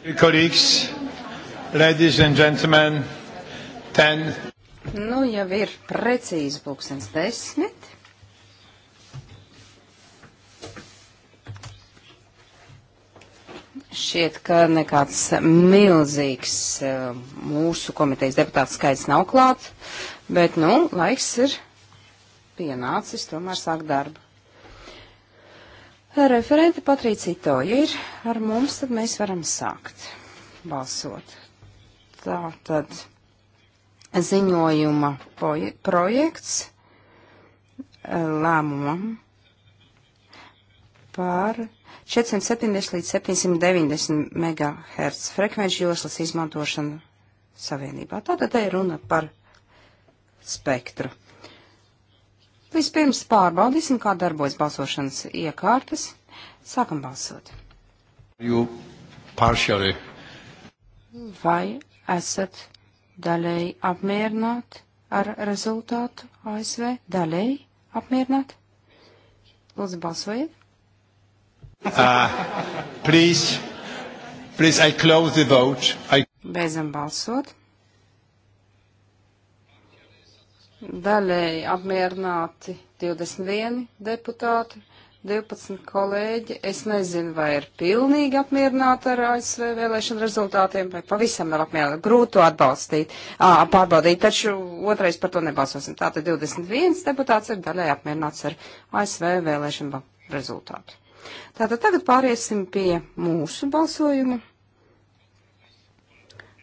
Kolīgs, ladies and gentlemen, ten. Nu, jau ir precīzi pulkstens desmit. Šķiet, ka nekāds milzīgs eh, mūsu komitejas deputāts skaits nav klāts, bet, nu, laiks ir pienācis tomēr sākt darbu. Referente Patricito ir ar mums, tad mēs varam sākt balsot. Tā tad ziņojuma projekts eh, lēmumam par 470 līdz 790 MHz frekvenču joslas izmantošanu savienībā. Tātad te ir runa par spektru. Vispirms pārbaudīsim, kā darbojas balsošanas iekārtas. Sākam balsot. Vai esat daļēji apmierināti ar rezultātu ASV? Daļēji apmierināti? Lūdzu, balsojiet. Uh, please, please, I close the vote. I... Beidzam balsot. daļēji apmierināti 21 deputāti, 12 kolēģi. Es nezinu, vai ir pilnīgi apmierināti ar ASV vēlēšanu rezultātiem, vai pavisam nav apmierināti. Grūti atbalstīt, à, pārbaudīt, taču otrais par to nebalsosim. Tātad 21 deputāts ir daļēji apmierināts ar ASV vēlēšanu rezultātu. Tātad tagad pāriesim pie mūsu balsojuma.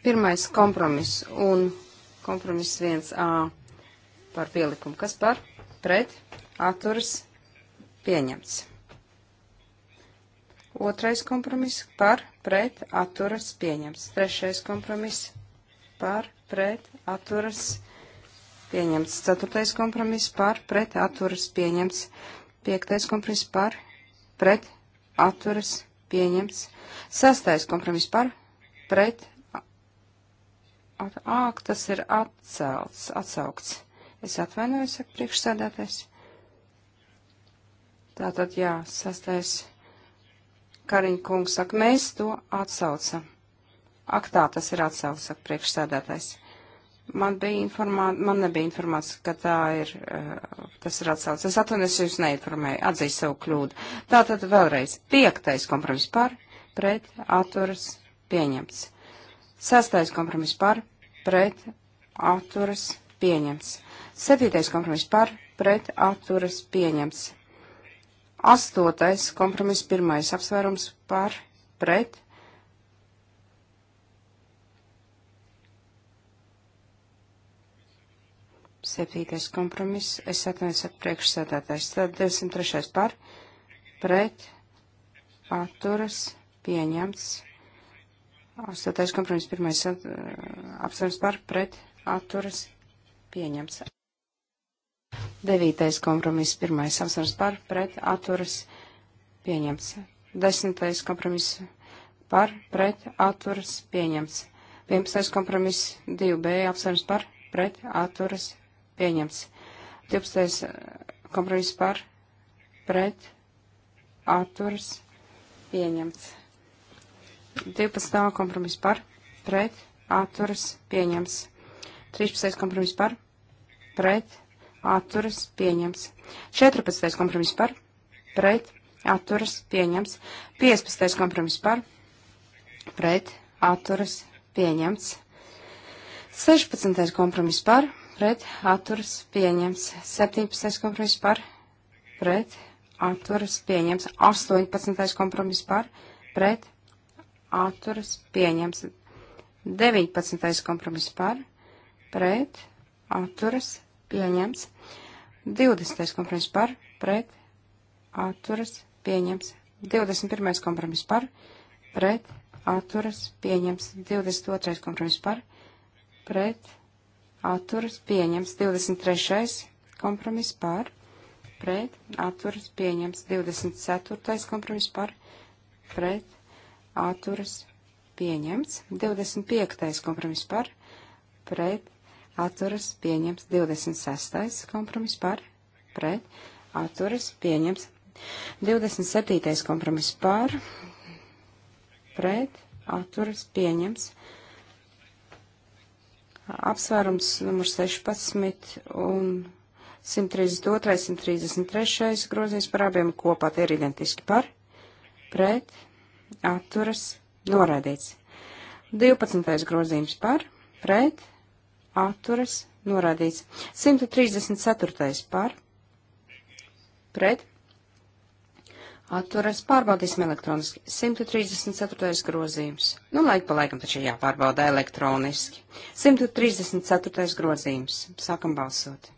Pirmais kompromiss un kompromiss 1A par pielikumu, kas par pret atturas pieņemts. Otrais kompromiss par pret atturas pieņemts. Trešais kompromiss par pret atturas pieņemts. Ceturtais kompromiss par pret atturas pieņemts. Piektais kompromiss par pret atturas pieņemts. Sastais kompromiss par pret at, āk, tas ir atcelts, atsaukts. Es atvainojos, saka priekšsēdētājs. Tātad, jā, sastais Kariņa kungs saka, mēs to atsaucam. Ak tā, tas ir atsaucam, saka priekšsēdētājs. Man, informā... man nebija informācija, ka tā ir, eh, tas ir atsaucis. Es atvainojos, jūs neinformēju, atzīst savu kļūdu. Tātad vēlreiz, piektais kompromiss par, pret, atturas, pieņemts. Sastais kompromiss par, pret, atturas, pieņemts. Septītais kompromiss par, pret, atturas pieņemts. Astotais kompromiss pirmais apsvērums par, pret. Septītais kompromiss, es atnēcu priekšsēdētājs, tad 203. par, pret, atturas pieņemts. Astotais kompromiss pirmais uh, apsvērums par, pret, atturas pieņemts. Devītais kompromiss, pirmais apsvars par, pret, atturas, pieņemts. Desmitais kompromiss par, pret, atturas, pieņemts. Vienpadsmitais kompromiss, 2B apsvars eh, par, pret, atturas, pieņemts. Divpadsmitais kompromiss par, pret, atturas, pieņemts. 12. kompromiss par, pret, atturas, pieņemts. 13. kompromiss par, pret, atturas pieņems. 14. kompromiss par, pret, atturas pieņems. 15. kompromiss par, pret, atturas pieņems. 16. kompromiss par, pret, atturas pieņems. 17. kompromiss par, pret, atturas pieņems. 18. kompromiss par, pret, atturas pieņems. 19. kompromiss par, pret, atturas pieņems pieņemts. 20. kompromiss par, pret, atturas, pieņemts. 21. kompromiss par, pret, atturas, pieņemts. 22. kompromiss par, pret, atturas, pieņemts. 23. kompromiss par, pret, atturas, pieņemts. 24. kompromiss par, pret, atturas, pieņemts. 25. kompromiss par, pret, atturas pieņems 26. kompromiss par pret atturas pieņems 27. kompromiss par pret atturas pieņems apsvērums numur 16 un 132, 133 grozījums par abiem kopā tie ir identiski par pret atturas noraidīts. 12. grozījums par pret atturas atturas norādīts. 134. par pret atturas pārbaudīsim elektroniski. 134. grozījums. Nu, laik pa laikam taču jāpārbauda elektroniski. 134. grozījums. Sākam balsot.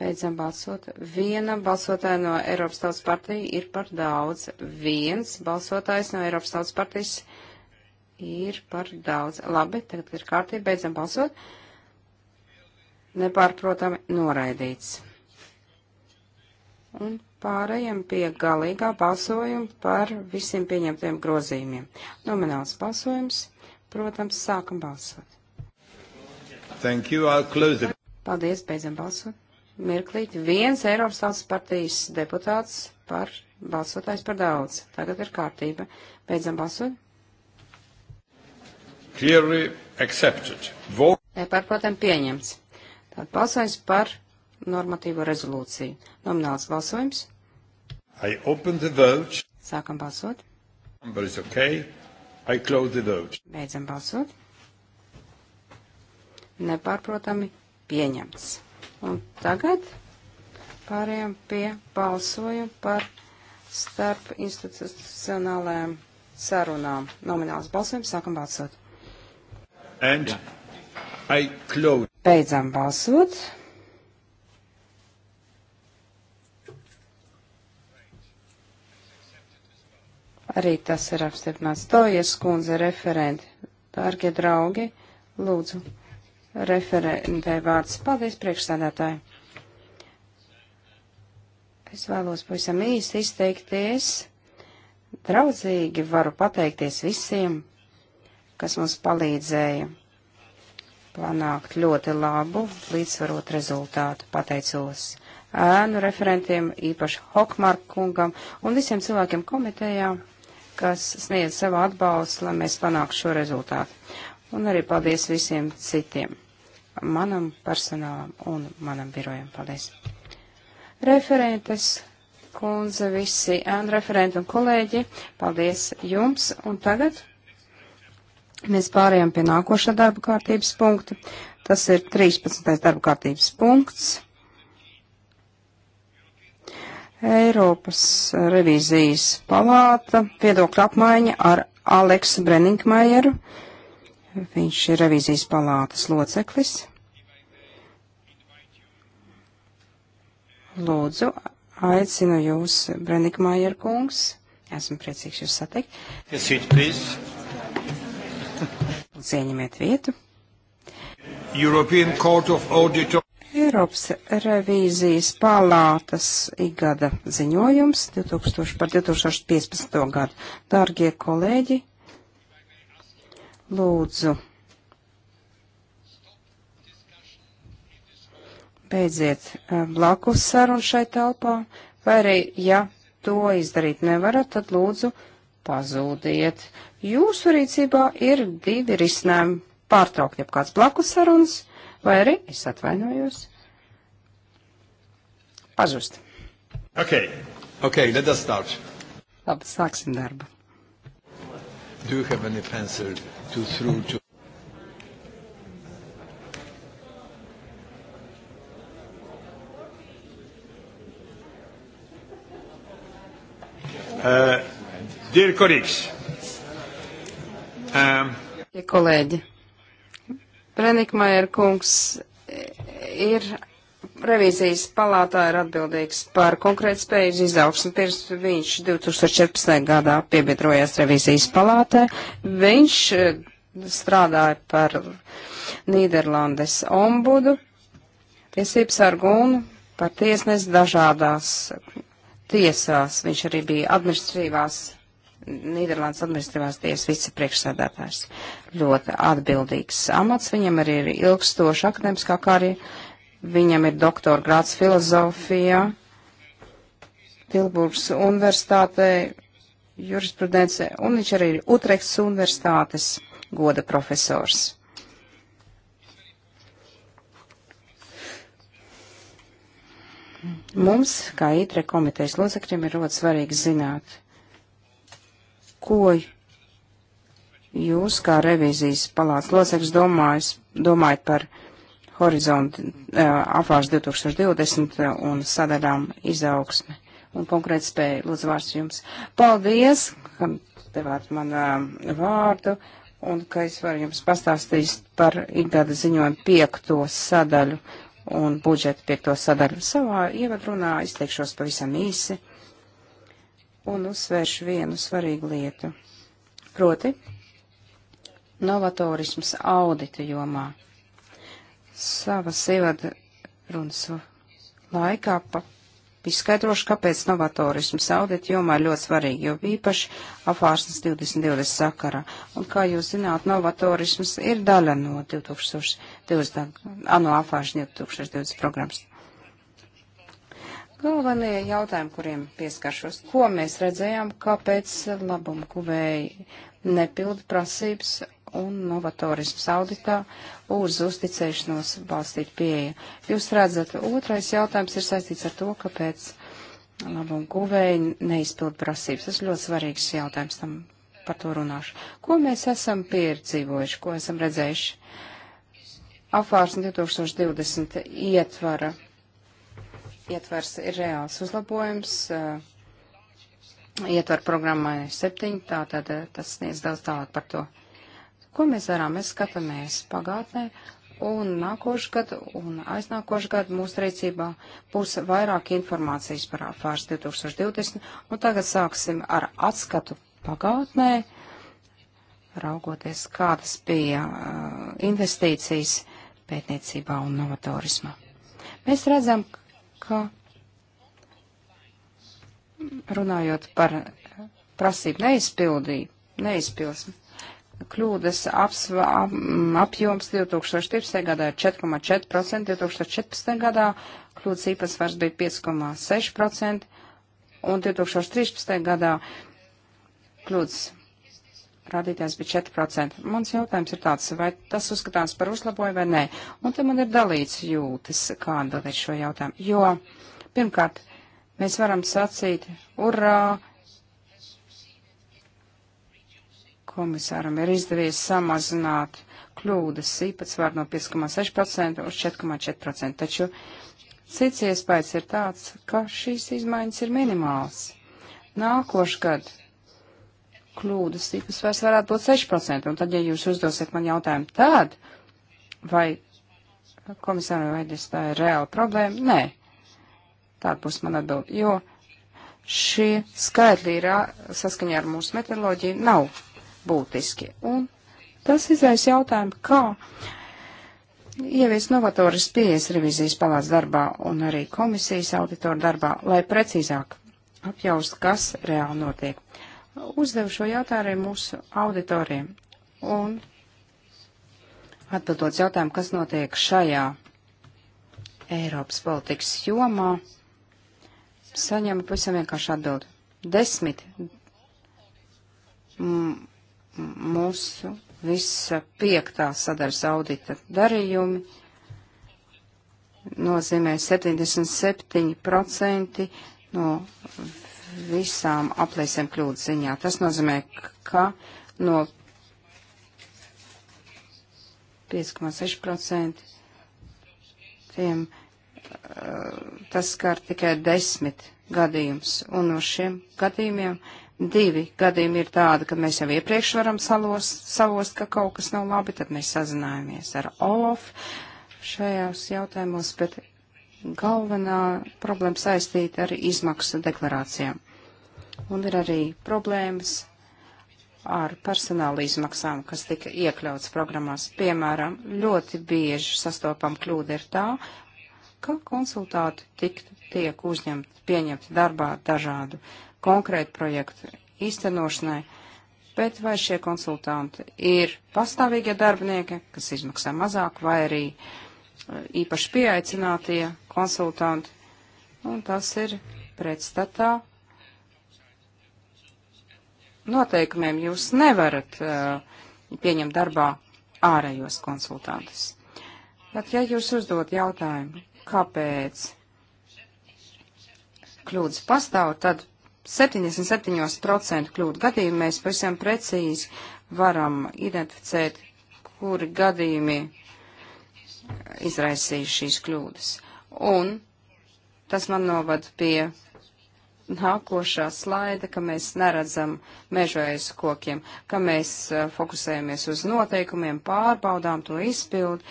Beidzam balsot. Viena balsotāja no Eiropas Tautas partija ir par daudz. Viens balsotājs no Eiropas Tautas partijas ir par daudz. Labi, tagad ir kārtība, beidzam balsot. Nepārprotami noraidīts. Un pārējiem pie galīgā balsojuma par visiem pieņemtiem grozījumiem. Nomināls balsojums, protams, sākam balsot. Thank you, I'll close it. Paldies, beidzam balsot. Mirklīt, viens Eiropas tautas partijas deputāts par balsotājs par daudz. Tagad ir kārtība. Beidzam balsot. Clearly accepted. Vote. EPR, protams, pieņemts. Tātad balsojums par normatīvo rezolūciju. Nomināls balsojums. I open the vote. Sākam balsot. Number is okay. I close the vote. Beidzam balsot. Nepārprotami pieņemts. Un tagad pārējām pie balsojuma par starp institucionālajām sarunām. Nomināls balsojums. Sākam balsot. Beidzam balsot. Arī tas ir apstiprināts. Tojas kundze referenti. Dārgie draugi, lūdzu, referentē vārds. Paldies, priekšsādātāji. Es vēlos pavisam īsti izteikties. Draudzīgi varu pateikties visiem kas mums palīdzēja panākt ļoti labu, līdzsvarot rezultātu. Pateicos ēnu referentiem, īpaši Hokmark kungam un visiem cilvēkiem komitejā, kas sniedz savu atbalstu, lai mēs panāktu šo rezultātu. Un arī paldies visiem citiem, manam personālam un manam birojam. Paldies! Referentes kundze, visi ēnu referenti un kolēģi, paldies jums! Un tagad Mēs pārējām pie nākošā darba kārtības punkta. Tas ir 13. darba kārtības punkts. Eiropas revīzijas palāta viedokļa apmaiņa ar Aleksu Brenningmajeru. Viņš ir revīzijas palātas loceklis. Lūdzu, aicinu jūs, Brenningmajer kungs. Esmu priecīgs jūs satikt. Yes, Lūdzu, ieņemiet vietu. Eiropas revīzijas palātas igada ziņojums 2000, par 2015. gadu. Dārgie kolēģi, lūdzu, beidziet eh, blakus sarunu šai telpā, vai arī, ja to izdarīt nevarat, tad lūdzu pazūdiet. Jūsu rīcībā ir divi risinājumi - pārtraukt jau kāds blakus sarunas, vai arī, es atvainojos, pazust. Ok, ok, let us start. Labi, sāksim darbu. Do you have any pencil to through to? Uh, Dear colleagues. Um. Ja kolēģi, Prenikmajer kungs e, ir revīzijas palātā ir atbildīgs par konkrētspējas izaugsmu. Pirms viņš 2014. gadā piebiedrojās revīzijas palātē, viņš e, strādāja par Nīderlandes ombudu, tiesības argūnu, par tiesnesi dažādās tiesās. Viņš arī bija administrīvās Nīderlandes administratīvās tiesas vicepriekšsēdētājs. Ļoti atbildīgs amats, viņam arī ir ilgstoša akademiskā karja, viņam ir doktora grāts filozofijā, Tilburgas universitātē, jurisprudence, un viņš arī ir Utrekts universitātes goda profesors. Mums, kā ITRE komitejas locekļiem, ir ļoti svarīgi zināt, ko jūs kā revīzijas palāca loceklis domājat, domājat par horizontu uh, eh, apvārs 2020 eh, un sadarām izaugsmi un konkrēti spēju. Lūdzu, vārds jums. Paldies, ka devāt man uh, vārdu un ka es varu jums pastāstīt par ikgada ziņojumu piekto sadaļu un budžeta piekto sadaļu. Savā ievadrunā izteikšos pavisam īsi un uzsvēršu vienu svarīgu lietu. Proti, novatorisms audita jomā. Savas ievada runas laikā pa izskaidrošu, kāpēc novatorisms audita jomā ir ļoti svarīgi, jo īpaši afārsnes 2020 sakarā. Un kā jūs zināt, novatorisms ir daļa no 2020, ano afārs 2020 programmas. Galvenie jautājumi, kuriem pieskaršos, ko mēs redzējām, kāpēc labumu guvēji nepilda prasības un novatorisms auditā uz uzticēšanos balstīt pieeja. Jūs redzat, otrais jautājums ir saistīts ar to, kāpēc labumu guvēji neizpild prasības. Tas ļoti svarīgs jautājums, tam par to runāšu. Ko mēs esam piedzīvojuši, ko esam redzējuši? Apvārsni 2020 ietvara ietvers ir reāls uzlabojums. Ietver programmai septiņi, tātad tas sniedz daudz tālāk par to. Ko mēs darām? Mēs skatāmies pagātnē un nākošu gadu un aiznākošu gadu mūsu rīcībā būs vairāk informācijas par Fārs 2020. Un tagad sāksim ar atskatu pagātnē, raugoties, kādas bija investīcijas pētniecībā un novatorismā. Mēs redzam, ka runājot par prasību neizpildību, neizpilsmi, kļūdas apsva, ap, apjoms 2014. gadā ir 4,4%, 2014. gadā kļūdas īpatsvars bija 5,6% un 2013. gadā kļūdas rādītājs bija 4%. Mans jautājums ir tāds, vai tas uzskatāms par uzlaboju vai nē. Un te man ir dalīts jūtas, kā atbildēt šo jautājumu. Jo, pirmkārt, mēs varam sacīt, urā, komisāram ir izdevies samazināt kļūdas īpatsvaru no 5,6% uz 4,4%. Taču cits iespējas ir tāds, ka šīs izmaiņas ir minimāls. Nākošgad kļūdas tipas vairs varētu būt 6%. Un tad, ja jūs uzdosiet man jautājumu tādu, vai komisāram vajadzēs tā ir reāla problēma, nē. Tāda būs man atbild, jo šie skaitļi ir saskaņā ar mūsu metodoloģiju nav būtiski. Un tas izraisa jautājumu, kā ievies novatoris pieejas revizijas palāca darbā un arī komisijas auditoru darbā, lai precīzāk apjaust, kas reāli notiek uzdevu šo jautājumu mūsu auditoriem. Un atbildot jautājumu, kas notiek šajā Eiropas politikas jomā, saņemu pavisam vienkārši atbildi. Desmit M mūsu visa piektā sadaļas audita darījumi nozīmē 77% no visām aplēsēm kļūdas ziņā. Tas nozīmē, ka no 5,6% tiem eh, tas skar tikai desmit gadījums, un no šiem gadījumiem divi gadījumi ir tādi, ka mēs jau iepriekš varam salos, savost, ka kaut kas nav labi, tad mēs sazinājāmies ar Olofu šajās jautājumos, bet galvenā problēma saistīta ar izmaksu deklarācijām. Un ir arī problēmas ar personāla izmaksām, kas tika iekļauts programmās. Piemēram, ļoti bieži sastopam kļūda ir tā, ka konsultāti tik, tiek uzņemti, pieņemti darbā dažādu konkrētu projektu īstenošanai, bet vai šie konsultanti ir pastāvīgie darbinieki, kas izmaksā mazāk, vai arī uh, īpaši pieaicinātie konsultanti. Un tas ir pretstatā noteikumiem. Jūs nevarat uh, pieņemt darbā ārējos konsultantus. Bet ja jūs uzdot jautājumu, kāpēc kļūdas pastāv, tad 77% kļūdu gadījumu mēs pavisam precīzi varam identificēt, kuri gadījumi izraisīja šīs kļūdas. Un tas man novad pie nākošā slaida, ka mēs neredzam mežais kokiem, ka mēs fokusējamies uz noteikumiem, pārbaudām to izpildu,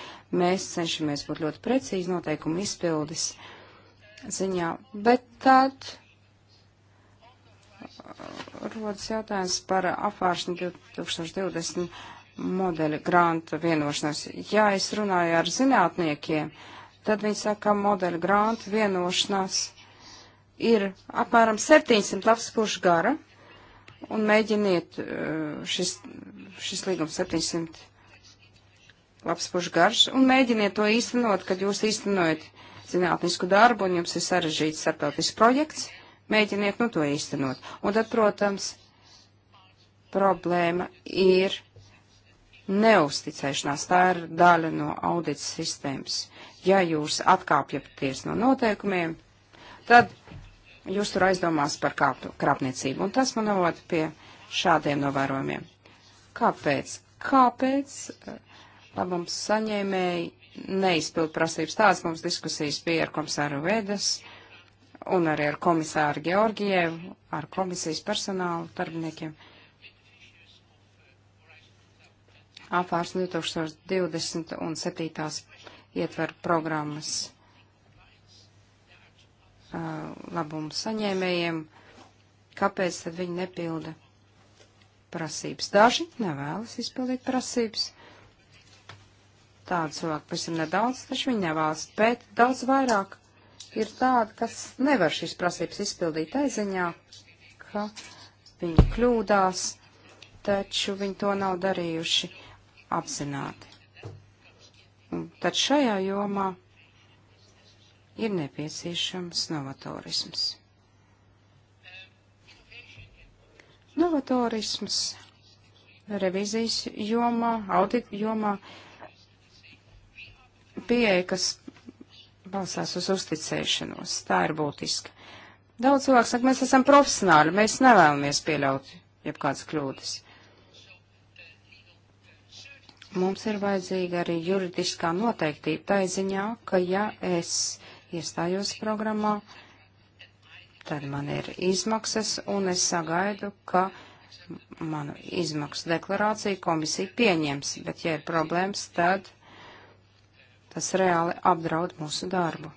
mēs cenšamies būt ļoti precīzi noteikumu izpildes ziņā, bet tad rodas jautājums par apvāršanu 2020 modeļa grānta vienošanās. Ja es runāju ar zinātniekiem, tad viņi saka, ka modeļa grānta vienošanās ir apmēram 700 lapspušu gara, un mēģiniet uh, šis, šis līgums 700 lapspušu garš, un mēģiniet to īstenot, kad jūs īstenojat zinātnisku darbu, un jums ir sarežģīts starptautisks projekts, mēģiniet nu to īstenot. Un tad, protams, problēma ir neusticēšanās. Tā ir daļa no audita sistēmas. Ja jūs atkāpjaties no noteikumiem, tad jūs tur aizdomās par kāptu, krāpniecību. Un tas man novod pie šādiem novērojumiem. Kāpēc? Kāpēc eh, labums saņēmēji neizpild prasības? Tās mums diskusijas bija ar komisāru Vedas un arī ar komisāru Georgievu, ar komisijas personālu darbiniekiem. Uh, apvārs 2020 un 7. ietver programmas uh, labumu saņēmējiem, kāpēc tad viņi nepilda prasības. Daži nevēlas izpildīt prasības. Tādu cilvēku pēc tam nedaudz, taču viņi nevēlas, bet daudz vairāk ir tādi, kas nevar šīs prasības izpildīt aiziņā, ka viņi kļūdās, taču viņi to nav darījuši apzināti. Un tad šajā jomā ir nepieciešams novatorisms. Novatorisms revizijas jomā, audit jomā, pieeja, kas balstās uz uzticēšanos, tā ir būtiska. Daudz cilvēku saka, mēs esam profesionāli, mēs nevēlamies pieļaut jebkādas kļūdas. Mums ir vajadzīga arī juridiskā noteiktība tā ziņā, ka ja es iestājos programmā, tad man ir izmaksas un es sagaidu, ka manu izmaksu deklarāciju komisija pieņems, bet ja ir problēmas, tad tas reāli apdraud mūsu darbu.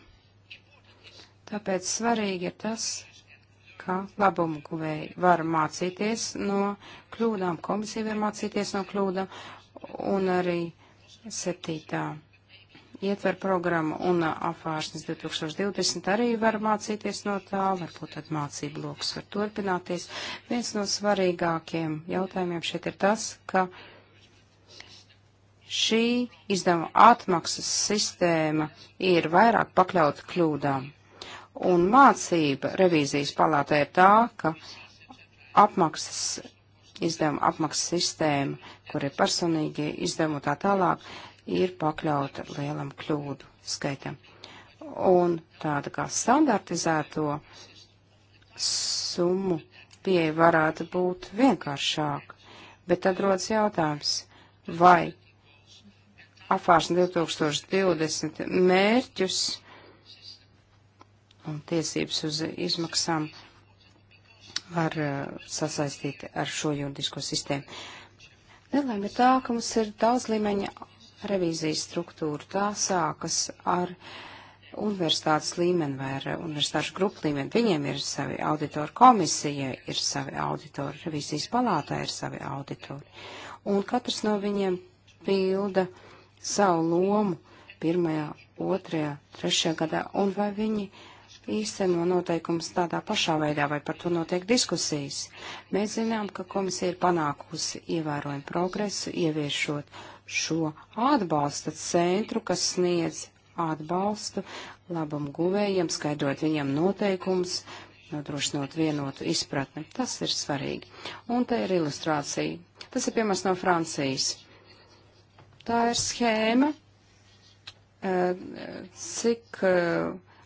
Tāpēc svarīgi ir tas, ka labumu guvēji var mācīties no kļūdām, komisija var mācīties no kļūdām, un arī septītā ietver programmu un apvārsnes 2020 arī var mācīties no tā, varbūt tad mācību bloks var turpināties. Viens no svarīgākiem jautājumiem šeit ir tas, ka šī izdevuma atmaksas sistēma ir vairāk pakļauta kļūdām. Un mācība revīzijas palātē ir tā, ka apmaksas izdevuma apmaksas sistēma kur ir personīgie izdevumi tā tālāk, ir pakļauta lielam kļūdu skaitam. Un tāda kā standartizēto summu pieeja varētu būt vienkāršāka. Bet tad rodas jautājums, vai apvārsni 2020 mērķus un tiesības uz izmaksām var uh, sasaistīt ar šo juridisko sistēmu. Nelēma ir tā, ka mums ir daudz līmeņa revīzijas struktūra. Tā sākas ar universitātes līmeni vai ar universitāšu grupu līmeni. Viņiem ir savi auditori komisija, ir savi auditori, revīzijas palātā ir savi auditori. Un katrs no viņiem pilda savu lomu pirmajā, otrajā, trešajā gadā. Un vai viņi īsteno noteikumus tādā pašā veidā, vai par to notiek diskusijas. Mēs zinām, ka komisija ir panākusi ievērojumu progresu, ieviešot šo atbalsta centru, kas sniedz atbalstu labam guvējiem, skaidrot viņiem noteikumus, nodrošinot vienotu izpratni. Tas ir svarīgi. Un te ir ilustrācija. Tas ir piemērs no Francijas. Tā ir schēma, eh, cik uh,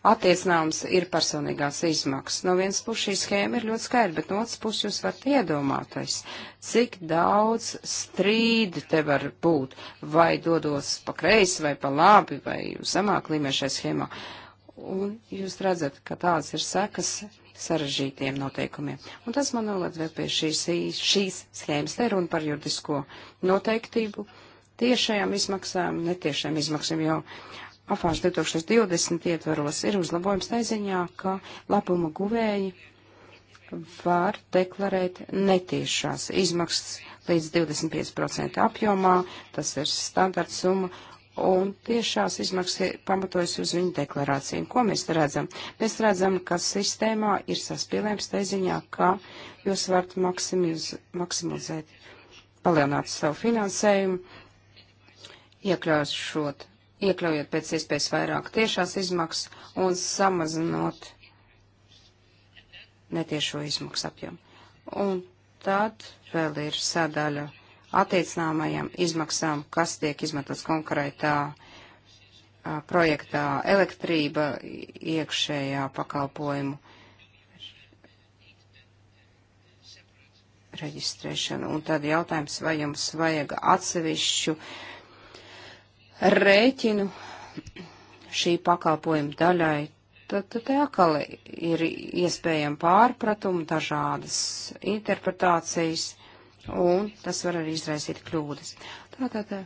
attiecināms ir personīgās izmaksas. No vienas puses šī schēma ir ļoti skaidra, bet no otras puses jūs varat iedomāties, cik daudz strīdu te var būt, vai dodos pa kreisi, vai pa labi, vai zemāk līmenī šai schēmā. Un jūs redzat, ka tāds ir sekas sarežģītiem noteikumiem. Un tas man noled vēl pie šīs, šīs schēmas. Te runa par juridisko noteiktību tiešajām izmaksām, netiešajām izmaksām, jo Afārs 2020 ietvaros ir uzlabojums taiziņā, ka labuma guvēji var deklarēt netiešās izmaksas līdz 25% apjomā, tas ir standarta summa, un tiešās izmaksas pamatojas uz viņu deklarāciju. Ko mēs redzam? Mēs redzam, ka sistēmā ir saspīlējums taiziņā, ka jūs varat maksimiz, maksimizēt, palielināt savu finansējumu, iekļaušot iekļaujot pēc iespējas vairāk tiešās izmaksas un samazinot netiešo izmaksu apjomu. Un tad vēl ir sadaļa attiecināmajām izmaksām, kas tiek izmantots konkrētā a, projektā elektrība iekšējā pakalpojumu reģistrēšana. Un tad jautājums, vai jums vajag atsevišķu uh, rēķinu šī pakalpojuma daļai, tad te atkal ir iespējama pārpratuma, dažādas interpretācijas, un tas var arī izraisīt kļūdas. Tātad tā,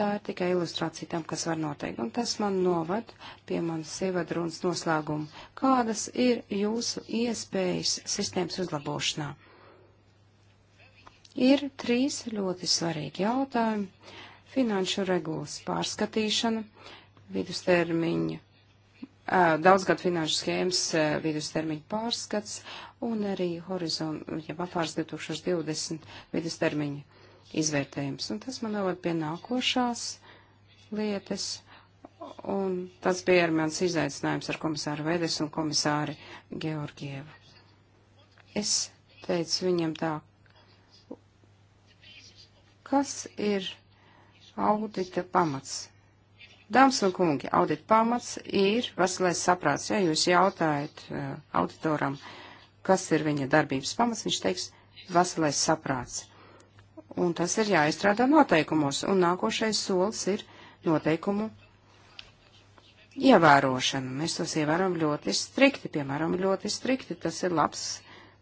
tā ir tikai ilustrācija tam, kas var noteikt, un tas man novad pie manas ievadrunas noslēguma. Kādas ir jūsu iespējas sistēmas uzlabošanā? Ir trīs ļoti svarīgi jautājumi finanšu regulas pārskatīšana, vidustermiņa, daudzgad finanšu schēmas vidustermiņa pārskats un arī horizonta, ja apārs 2020 vidustermiņa izvērtējums. Un tas man novad pie nākošās lietas. Un tas bija arī mans izaicinājums ar komisāru Vedes un komisāri Georgievu. Es teicu viņam tā, kas ir audita pamats. Dāmas un kungi, audita pamats ir veselais saprāts. Ja jūs jautājat uh, auditoram, kas ir viņa darbības pamats, viņš teiks veselais saprāts. Un tas ir jāizstrādā noteikumos, un nākošais solis ir noteikumu ievērošana. Mēs tos ievērojam ļoti strikti, piemēram, ļoti strikti. Tas ir labs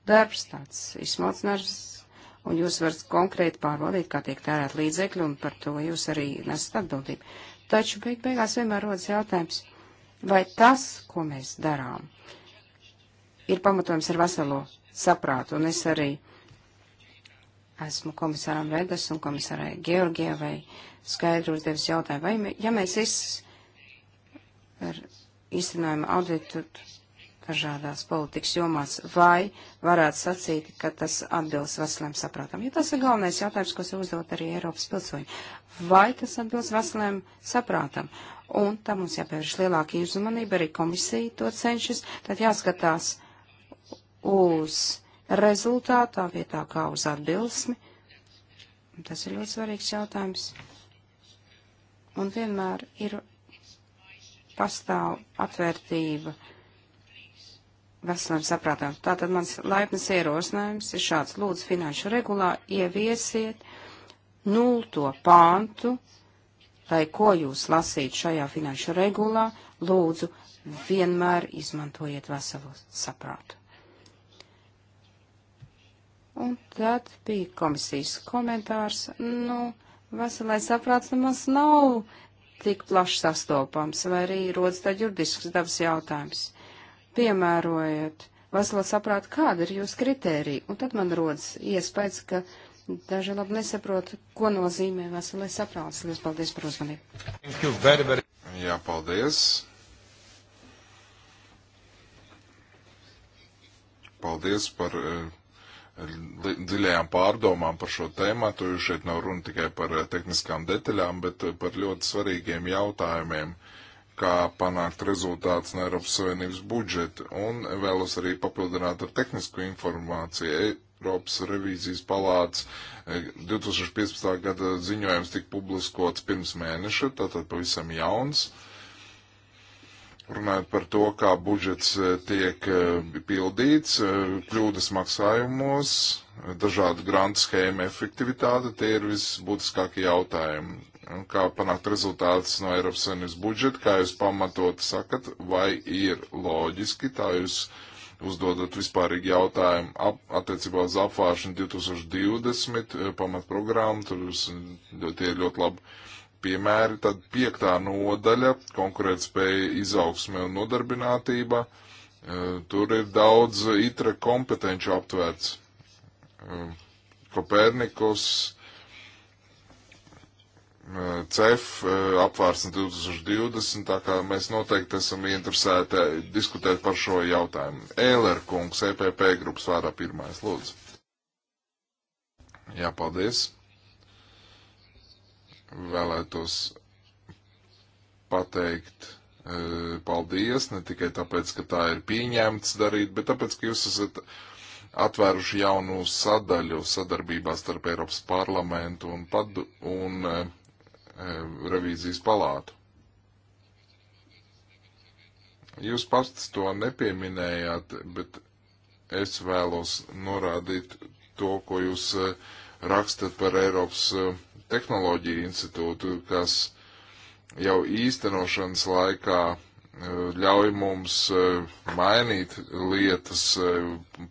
darbs, tāds izsmalcināts un jūs varat konkrēti pārvaldīt, kā tiek tērēt līdzekļi, un par to jūs arī nesat atbildību. Taču beig beigās vienmēr rodas jautājums, vai tas, ko mēs darām, ir pamatojums ar veselo saprātu, un es arī esmu komisāram Redas un komisārai Georgievai skaidru uzdevis jautājumu, vai, ja mēs izs, ar, izcinājām auditu dažādās politikas jomās, vai varētu sacīt, ka tas atbilst veselēm saprātam? Jo tas ir galvenais jautājums, ko sev uzdot arī Eiropas pilsoņi. Vai tas atbilst veselēm saprātam? Un tam mums jāpievērš lielāka uzmanība, arī komisija to cenšas, tad jāskatās uz rezultātā vietā kā uz atbilsmi. Tas ir ļoti svarīgs jautājums. Un vienmēr ir pastāv atvērtība veseliem saprātām. Tātad mans laipnas ierosinājums ir šāds. Lūdzu, finanšu regulā ieviesiet nulto pāntu, lai ko jūs lasītu šajā finanšu regulā, lūdzu, vienmēr izmantojiet veselu saprātu. Un tad bija komisijas komentārs, nu, veselais saprāts nemaz nav tik plaši sastopams, vai arī rodas tā juridisks dabas jautājums piemērojat veselo saprātu, kāda ir jūsu kritērija. Un tad man rodas iespējas, ka daži labi nesaprot, ko nozīmē veselais saprāts. Lielas paldies par uzmanību. Jā, paldies. Paldies par eh, dziļajām pārdomām par šo tēmatu. Šeit nav runa tikai par eh, tehniskām detaļām, bet eh, par ļoti svarīgiem jautājumiem. Uh, kā panākt rezultāts no Eiropas Savienības budžeta, un vēlos arī papildināt ar tehnisko informāciju. Eiropas revīzijas palāts 2015. Eh, gada ziņojums tika publiskots pirms mēneša, tātad pavisam jauns. Runājot par to, kā budžets eh, tiek eh, pildīts, kļūdas maksājumos, dažādu grantu schēmu efektivitāte, tie ir visbūtiskākie jautājumi kā panākt rezultātus no Eiropas Savienības budžeta, kā jūs pamatot sakat, vai ir loģiski, tā jūs uzdodat vispārīgi jautājumu ap, attiecībā uz apvāršanu 2020 eh, pamatprogrammu, tur mm, tie ir ļoti labi piemēri, tad piektā nodaļa - konkurētspēja, izaugsme un nodarbinātība. Eh, tur ir daudz itra kompetenču aptvērts. Eh, Kopernikus, CEF apvārsni 2020, tā kā mēs noteikti esam interesēti diskutēt par šo jautājumu. Ēler kungs, EPP grupas vārā pirmais, lūdzu. Jā, paldies. Vēlētos pateikt eh, paldies, ne tikai tāpēc, ka tā ir pieņemts darīt, bet tāpēc, ka jūs esat atvēruši jaunu sadaļu sadarbībā starp Eiropas parlamentu un, padu, un uh, E, revīzijas palātu. Jūs pats to nepieminējāt, bet es vēlos norādīt to, ko jūs e, rakstat par Eiropas e, tehnoloģiju institūtu, kas jau īstenošanas laikā ļauj mums mainīt lietas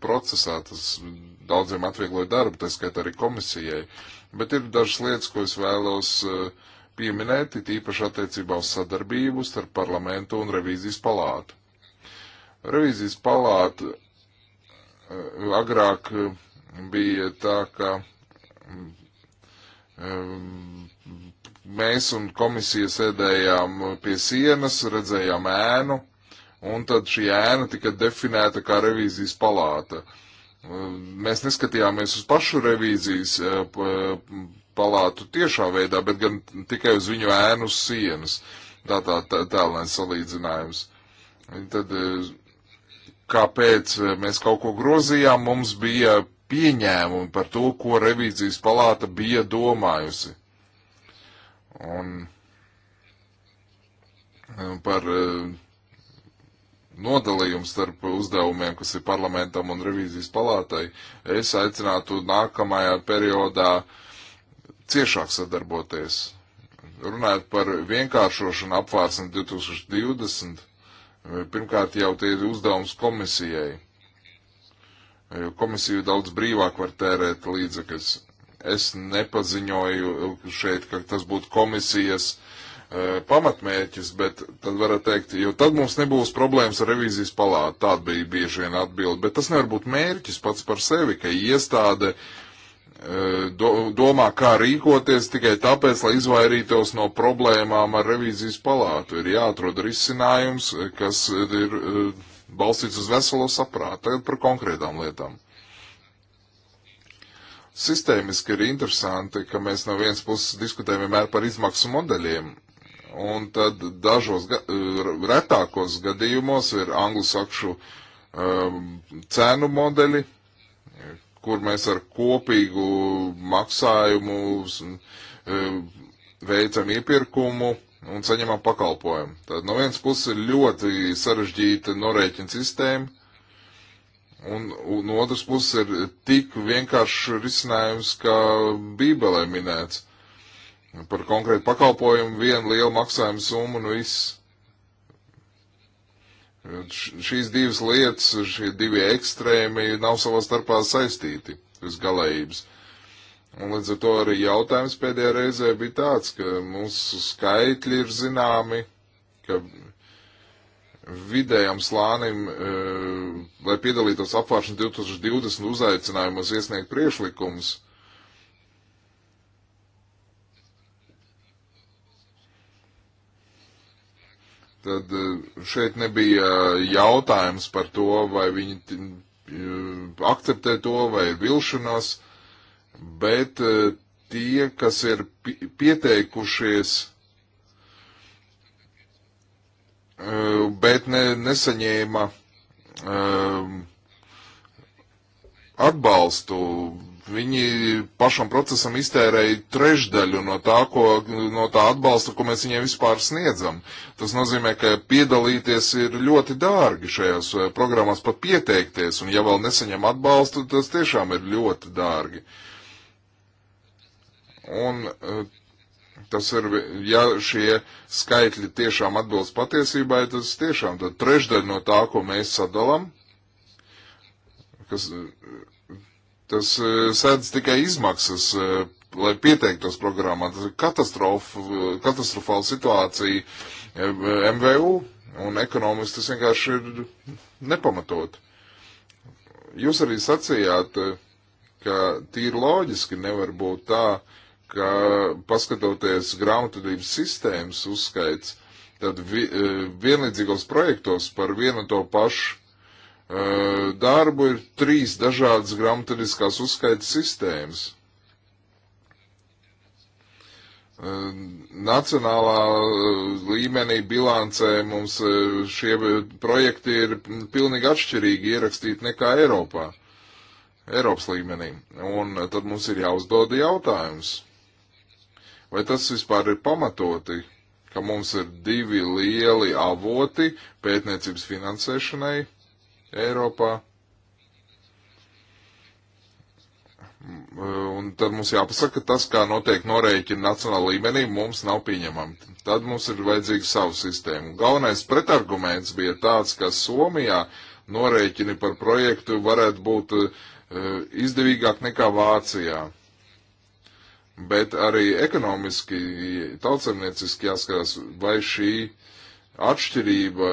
procesā, tas daudziem atviegloja darbu, tā skaitā arī komisijai. Bet ir dažas lietas, ko es vēlos uh, pieminēti, tīpaši attiecībā uz sadarbību starp parlamentu un revīzijas palātu. Revīzijas palāta eh, agrāk eh, bija tā, ka eh, mēs un komisija sēdējām pie sienas, redzējām ēnu, un tad šī ēna tika definēta kā revīzijas palāta. Mēs neskatījāmies uz pašu revīzijas palātu tiešā veidā, bet gan tikai uz viņu ēnu sienas. Tā tā tēlēns salīdzinājums. Tad, eh, kāpēc eh, mēs kaut ko grozījām, mums bija pieņēmumi par to, ko revīzijas palāta bija domājusi. Un eh, par nodalījumu starp uzdevumiem, kas ir parlamentam un revīzijas palātai, es aicinātu nākamajā periodā uh, ciešāk sadarboties. Runājot par vienkāršošanu apvārsni 2020, pirmkārt jau tie ir uzdevums komisijai. Jo komisija daudz brīvāk var tērēt līdzekļus. Es nepaziņoju šeit, ka tas būtu komisijas uh, pamatmērķis, bet tad varat teikt, jo tad mums nebūs problēmas ar revīzijas palātu. Tāda bija bieži vien atbilde, bet tas nevar būt mērķis pats par sevi, ka iestāde uh, domā, kā rīkoties tikai tāpēc, lai izvairītos no problēmām ar revīzijas palātu. Ir jāatrod risinājums, kas ir eh, balstīts uz veselo saprātu. Tagad par konkrētām lietām. Sistēmiski ir interesanti, ka mēs no vienas puses diskutējam vienmēr par izmaksu modeļiem, un tad dažos ga eh, retākos gadījumos ir anglosakšu um, eh, cēnu modeļi, kur mēs ar kopīgu maksājumu e, veicam iepirkumu un saņemam pakalpojumu. Tad no vienas puses ir ļoti sarežģīta norēķina sistēma, un, un no otras puses ir tik vienkāršs risinājums, kā Bībelē minēts. Par konkrētu pakalpojumu vienu lielu maksājumu summu un nu viss. Šīs divas lietas, šie divi ekstrēmi nav savā starpā saistīti uz galējības. Un līdz ar to arī jautājums pēdējā reizē bija tāds, ka mūsu skaitļi ir zināmi, ka vidējam slānim, e, lai piedalītos apvāršana 2020 uzaicinājumos iesniegt priešlikumus, Tad eh, šeit nebija eh, jautājums par to, vai viņi eh, akceptē to, vai vilšanās, bet tie, kas ir pieteikušies, bet ne, nesaņēma atbalstu Viņi pašam procesam iztērēja trešdaļu no tā, ko, no tā atbalsta, ko mēs viņiem vispār sniedzam. Tas nozīmē, ka piedalīties ir ļoti dārgi šajās eh, programmās, pat pieteikties, un ja vēl nesaņem atbalstu, tas tiešām ir ļoti dārgi. Un eh, tas ir, ja šie skaitļi tiešām atbilst patiesībai, tas tiešām tad trešdaļu no tā, ko mēs sadalam, kas Tas e, sēdz tikai izmaksas, e, lai pieteiktos programmā. Tas ir katastrof, katastrofāla situācija e, MVU un ekonomiski tas vienkārši ir nepamatot. Jūs arī sacījāt, ka tīri loģiski nevar būt tā, ka paskatoties grāmatvedības sistēmas uzskaits, tad vi, vienlīdzīgos projektos par vienu to pašu Eh, darbu ir trīs dažādas gramatiskās uzskaitas sistēmas. Eh, nacionālā eh, līmenī bilancē mums šie projekti ir pilnīgi atšķirīgi ierakstīti nekā Eiropā, Eiropas līmenī. Un tad mums ir jāuzdod jautājums, vai tas vispār ir pamatoti, ka mums ir divi lieli avoti pētniecības finansēšanai Eiropā. Un tad mums jāpasaka, ka tas, kā notiek norēķina nacionāla līmenī, mums nav pieņemami. Tad mums ir vajadzīga savu sistēmu. Galvenais pretarguments bija tāds, ka Somijā norēķini par projektu varētu būt uh, izdevīgāk nekā Vācijā. Bet arī ekonomiski, tautsemnieciski jāskatās, vai šī atšķirība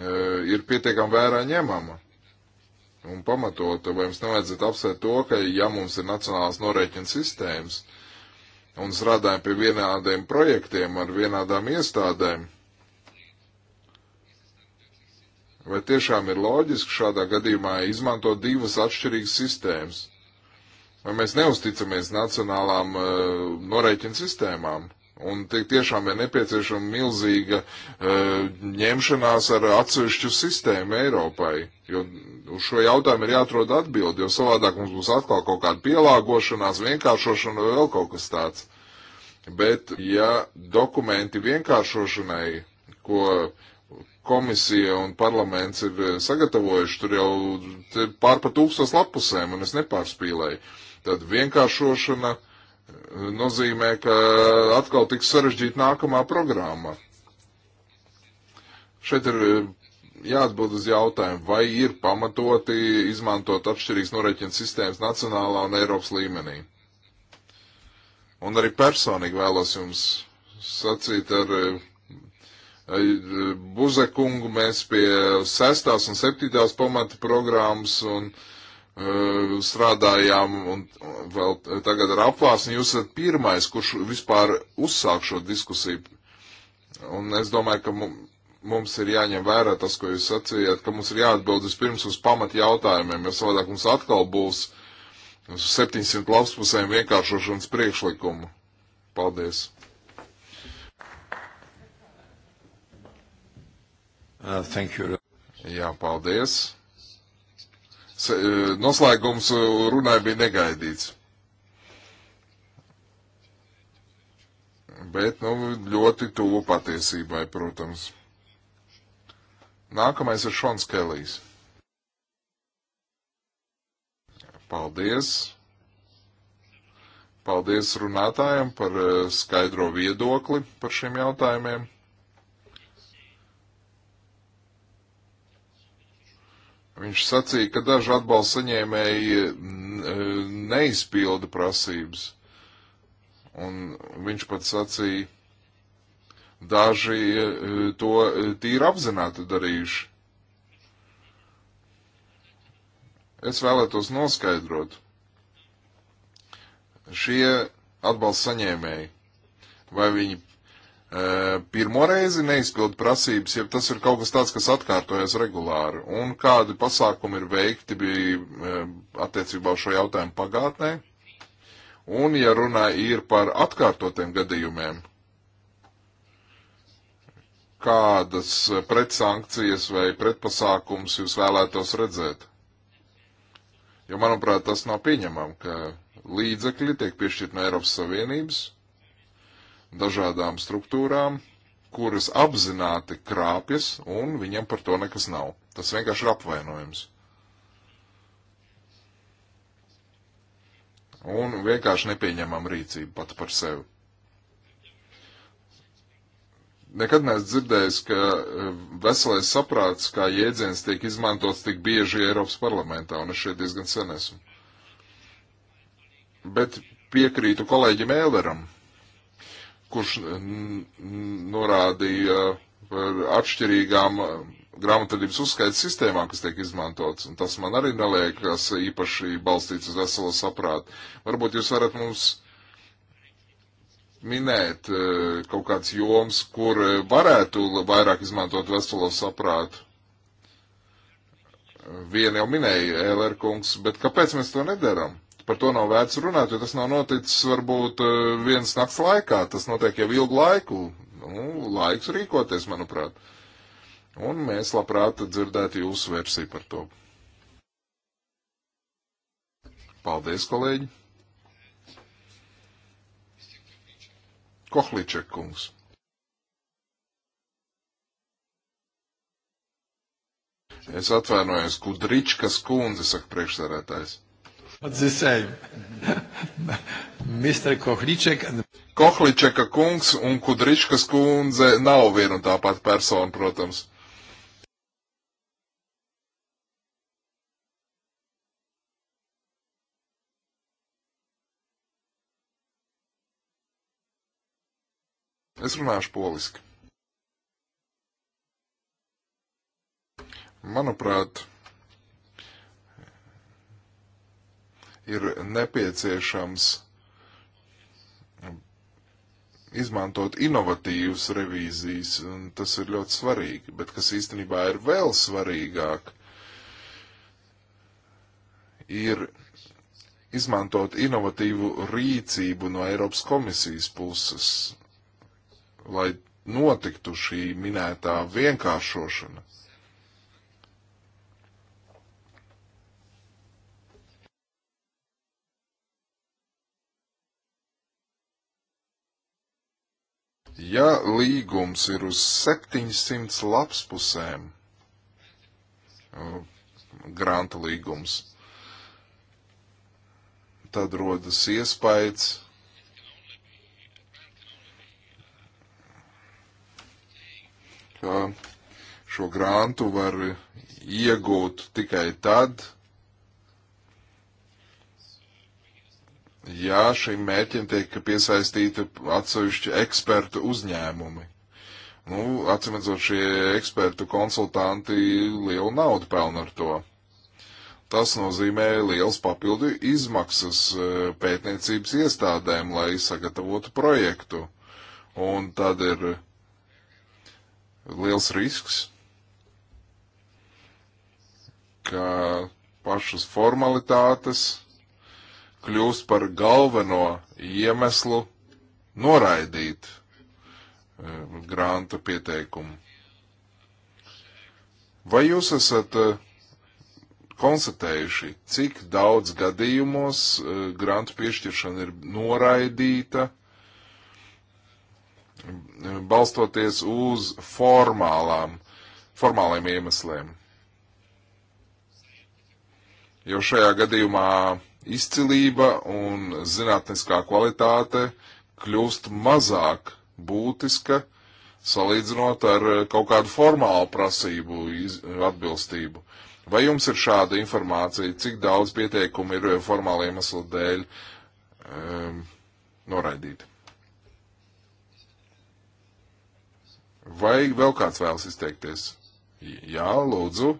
ir pietiekami vērā ņemama un pamatota, vai mums nevajadzētu apsvērt to, ka ja mums ir nacionālās norēķina sistēmas un strādājam pie vienādiem projektiem ar vienādām iestādēm, vai tiešām ir loģiski šādā gadījumā izmantot divas atšķirīgas sistēmas? Vai mēs neusticamies nacionālām uh, norēķina sistēmām? Un tiešām ir nepieciešama milzīga uh, ņemšanās ar atsevišķu sistēmu Eiropai, jo uz šo jautājumu ir jāatrod atbildi, jo savādāk mums būs atkal kaut kāda pielāgošanās, vienkāršošana vai vēl kaut kas tāds. Bet ja dokumenti vienkāršošanai, ko komisija un parlaments ir sagatavojuši, tur jau pār pa tūkstos lapusēm, un es nepārspīlēju, tad vienkāršošana. Uh, nozīmē, ka atkal tiks sarežģīta nākamā programma. Šeit ir jāatbild uz jautājumu, vai ir pamatoti izmantot atšķirīgas norēķina sistēmas nacionālā un Eiropas līmenī. Un arī personīgi vēlos jums sacīt ar Buzekungu mēs pie sestās un septītās pamata programmas un uh, strādājām un vēl tagad ar apvārsni, jūs esat pirmais, kurš vispār uzsāk šo diskusiju. Un es domāju, ka mums ir jāņem vērā tas, ko jūs sacījāt, ka mums ir jāatbild vispirms uz pamat jautājumiem, jo savādāk mums atkal būs 700 lapspusēm vienkāršošanas priekšlikumu. Paldies! Uh, thank you. Jā, paldies. E, noslēgums e, runai bija negaidīts. Bet, nu, ļoti tuvu patiesībai, protams. Nākamais ir Šons Kelijs. Paldies! Paldies runātājiem par e, skaidro viedokli par šiem jautājumiem. Viņš sacīja, ka daži atbalsta saņēmēji e, neizpilda prasības. Un viņš pats sacīja, daži e, to e, tīri apzināti darījuši. Es vēlētos noskaidrot. Šie atbalsta saņēmēji, vai viņi pirmo reizi neizpild prasības, ja tas ir kaut kas tāds, kas atkārtojas regulāri, un kādi pasākumi ir veikti bija attiecībā uz šo jautājumu pagātnē, un ja runā ir par atkārtotiem gadījumiem, kādas pretsankcijas vai pretpasākums jūs vēlētos redzēt? Jo, manuprāt, tas nav pieņemam, ka līdzekļi tiek piešķirt no Eiropas Savienības, dažādām struktūrām, kuras apzināti krāpjas, un viņam par to nekas nav. Tas vienkārši ir apvainojums. Un vienkārši nepieņemam rīcību pat par sevi. Nekad neesmu dzirdējis, ka e, veselais saprāts kā jēdziens tiek izmantots tik bieži Eiropas parlamentā, un es šeit diezgan sen esmu. Bet piekrītu kolēģim Ēleram kurš eh, norādīja eh, par atšķirīgām eh, grāmatvedības uzskaits sistēmām, kas tiek izmantots, un tas man arī neliekas īpaši balstīts uz veselo saprātu. Varbūt jūs varat mums minēt kaut kāds joms, kur varētu vairāk izmantot veselo saprātu. Vienu jau minēja Ēlēr kungs, bet kāpēc mēs to nedaram? Par to nav vērts runāt, jo tas nav noticis varbūt eh, viens nakts laikā. Tas notiek jau ilgu laiku. Nu, laiks rīkoties, manuprāt. Un mēs labprāt dzirdētu jūsu versiju par to. Paldies, kolēģi! Kohliček kungs. Es atvainojos, Kudričkas kundze, saka priekšsarētājs. Not the same. Mr. Kohliček. And... Kohličeka kungs un Kudričkas kundze nav viena un tā pati persona, protams. Es runāšu poliski. Manuprāt, ir nepieciešams izmantot inovatīvas revīzijas, un tas ir ļoti svarīgi, bet kas īstenībā ir vēl svarīgāk, ir izmantot inovatīvu rīcību no Eiropas komisijas puses, lai notiktu šī minētā vienkāršošana. Ja līgums ir uz 700 lapspusēm, uh, granta līgums, tad rodas iespējas, ka šo grantu var iegūt tikai tad, ja šim mērķim tiek piesaistīta atsevišķi ekspertu uzņēmumi. Nu, atcīmredzot, šie ekspertu konsultanti lielu naudu pelna ar to. Tas nozīmē liels papildu izmaksas e, pētniecības iestādēm, lai sagatavotu projektu. Un tad ir liels risks, ka pašas formalitātes kļūst par galveno iemeslu noraidīt eh, grāntu pieteikumu. Vai jūs esat eh, konstatējuši, cik daudz gadījumos eh, grantu piešķiršana ir noraidīta, balstoties uz formālām, formāliem iemesliem? Jo šajā gadījumā izcilība un zinātniskā kvalitāte kļūst mazāk būtiska salīdzinot ar eh, kaut kādu formālu prasību iz, atbilstību. Vai jums ir šāda informācija, cik daudz pieteikumu ir eh, formāla iemesla dēļ um, noraidīti? Vai vēl kāds vēlas izteikties? Jā, lūdzu.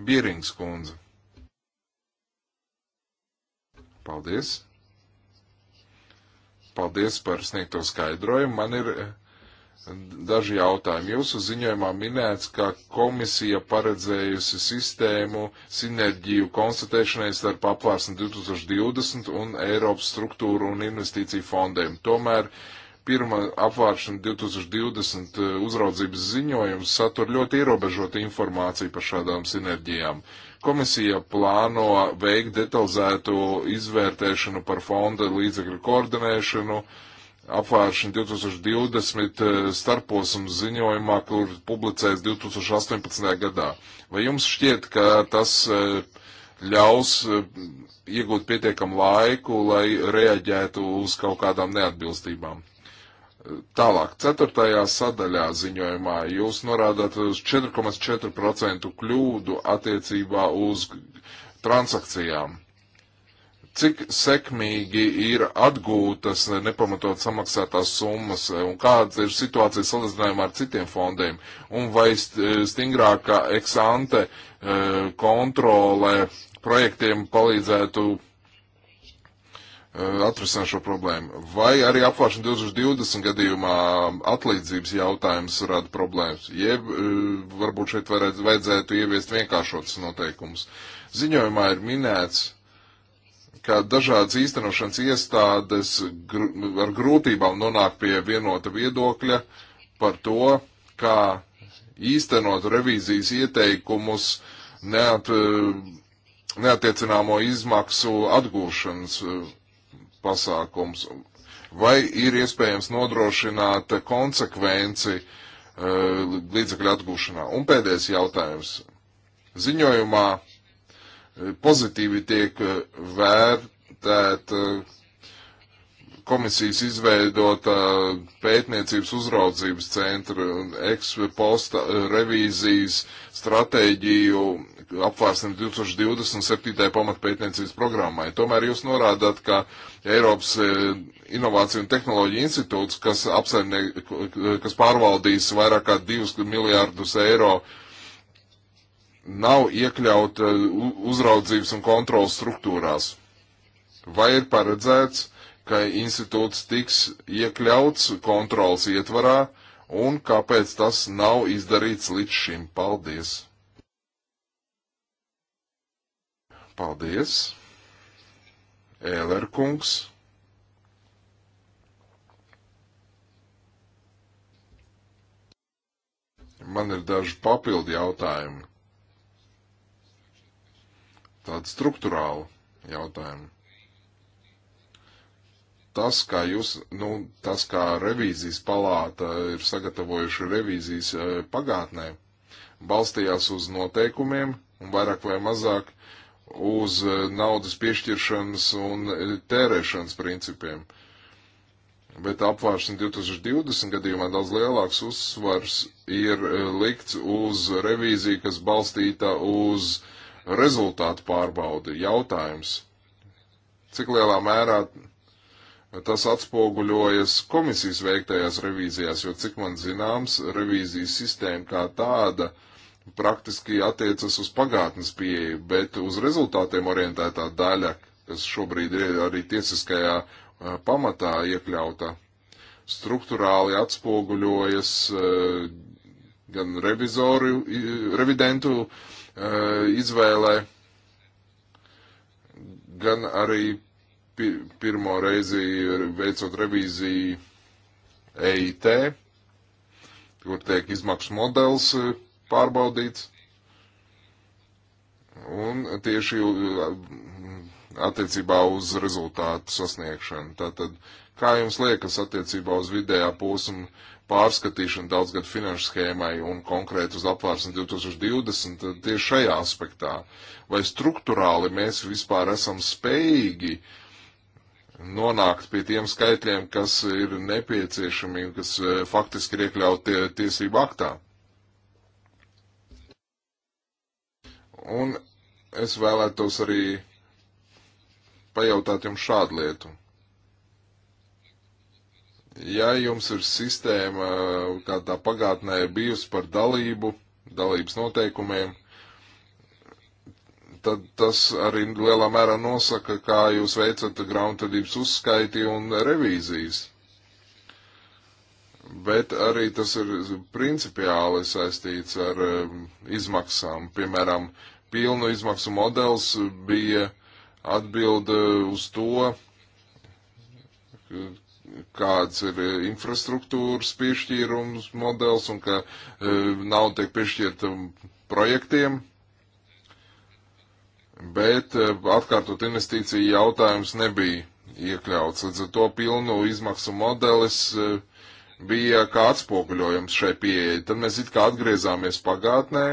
Bierings kundze. Paldies! Paldies par sniegto skaidrojumu. Man ir eh, daži jautājumi. Jūsu ziņojumā minēts, ka komisija paredzējusi sistēmu sinerģiju konstatēšanai starp apvārsni 2020 un Eiropas struktūru un investīciju fondiem. Tomēr pirmā apvāršana 2020 uzraudzības ziņojums satur ļoti ierobežotu informāciju par šādām sinerģijām. Uh, Komisija plāno veikt detalizētu izvērtēšanu par fonda līdzekļu koordinēšanu, apvēršana 2020 eh, starposums ziņojumā, kur publicēs 2018. gadā. Vai jums šķiet, ka tas eh, ļaus eh, iegūt pietiekam laiku, lai reaģētu uz kaut kādām neatbilstībām? Tālāk, ceturtajā sadaļā ziņojumā jūs norādāt uz 4,4% kļūdu attiecībā uz transakcijām. Cik sekmīgi ir atgūtas nepamatot samaksātās summas un kāda ir situācija salīdzinājumā ar citiem fondiem? Un vai stingrāka eksante eh, kontrole projektiem palīdzētu Eh, atrisināt šo problēmu. Vai arī apvāršana 2020 gadījumā atlīdzības jautājums rada problēmas, jeb eh, varbūt šeit varētu, vajadzētu ieviest vienkāršotas noteikumus. Ziņojumā ir minēts, ka dažādas īstenošanas iestādes gr ar grūtībām nonāk pie vienota viedokļa par to, kā īstenot revīzijas ieteikumus neat, eh, neatiecināmo izmaksu atgūšanas pasākums? Vai ir iespējams nodrošināt konsekvenci uh, līdzekļu atgūšanā? Un pēdējais jautājums. Ziņojumā eh, pozitīvi tiek eh, vērtēta komisijas izveidota pētniecības uzraudzības centra un eksposta revīzijas stratēģiju apvārsnim 2027. pamatpētniecības programmai. Tomēr jūs norādāt, ka Eiropas e, Inovāciju un Tehnoloģiju institūts, kas, apsaimnie, kas pārvaldīs vairāk kā 2 miljārdus eiro, nav iekļauta e, uzraudzības un kontrolas struktūrās. Vai ir paredzēts, ka institūts tiks iekļauts kontrolas ietvarā? un kāpēc tas nav izdarīts līdz šim. Paldies! Paldies! Ēler kungs! Man ir daži papildi jautājumi. Tādi struktūrāli jautājumi. Tas, kā jūs, nu, tas, kā revīzijas palāta ir sagatavojuši revīzijas eh, pagātnē, balstījās uz noteikumiem un vairāk vai mazāk uz eh, naudas piešķiršanas un eh, tērēšanas principiem. Bet apvāršana 2020 gadījumā daudz lielāks uzsvars ir eh, likts uz revīziju, kas balstīta uz rezultātu pārbaudi. Jautājums, cik lielā mērā tas atspoguļojas komisijas veiktajās revīzijās, jo cik man zināms, revīzijas sistēma kā tāda uh, praktiski attiecas uz pagātnes pieeju, bet uz rezultātiem orientētā daļa, kas šobrīd ir arī tiesiskajā uh, pamatā iekļauta, struktūrāli atspoguļojas uh, gan revizoru, revidentu uh, izvēlē, gan arī pi pirmo reizi veicot revīziju EIT, kur tiek izmaksu modelis pārbaudīts. Un tieši uh, attiecībā uz rezultātu sasniegšanu. Tātad, kā jums liekas attiecībā uz vidējā posma pārskatīšanu daudzgad finanšu schēmai un konkrēti uz apvārsni 2020 tieši šajā aspektā? Vai struktūrāli mēs vispār esam spējīgi nonākt pie tiem skaitļiem, kas ir nepieciešami un kas eh, faktiski ir iekļauti tiesību aktā? Un es vēlētos arī pajautāt jums šādu lietu. Ja jums ir sistēma, kā tā pagātnē ir bijusi par dalību, dalības noteikumiem, tad tas arī lielā mērā nosaka, kā jūs veicat grāmatvedības uzskaiti un revīzijas. Bet arī tas ir principiāli saistīts ar um, izmaksām, piemēram, uh, pilnu izmaksu modelis bija atbilde uz to, kāds ir e, infrastruktūras piešķīrums modelis un ka e, nauda tiek piešķirta um, projektiem. Bet e, atkārtot investīciju jautājums nebija iekļauts. Līdz ar to pilnu izmaksu modelis bija kā atspoguļojums šai pieeja. Tad mēs it kā atgriezāmies pagātnē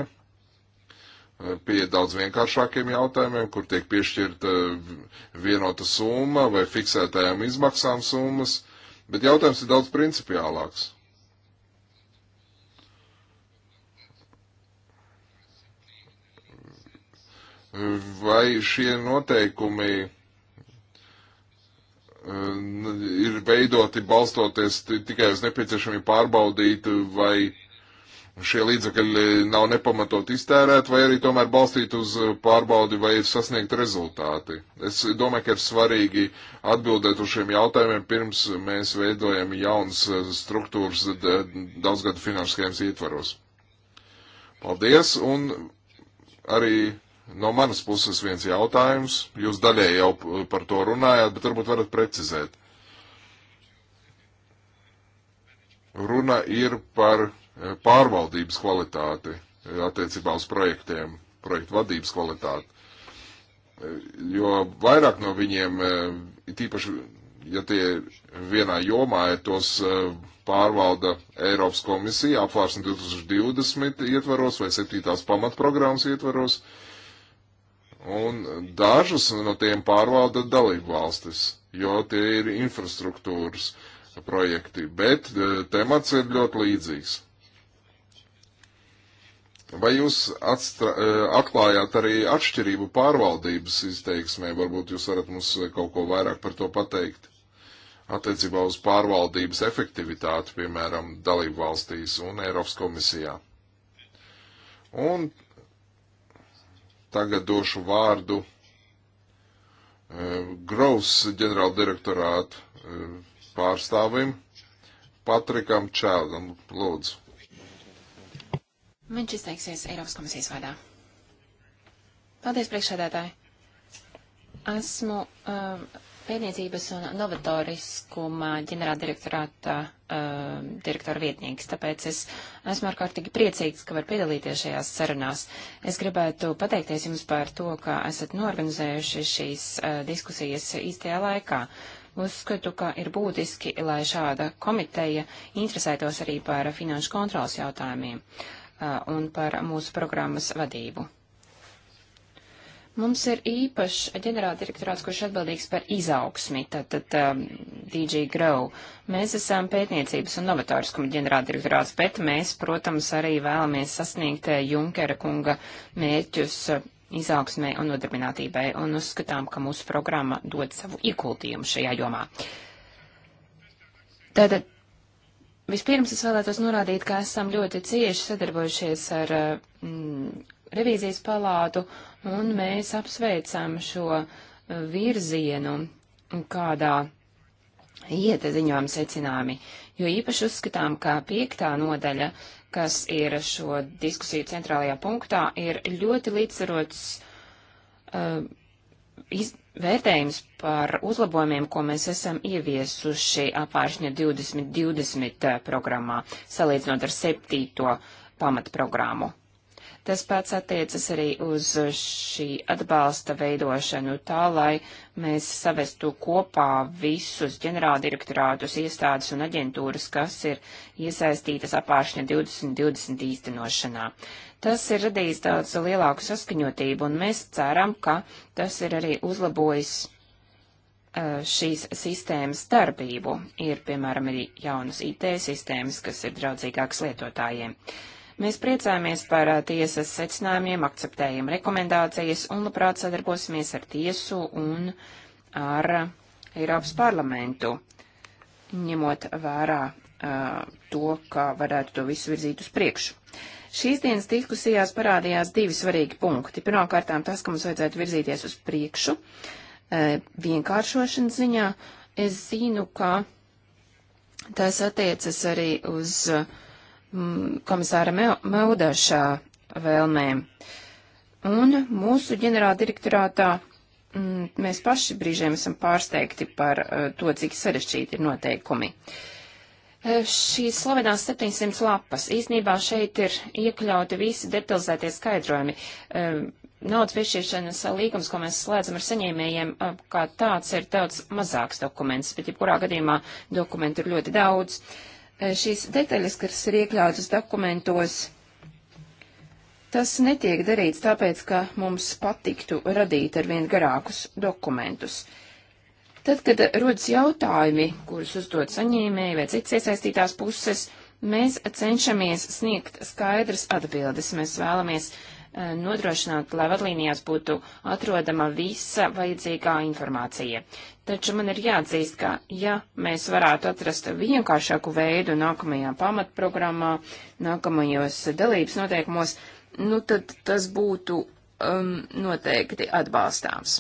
pie daudz vienkāršākiem jautājumiem, kur tiek piešķirta vienota summa vai fiksētajām izmaksām summas, bet jautājums ir daudz principiālāks. Vai šie noteikumi eh, ir veidoti balstoties tikai uz nepieciešamību pārbaudīt, vai šie līdzekļi nav nepamatot iztērēt, vai arī tomēr balstīt uz pārbaudi, vai ir sasniegt rezultāti. Es domāju, ka ir svarīgi atbildēt uz šiem jautājumiem, pirms mēs veidojam jaunas struktūras daudzgadu finanšu schēmas ietvaros. Paldies, un arī no manas puses viens jautājums. Jūs daļēji jau par to runājāt, bet varbūt varat precizēt. Runa ir par Eh, pārvaldības kvalitāti eh, attiecībā uz projektiem, projektu vadības kvalitāti. Eh, jo vairāk no viņiem, tīpaši, ja tie vienā jomā ir tos pārvalda Eiropas komisija apvārsni 2020 ietvaros vai 7. pamatprogrammas ietvaros, un dažas no tiem pārvalda dalību valstis, jo tie ir infrastruktūras projekti, bet temats ir ļoti līdzīgs. Vai jūs atstra, e, atklājāt arī atšķirību pārvaldības izteiksmē? Varbūt jūs varat mums kaut ko vairāk par to pateikt attiecībā uz pārvaldības efektivitāti, piemēram, dalību valstīs un Eiropas komisijā. Un tagad došu vārdu uh, e, Grovs ģenerāldirektorātu uh, e, pārstāvim Patrikam Čēldam. Lūdzu. Viņš izteiksies Eiropas komisijas vārdā. Paldies, priekšsēdētāji! Esmu um, pētniecības un novatoriskuma ģenerāldirektorāta um, direktora vietnieks, tāpēc es esmu ārkārtīgi priecīgs, ka var piedalīties šajās sarunās. Es gribētu pateikties jums par to, ka esat norganizējuši šīs uh, diskusijas īstajā laikā. Uzskatu, ka ir būtiski, lai šāda komiteja interesētos arī par finanšu kontrolas jautājumiem. Uh, un par mūsu programmas vadību. Mums ir īpašs ģenerāldirektorāts, kurš atbildīgs par izaugsmi, tātad um, DG Grow. Mēs esam pētniecības un novatoriskumu ģenerāldirektorāts, bet mēs, protams, arī vēlamies sasniegt Junkera kunga mērķus izaugsmē un nodarbinātībai, un uzskatām, ka mūsu programma dod savu iekultījumu šajā jomā. Tātad Vispirms es vēlētos norādīt, ka esam ļoti cieši sadarbojušies ar eh, mm, revīzijas palātu, un mēs apsveicam šo eh, virzienu, kādā ieta ziņojumi secināmi, jo īpaši uzskatām, ka piektā nodaļa, kas ir šo diskusiju centrālajā punktā, ir ļoti līdzsvarots uh, iz, vērtējums par uzlabojumiem, ko mēs esam ieviesuši apāršņa 2020 eh, programmā, salīdzinot ar septīto pamatprogrammu. Tas pats attiecas arī uz šī atbalsta veidošanu tā, lai mēs savestu kopā visus ģenerāldirektorātus, iestādes un aģentūras, kas ir iesaistītas apāršņa 2020 īstenošanā. Uh, Tas ir radījis daudz lielāku saskaņotību, un mēs ceram, ka tas ir arī uzlabojis šīs sistēmas darbību. Ir, piemēram, arī jaunas IT sistēmas, kas ir draudzīgākas lietotājiem. Mēs priecājamies par tiesas secinājumiem, akceptējam rekomendācijas un labprāt sadarbosimies ar tiesu un ar Eiropas parlamentu, ņemot vērā uh, to, kā varētu to visu virzīt uz priekšu. Uh, Šīs dienas diskusijās parādījās divi svarīgi punkti. Pirmkārt, tas, ka mums vajadzētu virzīties uz priekšu e, vienkāršošanas ziņā. Es zinu, ka tas attiecas arī uz mm, komisāra Meldašā vēlmēm. Un mūsu ģenerāldirektorātā mm, mēs paši brīžiem esam pārsteigti par e, to, cik sarežģīti ir noteikumi. Uh, Šīs slavenās 700 lapas, īsnībā šeit ir iekļauti visi detalizētie skaidrojumi. Ehm, naudas piešķiršanas līgums, ko mēs slēdzam ar saņēmējiem, kā tāds ir daudz mazāks dokuments, bet jebkurā gadījumā dokumentu ir ļoti daudz. Ehm, šīs detaļas, kas ir iekļautas dokumentos, tas netiek darīts tāpēc, ka mums patiktu radīt arvien garākus dokumentus. Uh, Tad, kad rodas jautājumi, kurus uzdod saņēmēji vai citas iesaistītās puses, mēs cenšamies sniegt skaidras atbildes. Mēs vēlamies e, nodrošināt, lai vadlīnijās būtu atrodama visa vajadzīgā informācija. Taču man ir jāatzīst, ka, ja mēs varētu atrast vienkāršāku veidu nākamajā pamatprogrammā, nākamajos dalības noteikumos, nu tad tas būtu um, noteikti atbalstāms.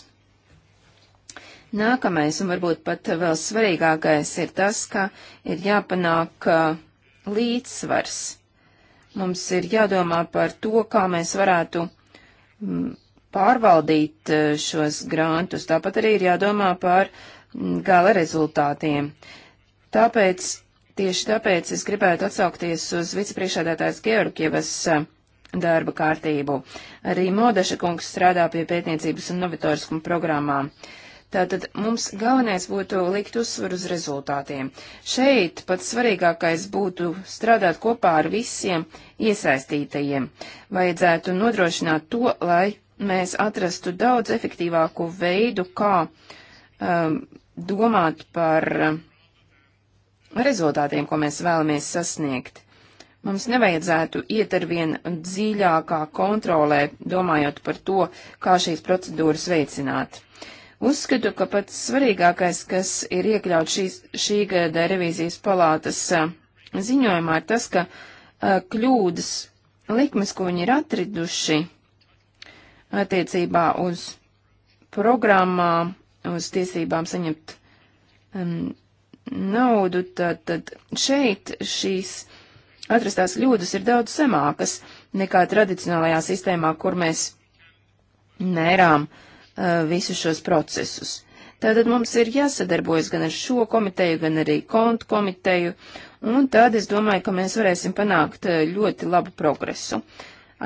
Nākamais un varbūt pat vēl svarīgākais ir tas, ka ir jāpanāk uh, līdzsvars. Mums ir jādomā par to, kā mēs varētu mm, pārvaldīt uh, šos grantus. Tāpat arī ir jādomā par mm, gala rezultātiem. Tāpēc, tieši tāpēc es gribētu atsaukties uz vicepriekšādātājs Georgievas uh, darba kārtību. Arī Modeša kungs strādā pie pētniecības un novatoriskuma programmām. Uh, Tātad mums galvenais būtu likt uzsvaru uz rezultātiem. Šeit pats svarīgākais būtu strādāt kopā ar visiem iesaistītajiem. Vajadzētu nodrošināt to, lai mēs atrastu daudz efektīvāku veidu, kā um, domāt par um, rezultātiem, ko mēs vēlamies sasniegt. Mums nevajadzētu iet ar vien dziļākā kontrolē, domājot par to, kā šīs procedūras veicināt. Uzskatu, ka pats svarīgākais, kas ir iekļauts šī, šī gada revīzijas palātas ziņojumā, ir tas, ka a, kļūdas likmes, ko viņi ir atriduši attiecībā uz programmām, uz tiesībām saņemt um, naudu, tad, tad šeit šīs atrastās kļūdas ir daudz zemākas nekā tradicionālajā sistēmā, kur mēs nērām uh, visus šos procesus. Tātad mums ir jāsadarbojas gan ar šo komiteju, gan arī kontu komiteju, un tad es domāju, ka mēs varēsim panākt ļoti labu progresu.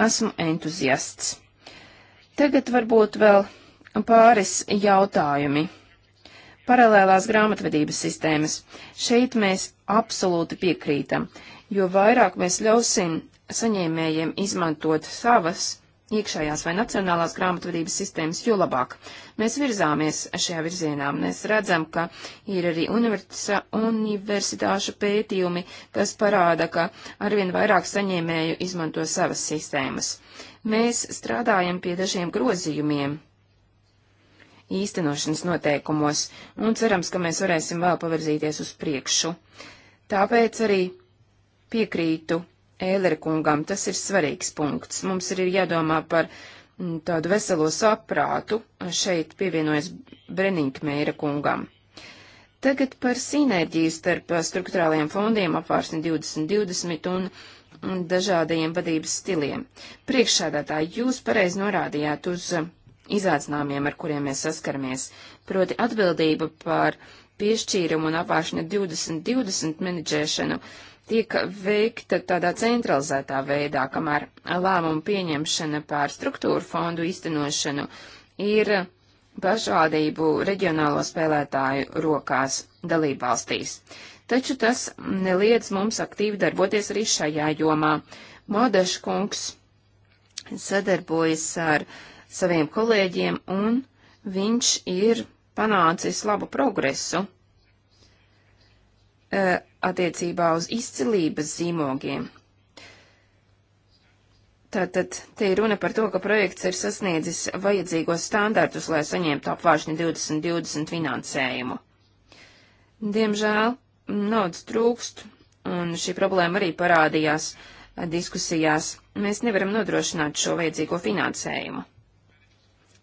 Esmu entuziasts. Tagad varbūt vēl pāris jautājumi. Paralēlās grāmatvedības sistēmas. Šeit mēs absolūti piekrītam, jo vairāk mēs ļausim saņēmējiem izmantot savas iekšējās vai nacionālās grāmatvedības sistēmas, jo labāk. Mēs virzāmies šajā virzienā. Mēs redzam, ka ir arī universitāšu pētījumi, kas parāda, ka arvien vairāk saņēmēju izmanto savas sistēmas. Mēs strādājam pie dažiem grozījumiem īstenošanas noteikumos un cerams, ka mēs varēsim vēl pavirzīties uz priekšu. Tāpēc arī piekrītu Ēlera kungam. Tas ir svarīgs punkts. Mums ir jādomā par mm, tādu veselo saprātu. Šeit pievienojas Breninkmeira kungam. Tagad par sinerģiju starp struktūrālajiem fondiem apvārsni 2020 un dažādajiem vadības stiliem. Priekšsādātāji, jūs pareizi norādījāt uz izaicinājumiem, ar kuriem mēs saskaramies, proti atbildība par uh, piešķīrumu un apvāršana 2020 menedžēšanu tiek veikta tādā centralizētā veidā, kamēr lēmumu pieņemšana pār struktūru fondu īstenošanu ir pašvaldību reģionālo spēlētāju rokās dalībvalstīs. Taču tas neliedz mums aktīvi darboties arī šajā jomā. Modeškungs sadarbojas ar saviem kolēģiem un viņš ir panācis labu progresu eh, attiecībā uz izcilības zīmogiem. Tātad te ir runa par to, ka projekts ir sasniedzis vajadzīgos standartus, lai saņemtu apvāršņu 2020 finansējumu. Diemžēl naudas trūkst, un šī problēma arī parādījās eh, diskusijās. Mēs nevaram nodrošināt šo vajadzīgo finansējumu.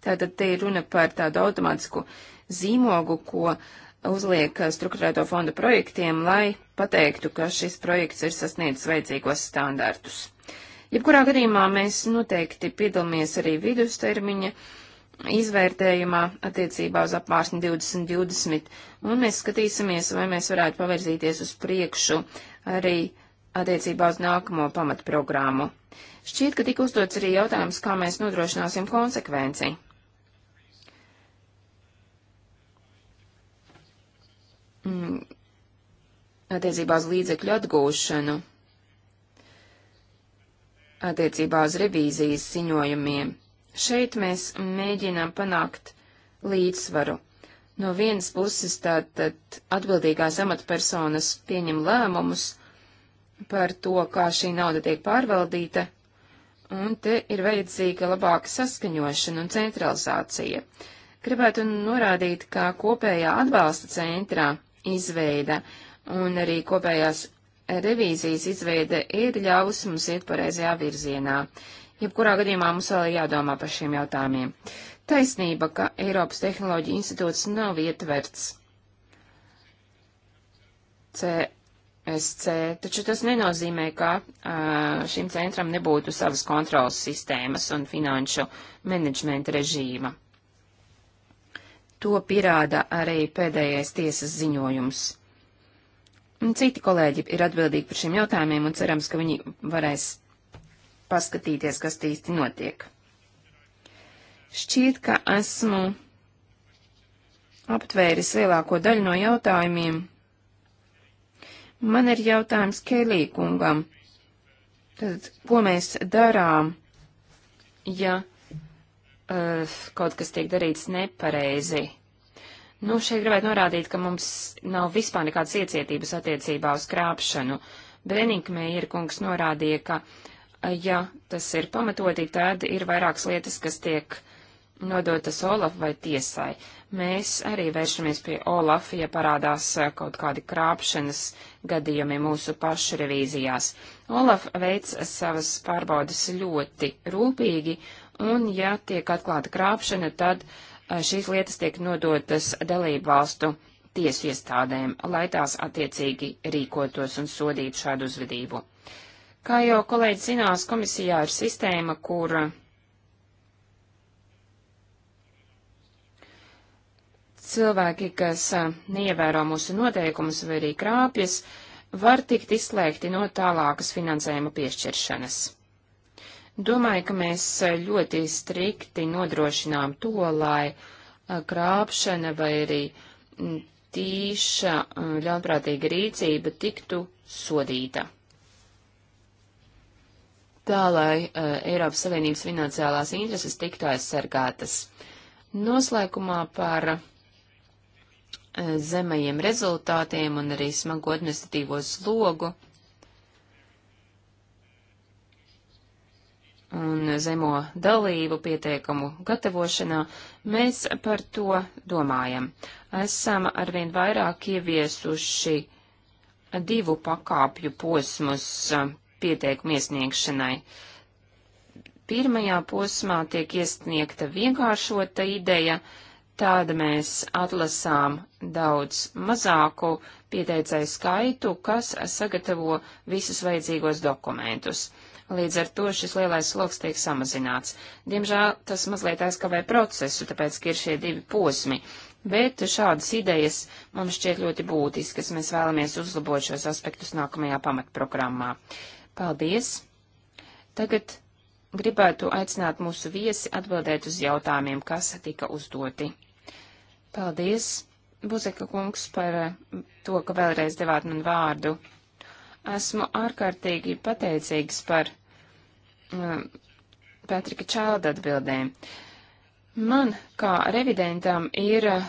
Tātad te ir runa par tādu automātisku zīmogu, ko uzliek struktūrēto fondu projektiem, lai pateiktu, ka šis projekts ir sasniedzis vajadzīgos standartus. Jebkurā gadījumā mēs noteikti piedalāmies arī vidustermiņa izvērtējumā attiecībā uz apmārsni 2020, un mēs skatīsimies, vai mēs varētu pavirzīties uz priekšu arī attiecībā uz nākamo pamatprogrammu. Šķiet, ka tika uzdots arī jautājums, kā mēs nodrošināsim konsekvenciju. mm, attiecībā uz līdzekļu atgūšanu, attiecībā uz revīzijas ziņojumiem. Šeit mēs mēģinām panākt līdzsvaru. No vienas puses tātad atbildīgās amatpersonas pieņem lēmumus par to, kā šī nauda tiek pārvaldīta, un te ir vajadzīga labāka saskaņošana un centralizācija. Gribētu norādīt, ka kopējā atbalsta centrā izveida un arī kopējās revīzijas izveide ir ļāvusi mums iet pareizajā virzienā. Jebkurā gadījumā mums vēl ir jādomā par šiem jautājumiem. Taisnība, ka Eiropas Tehnoloģija institūts nav ietverts CSC, taču tas nenozīmē, ka uh, šim centram nebūtu savas kontrolas sistēmas un finanšu menedžmenta režīma. To pierāda arī pēdējais tiesas ziņojums. Citi kolēģi ir atbildīgi par šiem jautājumiem un cerams, ka viņi varēs paskatīties, kas īsti notiek. Šķiet, ka esmu aptvēris lielāko daļu no jautājumiem. Man ir jautājums Kelī kungam. Tad, ko mēs darām, ja Eh, kaut kas tiek darīts nepareizi. Nu, šeit gribētu norādīt, ka mums nav vispār nekādas iecietības attiecībā uz krāpšanu. Breninkmēja ir kungs norādīja, ka, eh, ja tas ir pamatoti, tad ir vairākas lietas, kas tiek nodotas Olaf vai tiesai. Mēs arī vēršamies pie Olaf, ja parādās eh, kaut kādi krāpšanas gadījumi mūsu pašu revīzijās. Olaf veic savas pārbaudas ļoti rūpīgi un ja tiek atklāta krāpšana, tad šīs lietas tiek nodotas dalību valstu tiesu iestādēm, lai tās attiecīgi rīkotos un sodītu šādu uzvedību. Kā jau kolēģi zinās, komisijā ir sistēma, kur cilvēki, kas neievēro mūsu noteikumus vai arī krāpjas, var tikt izslēgti no tālākas finansējuma piešķiršanas. Domāju, ka mēs eh, ļoti strikti nodrošinām to, lai eh, krāpšana vai arī mm, tīša mm, ļaunprātīga rīcība tiktu sodīta. Tā, lai uh, Eiropas Savienības finansiālās intereses tiktu aizsargātas. Noslēgumā par uh, zemajiem rezultātiem un arī smagu administratīvo slogu un zemo dalību pieteikumu gatavošanā, mēs par to domājam. Esam arvien vairāk ieviesuši divu pakāpju posmus pieteikumu iesniegšanai. Pirmajā posmā tiek iesniegta vienkāršota ideja, tāda mēs atlasām daudz mazāku pieteicēju skaitu, kas sagatavo visus vajadzīgos dokumentus. Līdz ar to šis lielais sloks tiek samazināts. Diemžēl tas mazliet aizkavē procesu, tāpēc, ka ir šie divi posmi. Bet šādas idejas mums šķiet ļoti būtiskas. Mēs vēlamies uzlabot šos aspektus nākamajā pamatprogrammā. Paldies! Tagad gribētu aicināt mūsu viesi atbildēt uz jautājumiem, kas tika uzdoti. Paldies, Buzeka kungs, par to, ka vēlreiz devāt man vārdu. Esmu ārkārtīgi pateicīgs par um, Patrika Čālda atbildēm. Man, kā revidentam, ir uh,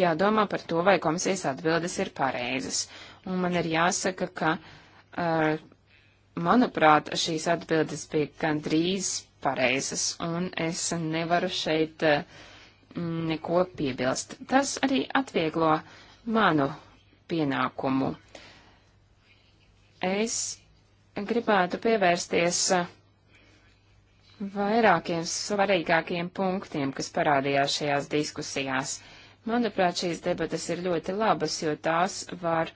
jādomā par to, vai komisijas atbildes ir pareizas. Un man ir jāsaka, ka, uh, manuprāt, šīs atbildes bija gandrīz pareizas, un es nevaru šeit uh, neko piebilst. Tas arī atvieglo manu pienākumu. Uh, Es gribētu pievērsties uh, vairākiem svarīgākiem punktiem, kas parādījās šajās diskusijās. Manuprāt, šīs debatas ir ļoti labas, jo tās var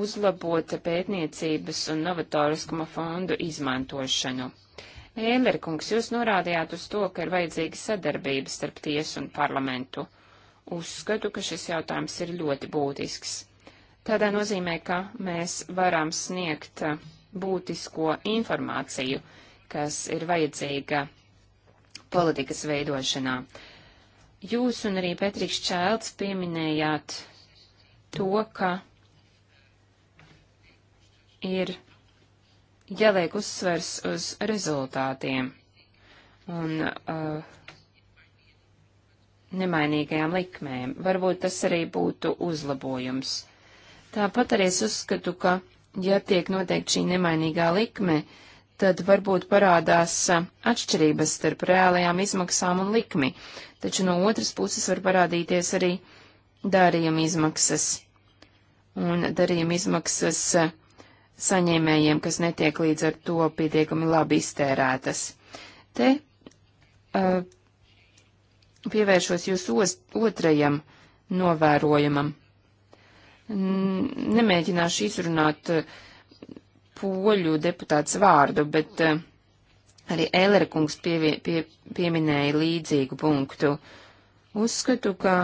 uzlabot pētniecības un novatoriskuma fondu izmantošanu. Ēlerkungs, jūs norādījāt uz to, ka ir vajadzīga sadarbība starp tiesu un parlamentu. Uzskatu, ka šis jautājums ir ļoti būtisks. Tādā nozīmē, ka mēs varam sniegt uh, būtisko informāciju, kas ir vajadzīga politikas veidošanā. Jūs un arī Petriks Čēlts pieminējāt to, ka ir jāliek uzsvers uz rezultātiem un uh, nemainīgajām likmēm. Varbūt tas arī būtu uzlabojums. Tāpat arī es uzskatu, ka, ja tiek noteikti šī nemainīgā likme, tad varbūt parādās atšķirības starp reālajām izmaksām un likmi, taču no otras puses var parādīties arī darījuma izmaksas. Un darījuma izmaksas saņēmējiem, kas netiek līdz ar to pietiekami labi iztērētas. Te uh, pievēršos jūs ost, otrajam novērojumam. Nemēģināšu izrunāt eh, poļu deputāts vārdu, bet eh, arī Ēlera kungs pie, pie, pieminēja līdzīgu punktu. Uzskatu, ka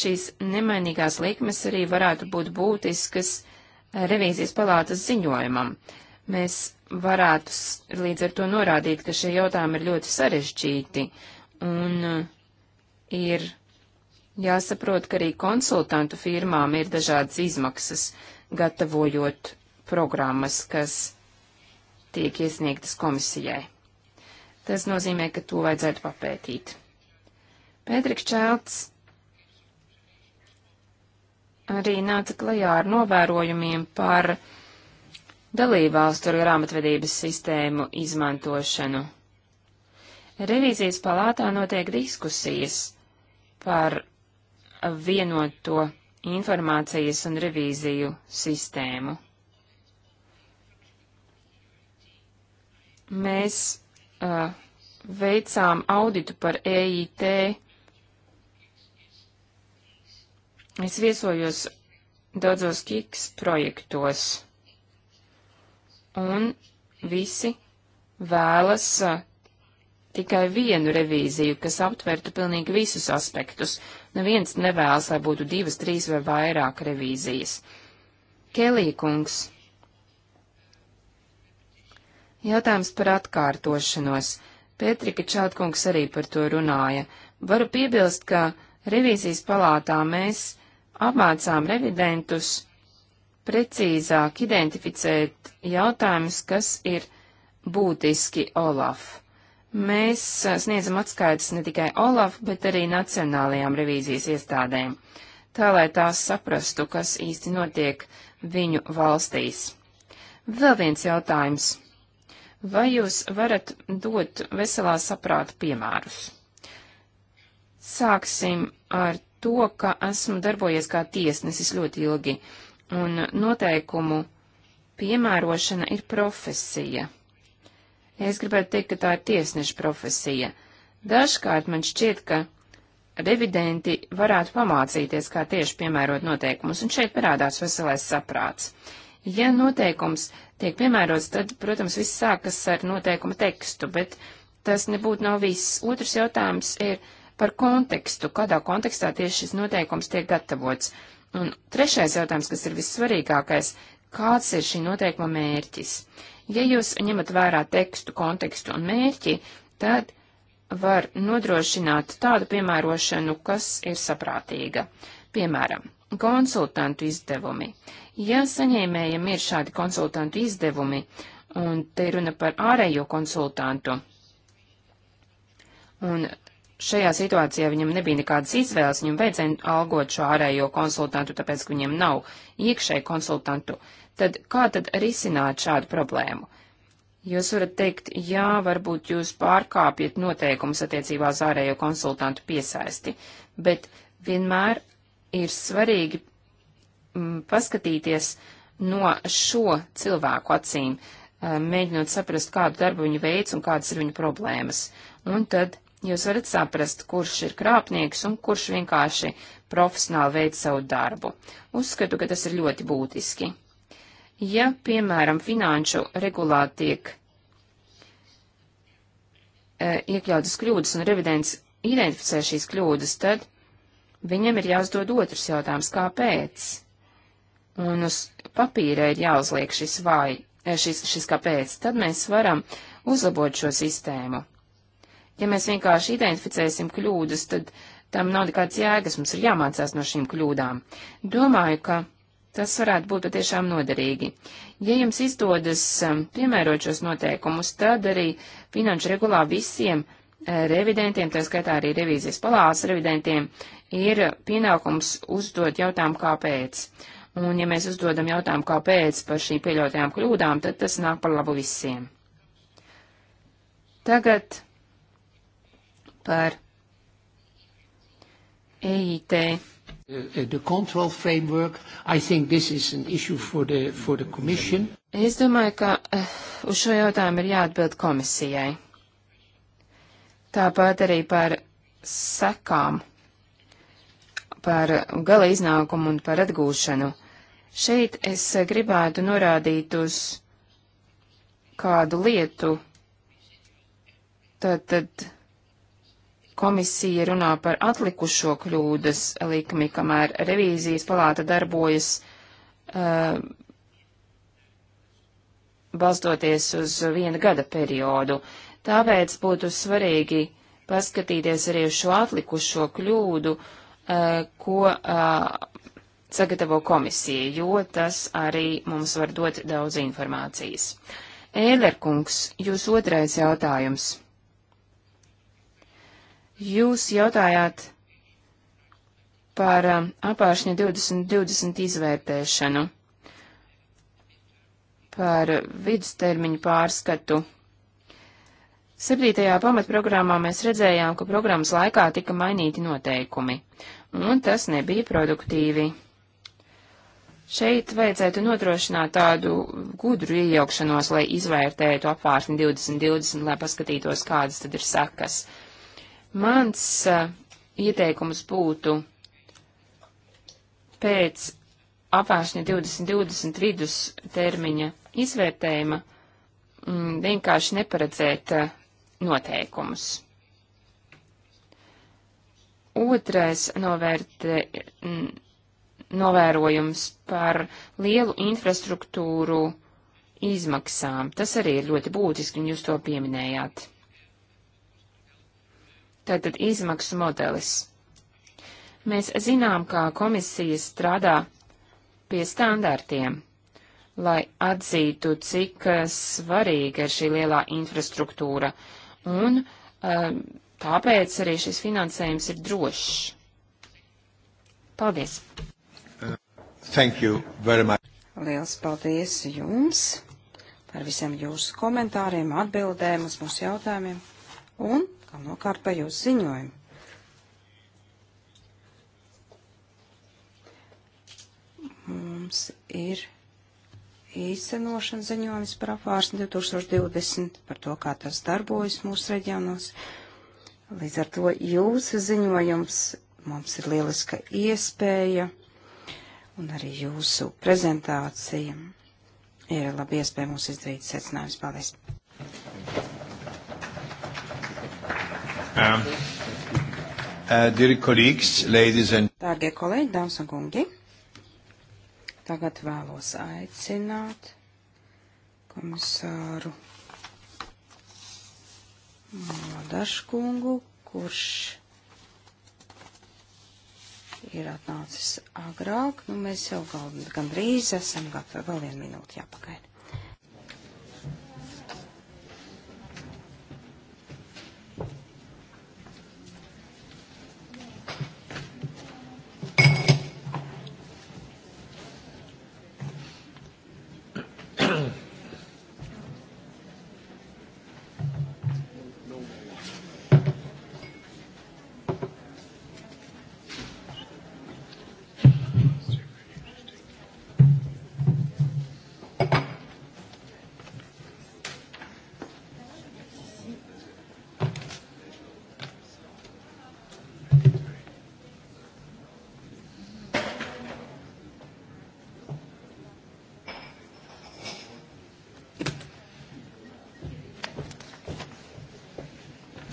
šīs nemainīgās likmes arī varētu būt būtiskas eh, revīzijas palātas ziņojumam. Mēs varētu līdz ar to norādīt, ka šie jautājumi ir ļoti sarežģīti un ir Jāsaprot, ka arī konsultantu firmām ir dažādas izmaksas, gatavojot programmas, kas tiek iesniegtas komisijai. Tas nozīmē, ka to vajadzētu papētīt. Pētriks Čelts arī nāca klajā ar novērojumiem par dalībvalstu grāmatvedības sistēmu izmantošanu. Revīzijas palātā notiek diskusijas par vienoto informācijas un revīziju sistēmu. Mēs uh, veicām auditu par EIT. Es viesojos daudzos kiks projektos, un visi vēlas uh, tikai vienu revīziju, kas aptvertu pilnīgi visus aspektus, Neviens nevēlas, lai būtu divas, trīs vai vairāk revīzijas. Kelīkungs. Jautājums par atkārtošanos. Pētrika Čautkungs arī par to runāja. Varu piebilst, ka revīzijas palātā mēs apmācām revidentus precīzāk identificēt jautājumus, kas ir būtiski Olaf. Mēs sniedzam atskaitas ne tikai OLAF, bet arī nacionālajām revīzijas iestādēm, tā lai tās saprastu, kas īsti notiek viņu valstīs. Vēl viens jautājums. Vai jūs varat dot veselā saprāta piemērus? Sāksim ar to, ka esmu darbojies kā tiesnesis ļoti ilgi, un noteikumu piemērošana ir profesija. Es gribētu teikt, ka tā ir tiesneša profesija. Dažkārt man šķiet, ka revidenti varētu pamācīties, kā tieši piemērot noteikumus, un šeit parādās veselais saprāts. Ja noteikums tiek piemērots, tad, protams, viss sākas ar noteikuma tekstu, bet tas nebūtu nav viss. Otrs jautājums ir par kontekstu, kādā kontekstā tieši šis noteikums tiek gatavots. Un trešais jautājums, kas ir vissvarīgākais, kāds ir šī noteikuma mērķis. Ja jūs ņemat vērā tekstu, kontekstu un mērķi, tad var nodrošināt tādu piemērošanu, kas ir saprātīga. Piemēram, konsultantu izdevumi. Ja saņēmējiem ir šādi konsultantu izdevumi, un te runa par ārējo konsultantu, un šajā situācijā viņam nebija nekādas izvēles, viņam vajadzēja algot šo ārējo konsultantu, tāpēc, ka viņam nav iekšēji konsultantu, uh, Tad kā tad risināt šādu problēmu? Jūs varat teikt, jā, varbūt jūs pārkāpjat noteikumus attiecībā uz ārējo konsultantu piesaisti, bet vienmēr ir svarīgi m, mm, paskatīties no šo cilvēku acīm, mēģinot saprast, kādu darbu viņi veic un kādas ir viņu problēmas. Un tad jūs varat saprast, kurš ir krāpnieks un kurš vienkārši profesionāli veic savu darbu. Uzskatu, ka tas ir ļoti būtiski. Ja, piemēram, finanšu regulā tiek e, iekļautas kļūdas un revidents identificē šīs kļūdas, tad viņam ir jāuzdod otrs jautājums, kāpēc? Un uz papīra ir jāuzliek šis vai, e, šis, šis kāpēc, tad mēs varam uzlabot šo sistēmu. Ja mēs vienkārši identificēsim kļūdas, tad tam nav nekāds jēgas, mums ir jāmācās no šīm kļūdām. Domāju, ka Tas varētu būt patiešām noderīgi. Ja jums izdodas um, piemērot šos noteikumus, tad arī finanšu regulā visiem uh, revidentiem, tā skaitā arī revīzijas palātas revidentiem, ir pienākums uzdot jautājumu kāpēc. Un ja mēs uzdodam jautājumu kāpēc par šīm pieļautajām kļūdām, tad tas nāk par labu visiem. Tagad par EIT Uh, the, the es domāju, ka uh, uz šo jautājumu ir jāatbild komisijai. Tāpat arī par sekām, par gala iznākumu un par atgūšanu. Šeit es gribētu norādīt uz kādu lietu. Tātad. Tā, komisija runā par atlikušo kļūdas likmi, kamēr revīzijas palāta darbojas uh, balstoties uz viena gada periodu. Tāpēc būtu svarīgi paskatīties arī uz šo atlikušo kļūdu, uh, ko uh, sagatavo komisija, jo tas arī mums var dot daudz informācijas. Ēlerkungs, jūs otrais jautājums. Jūs jautājāt par um, apāršņa 2020 izvērtēšanu, par vidustermiņu pārskatu. Septītajā pamatprogrammā mēs redzējām, ka programmas laikā tika mainīti noteikumi, un tas nebija produktīvi. Šeit vajadzētu nodrošināt tādu gudru iejaukšanos, lai izvērtētu apvārsni 2020, lai paskatītos, kādas tad ir sekas. Uh, Mans ieteikums būtu pēc apvēršņa 2020 vidus termiņa izvērtējuma m, mm, vienkārši neparedzēt noteikumus. Otrais novērtē, m, novērojums par lielu infrastruktūru izmaksām. Tas arī ir ļoti būtiski, un jūs to pieminējāt. Tātad izmaksu modelis. Mēs zinām, kā komisija strādā pie standārtiem, lai atzītu, cik eh, svarīga ir šī lielā infrastruktūra, un eh, tāpēc arī šis finansējums ir drošs. Paldies! Thank you very much. Liels paldies jums par visiem jūsu komentāriem, atbildēm uz mūsu jautājumiem. Un Galvenokārt par jūsu ziņojumu. Mums ir īstenošanas ziņojums par apvārsni 2020, par to, kā tas darbojas mūsu reģionos. Līdz ar to jūsu ziņojums mums ir lieliska iespēja un arī jūsu prezentācija ir laba iespēja mums izdarīt secinājumus. Paldies! Um, uh, dear colleagues, ladies and... Dārgie kolēģi, dāmas un kungi, tagad vēlos aicināt komisāru Ladaškungu, kurš ir atnācis agrāk. Nu, mēs jau gandrīz esam gatavi. Vēl vienu minūti jāpagaida.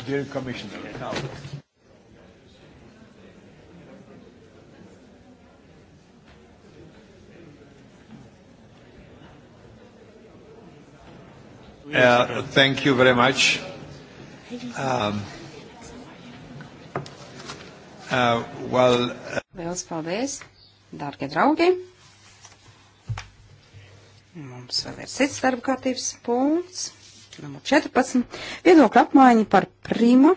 Dear Commissioner, now. Uh, thank you very much. Um, uh, well, uh, Liels paldies, dārgie draugi. Mums vēl ir cits darba kārtības punkts numur 14, viedokļa apmaiņa par Prima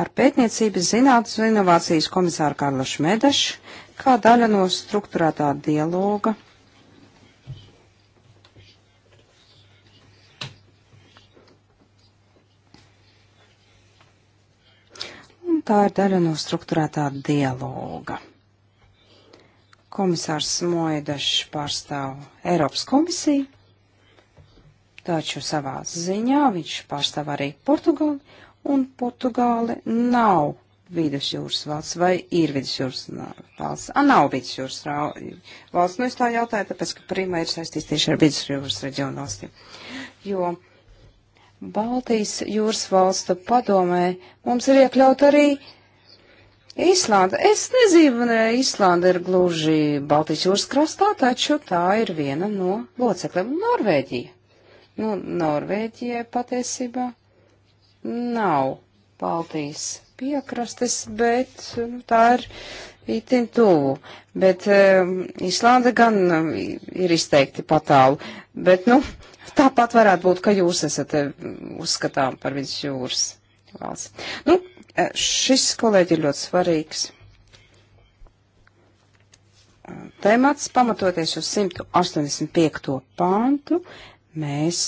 ar pētniecības zinātnes un inovācijas komisāru Karlu Šmedešu kā daļa no struktūrētā dialoga. Un tā ir daļa no struktūrētā dialoga. Komisārs Moedašs pārstāv Eiropas komisiju taču savā ziņā viņš pārstāv arī Portugāli, un Portugāli nav vidusjūras valsts, vai ir vidusjūras valsts? A, nav vidusjūras valsts. Nu, es tā jautāju, tāpēc, ka Prima ir saistīts tieši ar vidusjūras reģionu valstīm. Jo Baltijas jūras valstu padomē mums ir iekļaut arī Īslanda. Es nezinu, vai Īslanda ir gluži Baltijas jūras krastā, taču tā ir viena no locekļiem Norvēģija. Nu, Norvēģijai patiesībā nav Baltijas piekrastes, bet nu, tā ir itin tuvu. Bet um, Islanda gan um, ir izteikti patālu. Bet, nu, tāpat varētu būt, ka jūs esat um, uzskatām par viņas jūras valsts. Nu, e, šis kolēģi ir ļoti svarīgs. Um, temats pamatoties uz 185. pāntu mēs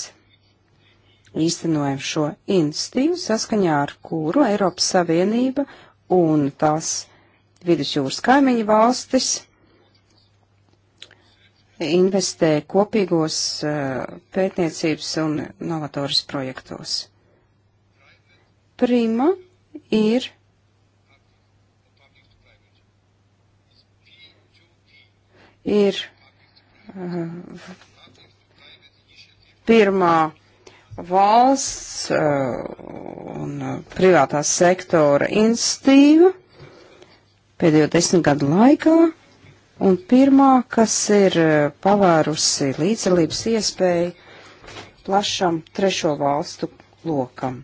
īstenojam šo institīvu saskaņā ar kuru Eiropas Savienība un tās vidusjūras kaimiņu valstis investē kopīgos eh, pētniecības un novatoras projektos. Prima ir ir eh, pirmā valsts uh, un uh, privātā sektora institīva pēdējo desmit gadu laikā un pirmā, kas ir uh, pavērusi līdzdalības iespēju plašam trešo valstu lokam.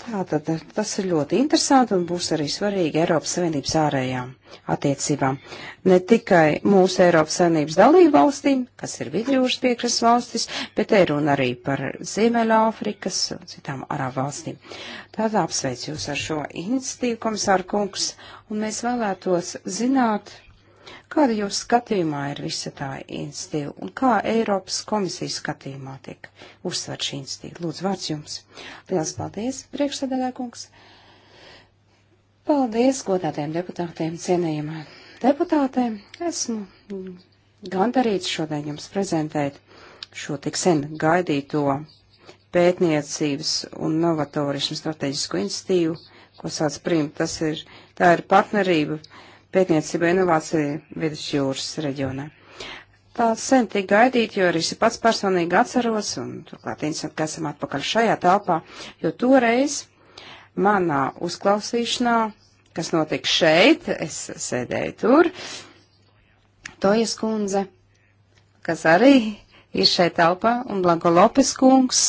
Tātad eh, tas ir ļoti interesanti un būs arī svarīgi Eiropas Savienības ārējām attiecībām. Ne tikai mūsu Eiropas Savienības dalību valstīm, kas ir vidļūras piekras valstis, bet te runa arī par Ziemeļāfrikas un citām arābu valstīm. Tātad apsveicu jūs ar šo iniciatīvu, komisāra kungs, un mēs vēlētos zināt, Kāda jūs skatījumā ir visa tā institīva un kā Eiropas komisijas skatījumā tiek uzsver šī institīva? Lūdzu, vārds jums. Lielas paldies, priekšsēdētājkungs. Paldies godātiem deputātiem, cienījumā deputātēm. Esmu gandarīts šodien jums prezentēt šo tik sen gaidīto pētniecības un novatorismu strateģisku institīvu, ko sauc PRIM. Tas ir, tā ir partnerība pētniecībai inovācija vidus jūras reģionā. Tā sen tik gaidīt, jo arī es pats personīgi atceros, un turklāt interesanti, ka esam atpakaļ šajā telpā, jo toreiz manā uzklausīšanā, kas notika šeit, es sēdēju tur, Tojas kundze, kas arī ir šeit telpā, un Blanko Lopes kungs,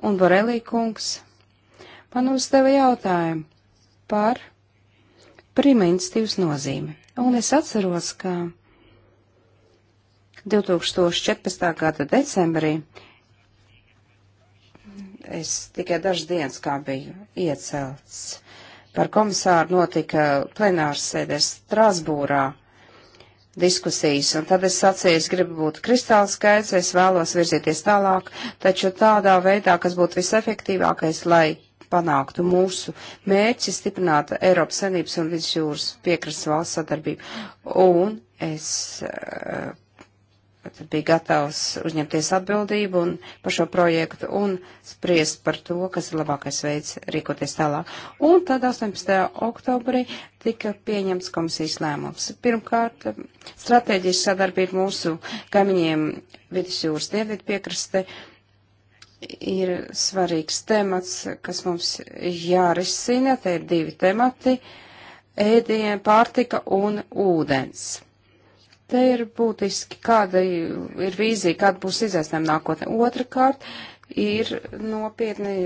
un Borelī kungs, man uzdeva jautājumu par priminstīvs nozīme. Un es atceros, ka 2014. gada decembrī es tikai dažas dienas kā biju iecelts. Par komisāru notika plenārs sēdēs Strasbūrā diskusijas, un tad es sacīju, es gribu būt kristāli skaidrs, es vēlos virzīties tālāk, taču tādā veidā, kas būtu visefektīvākais, lai panāktu mūsu mērķi stiprināt Eiropas Sanības un Vidusjūras piekrastes valsts sadarbību. Un es uh, biju gatavs uzņemties atbildību un par šo projektu un spriest par to, kas ir labākais veids rīkoties tālāk. Un tad 18. oktobrī tika pieņemts komisijas lēmums. Pirmkārt, stratēģiski sadarbība mūsu kaimiņiem Vidusjūras dienvidu piekraste. Uh, ir svarīgs temats, kas mums jārisina. Te ir divi temati - ēdiena, pārtika un ūdens. Te ir būtiski, kāda ir vīzija, kāda būs izaicinājuma nākotnē. Otrakārt, ir nopietni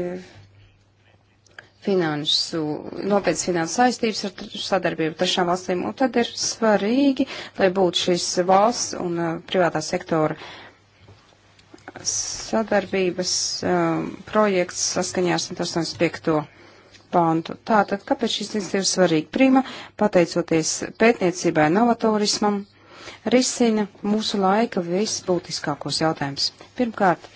finansu, nopietnas finansu saistības ar sadarbību trešām valstīm, un tad ir svarīgi, lai būtu šis valsts un uh, privātā sektora uh, sadarbības um, projekts saskaņā ar 185. pantu. Tātad, kāpēc šis lietas ir svarīgi? Prima, pateicoties pētniecībai novatorismam, risina mūsu laika visbūtiskākos jautājumus. Pirmkārt,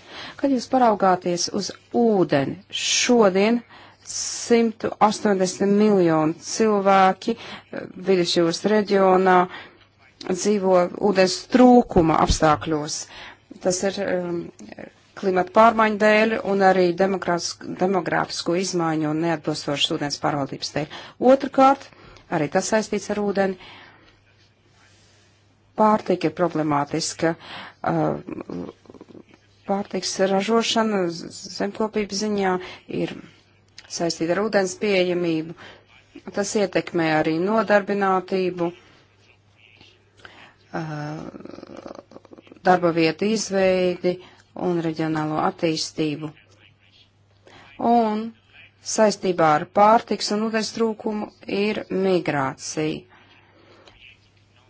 kad jūs paraugāties uz ūdeni šodien, 180 miljonu cilvēki eh, vidusjūras reģionā dzīvo ūdens trūkuma apstākļos. Uh, Tas ir um, klimata pārmaiņu dēļ un arī demogrāfisko izmaiņu un neatbilstošas ūdens pārvaldības dēļ. Otrakārt, arī tas saistīts ar ūdeni, pārtika ir problemātiska. Uh, pārtiks ražošana zemkopības ziņā ir saistīta ar ūdens pieejamību. Tas ietekmē arī nodarbinātību. Uh, darba vietu izveidi un reģionālo attīstību. Un saistībā ar pārtiks un ūdens trūkumu ir migrācija.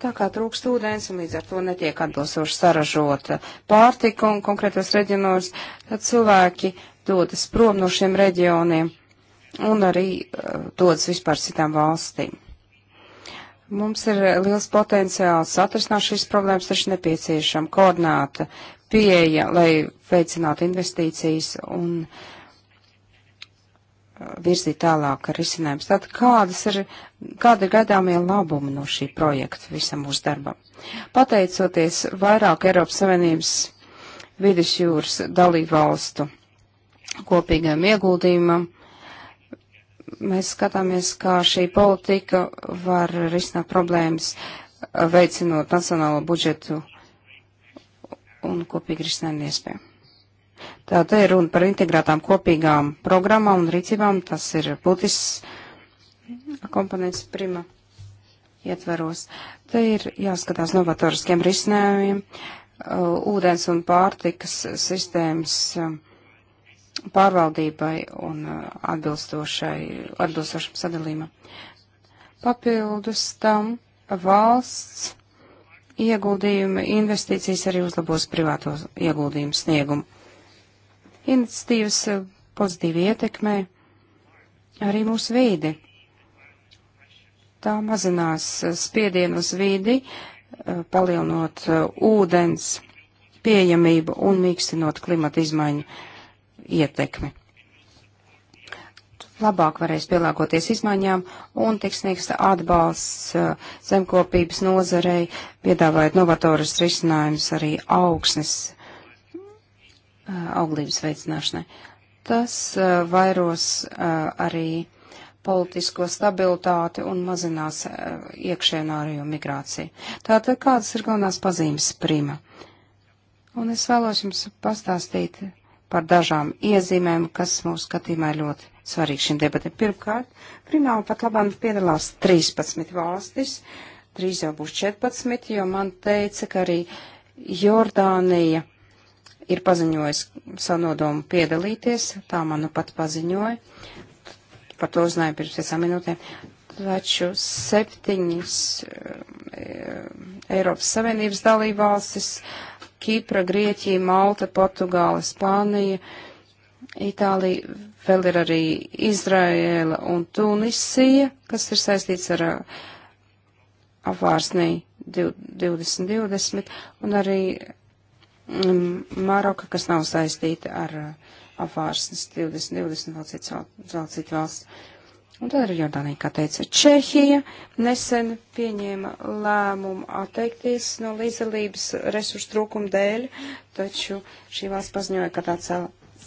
Tā kā trūkst ūdens un līdz ar to netiek atbilstoši saražota pārtika un konkrētos reģionos, tad cilvēki dodas prom no šiem reģioniem un arī uh, dodas vispār citām valstīm. Mums ir eh, liels potenciāls atrisināt šīs problēmas, taču nepieciešama koordināta pieeja, lai veicinātu investīcijas un eh, virzīt tālāk ar risinājums. Tad kādas ir, kāda ir gaidāmie labumi no šī projekta visam mūsu darbam? Pateicoties vairāk Eiropas Savienības vidusjūras dalībvalstu kopīgam ieguldījumam, mēs skatāmies, kā šī politika var risināt problēmas, veicinot nacionālo budžetu un kopīgi risinājumu iespēju. Tā te ir runa par integrētām kopīgām programmām un rīcībām, tas ir būtisks komponents prima ietveros. Te ir jāskatās novatoriskiem risinājumiem, ūdens un pārtikas sistēmas. Uh, pārvaldībai un uh, atbilstošam sadalījumam. Papildus tam valsts ieguldījumi investīcijas arī uzlabos privāto ieguldījumu sniegumu. Iniciatīvas uh, pozitīvi ietekmē arī mūsu vīdi. Tā mazinās uh, spiedienu uz vīdi, palielinot ūdens pieejamību un mīkstinot klimata izmaiņu ietekmi. Labāk varēs pielāgoties izmaiņām un tiks sniegs atbalsts uh, zemkopības nozarei, piedāvājot novatoras risinājumus arī augsnes uh, auglības veicināšanai. Tas uh, vairos arī politisko stabilitāti un mazinās iekšēnā arī migrāciju. Tātad kādas ir galvenās pazīmes prima? Un es vēlos jums pastāstīt par dažām iezīmēm, kas mūsu skatījumā ir ļoti svarīgi šim debatam. Pirmkārt, finālā pat labāk piedalās 13 valstis, drīz jau būs 14, jo man teica, ka arī Jordānija ir paziņojusi savu nodomu piedalīties, tā man nu pat paziņoja, par to uzzināju pirms piecām minūtēm, taču septiņas e, Eiropas Savienības dalībvalstis Kipra, Grieķija, Malta, Portugāla, Spānija, Itālija, vēl ir arī Izraēla un Tunisija, kas ir saistīts ar uh, apvārsnī 2020, un arī mm, Maroka, kas nav saistīta ar uh, apvārsnes 2020 vēl citu valsts. Un tad ir Jordānija, kā teica Čehija, nesen pieņēma lēmumu atteikties no līdzdalības resursu trūkuma dēļ, taču šī valsts paziņoja, ka tā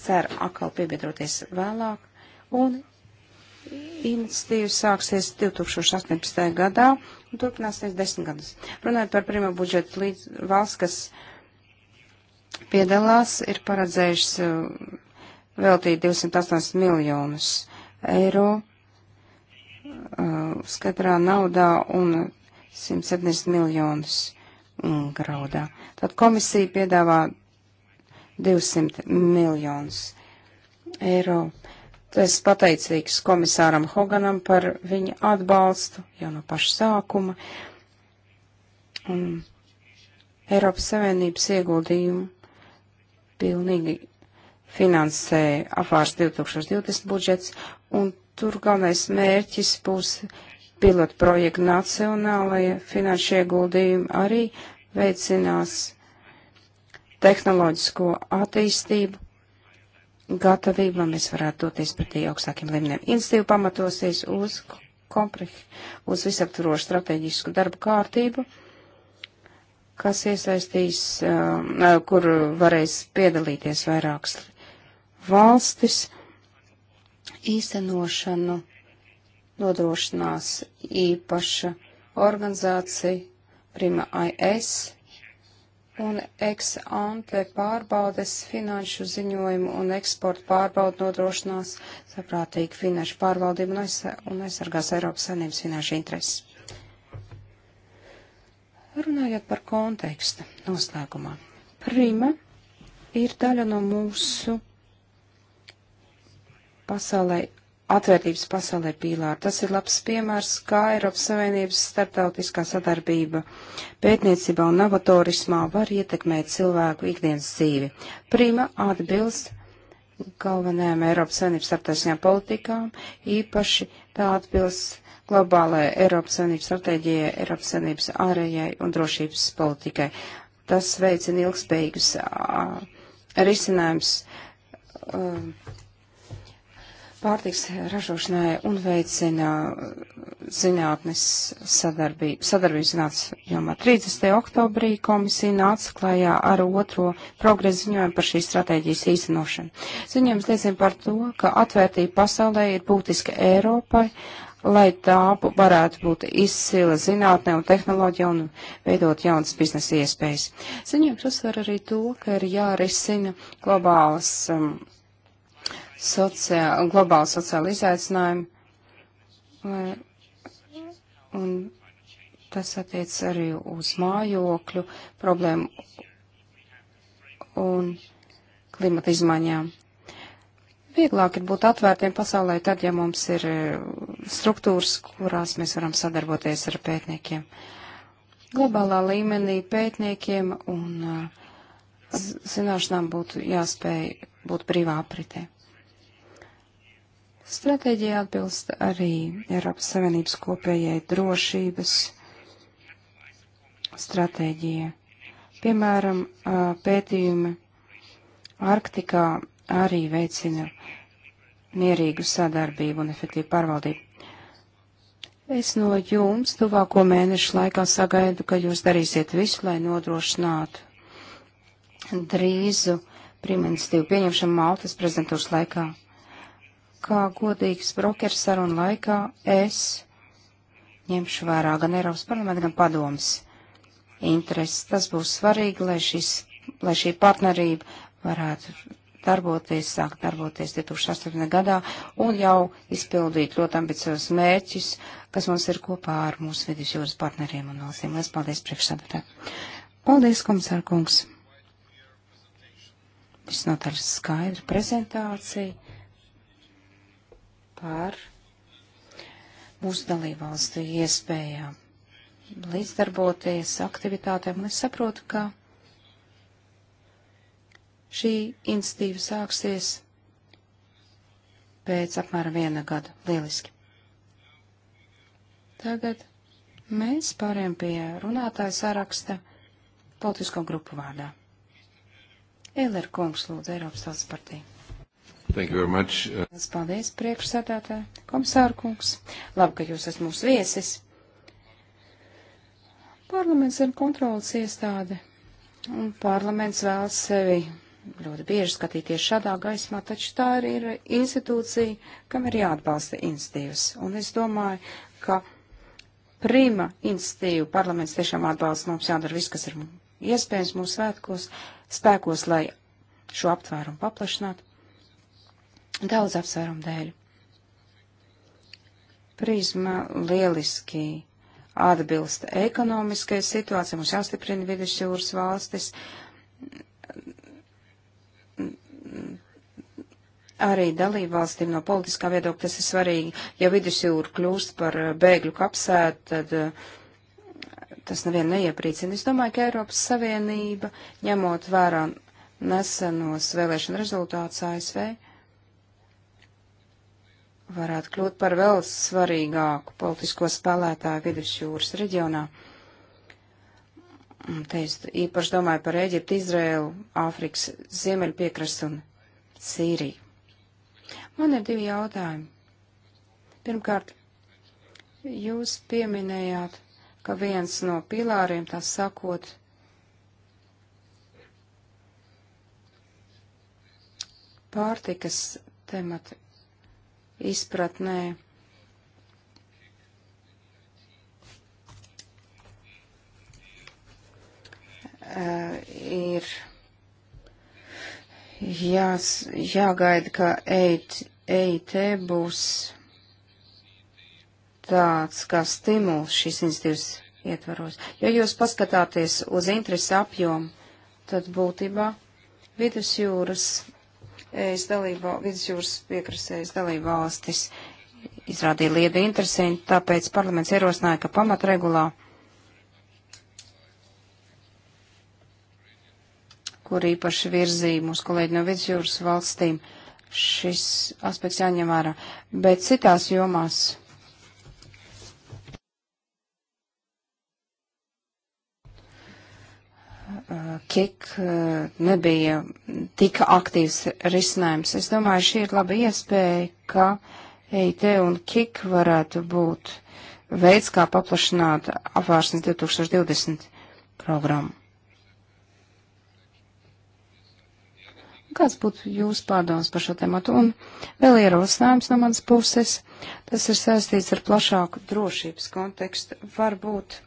cer atkal piebiedroties vēlāk. Un iniciatīva sāksies 2018. gadā un turpināsies desmit gadus. Runājot par pirmo budžetu līdz valsts, kas piedalās, ir paredzējušas uh, veltīt 208 miljonus eiro uh, skaidrā naudā un 170 miljonus mm, graudā. Tad komisija piedāvā 200 miljonus eiro. Es pateicīgs komisāram Hoganam par viņa atbalstu jau no paša sākuma un Eiropas Savienības ieguldījumu pilnīgi finansē apvārs 2020 budžets un Tur galvenais mērķis būs pilotu projektu nacionālajie finanšu ieguldījumi arī veicinās tehnoloģisko attīstību, gatavību, lai mēs varētu doties pretī augstākiem līmeniem. Institīva pamatosies uz, kompri, uz visaptvarošu strateģisku darbu kārtību kas iesaistīs, um, kur varēs piedalīties vairākas valstis, īstenošanu nodrošinās īpaša organizācija Prima IS un ex ante pārbaudes finanšu ziņojumu un eksporta pārbaudu nodrošinās saprātīgi finanšu pārvaldību un aizsargās Eiropas saimnības finanšu intereses. Runājot par kontekstu noslēgumā. Prima ir daļa no mūsu pasaulē, atvērtības pasaulē pīlāru. Tas ir labs piemērs, kā Eiropas Savienības starptautiskā sadarbība pētniecībā un novatorismā var ietekmēt cilvēku ikdienas dzīvi. Prima atbilst galvenajām Eiropas Savienības starptautiskajām politikām, īpaši tā atbilst globālajai Eiropas Savienības stratēģijai, Eiropas Savienības ārējai un drošības politikai. Tas veicina ilgspējīgus risinājums. Uh, pārtiks ražošanai un veicina zinātnes sadarbību. Sadarbības nāca jomā 30. oktobrī komisija nāca klājā ar otro progresu ziņojumu par šīs stratēģijas īstenošanu. Ziņojums liecina par to, ka atvērtība pasaulē ir būtiska Eiropai, lai tā varētu būt izcila zinātnē un tehnoloģija un veidot jaunas biznesa iespējas. Ziņojums uzsver arī to, ka ir jārisina globālas um, sociā, globāli sociāli izaicinājumi. Lai, un tas attiec arī uz mājokļu problēmu un klimata izmaiņām. Vieglāk ir būt atvērtiem pasaulē tad, ja mums ir eh, struktūras, kurās mēs varam sadarboties ar pētniekiem. Globālā līmenī pētniekiem un eh, zināšanām būtu jāspēj būt brīvā apritē. Stratēģija atbilst arī Eiropas Savienības kopējai drošības stratēģijai. Piemēram, pētījumi Arktikā arī veicina mierīgu sadarbību un efektīvu pārvaldību. Es no jums tuvāko mēnešu laikā sagaidu, ka jūs darīsiet visu, lai nodrošinātu drīzu primenstīvu pieņemšanu Maltas prezidentūras laikā kā godīgs brokers sarunu laikā es ņemšu vērā gan Eiropas parlamenta, gan padomas intereses. Tas būs svarīgi, lai, šis, lai šī partnerība varētu darboties, sākt darboties 2008. gadā un jau izpildīt ļoti ambiciozus mērķus, kas mums ir kopā ar mūsu vidus jūras partneriem un valstīm. Lielas paldies priekšsēdētāji. Paldies, komisār kungs. Visnotaļ skaidra prezentācija par mūsu dalībvalstu iespējām līdzdarboties aktivitātēm, un es saprotu, ka šī institīva sāksies pēc apmēram viena gada. Lieliski. Tagad mēs pārējām pie runātāja saraksta politisko grupu vārdā. Eller kungs lūdzu Eiropas tautas partiju. Thank you very much. Es paldies priekšsēdētā komisāru kungs. Labi, ka jūs esat mūsu viesis. Parlaments ir kontrolas iestāde, un parlaments vēlas sevi ļoti bieži skatīties šādā gaismā, taču tā arī ir institūcija, kam ir jāatbalsta institīvas. Un es domāju, ka prima institīva parlaments tiešām atbalsta mums jādara viss, kas ir iespējams mūsu svētkos, spēkos, lai šo aptvērumu paplašinātu daudz apsvērumu dēļ. Prizma lieliski atbilst ekonomiskai situācijai, mums jāstiprina vidus jūras valstis. Arī dalību valstīm no politiskā viedokļa tas ir svarīgi. Ja vidus jūra kļūst par bēgļu kapsētu, tad uh, tas nevienu neiepriecina. Es domāju, ka Eiropas Savienība, ņemot vērā nesenos vēlēšana rezultātus ASV, varētu kļūt par vēl svarīgāku politisko spēlētāju vidusjūras reģionā. Te es īpaši domāju par Eģiptu, Izraēlu, Āfrikas ziemeļu piekrastu un Sīriju. Man ir divi jautājumi. Pirmkārt, jūs pieminējāt, ka viens no pilāriem, tā sakot, pārtikas temati izpratnē. Uh, ir jās, jāgaida, ka EIT, EIT būs tāds kā stimuls šīs institīvas ietvaros. Ja jūs paskatāties uz interesi apjomu, tad būtībā vidusjūras ES dalībā, vidusjūras piekrasējas dalība valstis izrādīja liedu interesi, tāpēc parlaments ierosināja, ka pamatregulā, kur īpaši virzīja mūsu kolēģi no vidusjūras valstīm, šis aspekts jāņem vērā. Bet citās jomās Eh, KIK eh, nebija tik aktīvs risinājums. Es domāju, šī ir laba iespēja, ka EIT un KIK varētu būt veids, kā paplašināt apvārsnes 2020 programmu. Kāds būtu jūsu pārdoms par šo tematu? Un vēl ierosinājums no manas puses. Tas ir saistīts ar plašāku drošības kontekstu. Varbūt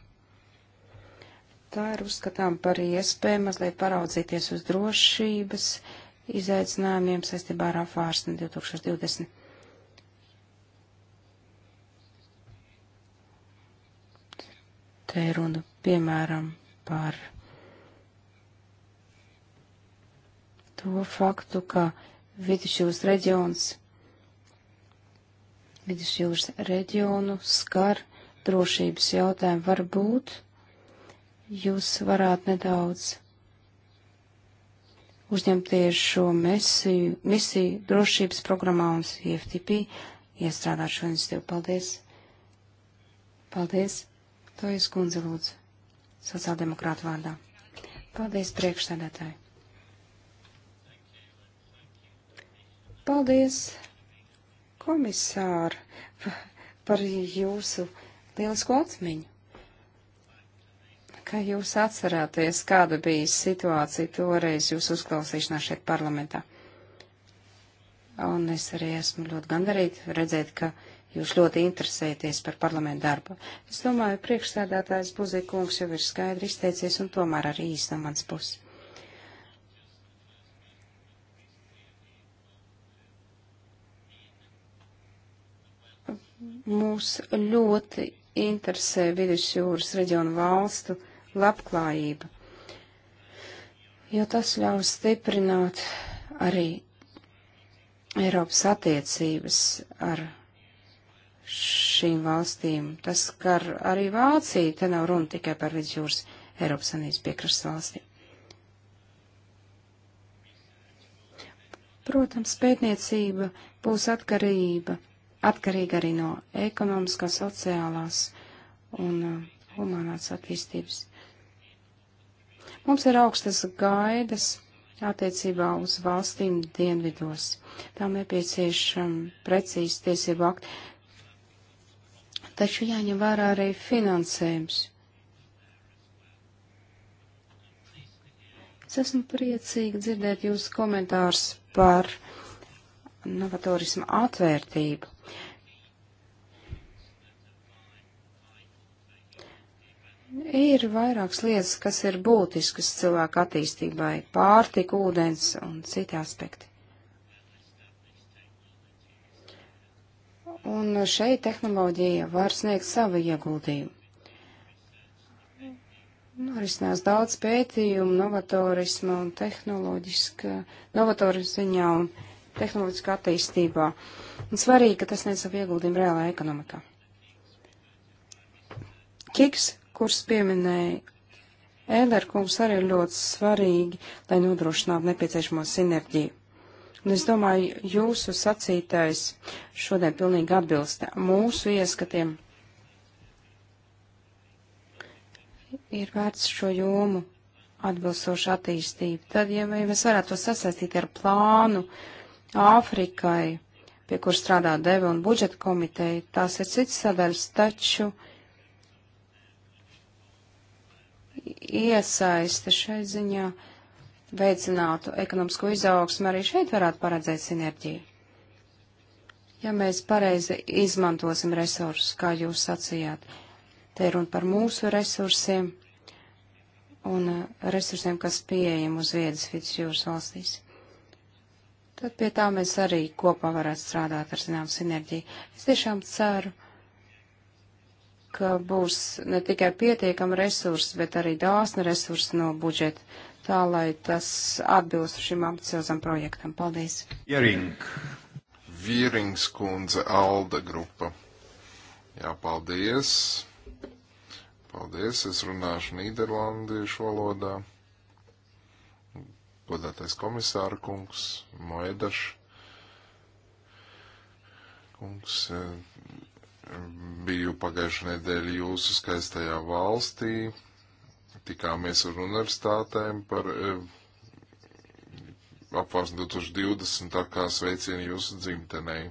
Tā ir uzskatām par iespēju mazliet paraudzīties uz drošības izaicinājumiem saistībā ar apvārsni 2020. Te ir runa, piemēram, par to faktu, ka vidusjūras reģions, vidusjūras reģionu skar drošības jautājumi var būt jūs varētu nedaudz uzņemties šo mesiju, misiju drošības programmā un CFTP, iestrādāt šo institīvu. Paldies! Paldies! To jūs, kundze, lūdzu, sociāldemokrātu vārdā. Paldies, priekšstādātāji! Paldies, komisāri, par jūsu lielisko atmiņu ka jūs atcerāties, kāda bija situācija toreiz jūsu uzklausīšanā šeit parlamentā. Un es arī esmu ļoti gandarīta redzēt, ka jūs ļoti interesēties par parlamentu darbu. Es domāju, priekšstādātājs Buzikungs jau ir skaidri izteicies un tomēr arī īsti no mans puses. Mūs ļoti interesē vidusjūras reģionu valstu labklājība, jo tas ļaus stiprināt arī Eiropas attiecības ar šīm valstīm. Tas, ka arī Vācija, te nav runa tikai par vidusjūras Eiropas Sanības piekrastes valstīm. Protams, pētniecība būs atkarība, atkarīga arī no ekonomiskās, sociālās un uh, humanās attīstības. Mums ir augstas gaidas attiecībā uz valstīm dienvidos. Tām nepieciešama precīzi tiesību akti. Taču jāņem vērā arī finansējums. Es esmu priecīgi dzirdēt jūsu komentārus par novatorismu atvērtību. Uh, Ir vairākas lietas, kas ir būtiskas cilvēku attīstībai - pārtika, ūdens un citi aspekti. Un šeit tehnoloģija var sniegt savu ieguldījumu. Norisinās daudz pētījumu, novatorisma un tehnoloģiska, novatorisma ziņā un tehnoloģiska attīstībā. Un svarīgi, ka tas sniedz savu ieguldījumu reālajā ekonomikā. Kiks kurus pieminēja Ēderkungs, arī ir ļoti svarīgi, lai nodrošinātu nepieciešamo sinerģiju. Un es domāju, jūsu sacītais šodien pilnīgi atbilst mūsu ieskatiem. Ir vērts šo jomu atbilstoši attīstību. Tad, ja mēs varētu to sasaistīt ar plānu Āfrikai, pie kur strādā deva un budžeta komiteja, tās ir cits sadaļas, taču iesaiste šai ziņā veicinātu ekonomisko izaugsmu, arī šeit varētu paredzēt sinerģiju. Ja mēs pareizi izmantosim resursus, kā jūs sacījāt, te ir runa par mūsu resursiem un uh, resursiem, kas pieejami uz vietas vidusjūras valstīs. Tad pie tā mēs arī kopā varētu strādāt ar zinām sinerģiju. Es tiešām ceru, ka ka būs ne tikai pietiekama resursa, bet arī dāsna resursa no budžeta, tā lai tas atbilstu šim ambiciozam projektam. Paldies! Jering. Vīrings kundze Alda grupa. Jā, paldies! Paldies, es runāšu Nīderlandiešu valodā. Godātais komisāra kungs, Moedaš kungs, Biju pagājušajā nedēļā jūsu skaistajā valstī, tikāmies ar universitātēm par eh, apvārs 2020 tā kā sveicieni jūsu dzimtenei.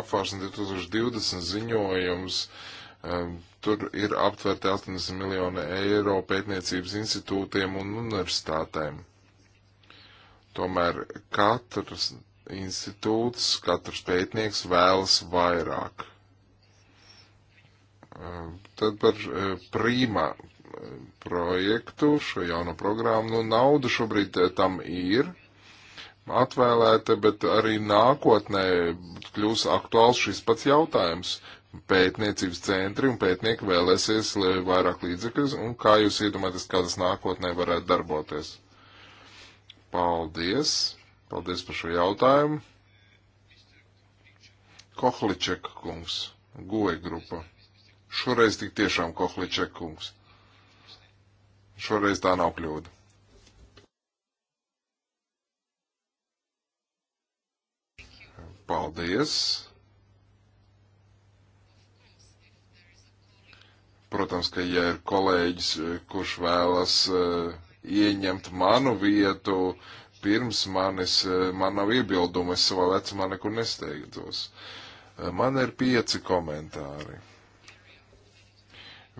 Apvārs 2020 ziņojums, um, tur ir aptvērti 80 miljoni eiro pētniecības institūtiem un universitātēm. Tomēr katrs institūts, katrs pētnieks vēlas vairāk. Ehm, tad par eh, prīma ehm, projektu, šo jauno programmu, nu nauda šobrīd eh, tam ir atvēlēta, bet arī nākotnē kļūs aktuāls šis pats jautājums. Pētniecības centri un pētnieki vēlēsies vairāk līdzekļus, un kā jūs iedomājaties, kā tas nākotnē varētu darboties? Paldies! Paldies par šo jautājumu. Kohliček kungs, goja e grupa. Šoreiz tik tiešām Kohliček kungs. Šoreiz tā nav kļūda. Paldies! Protams, ka ja ir kolēģis, eh, kurš vēlas uh, ieņemt manu vietu, uh, pirms manis, eh, man nav iebildumu, es savā vecumā nekur nesteidzos. Eh, man ir pieci komentāri.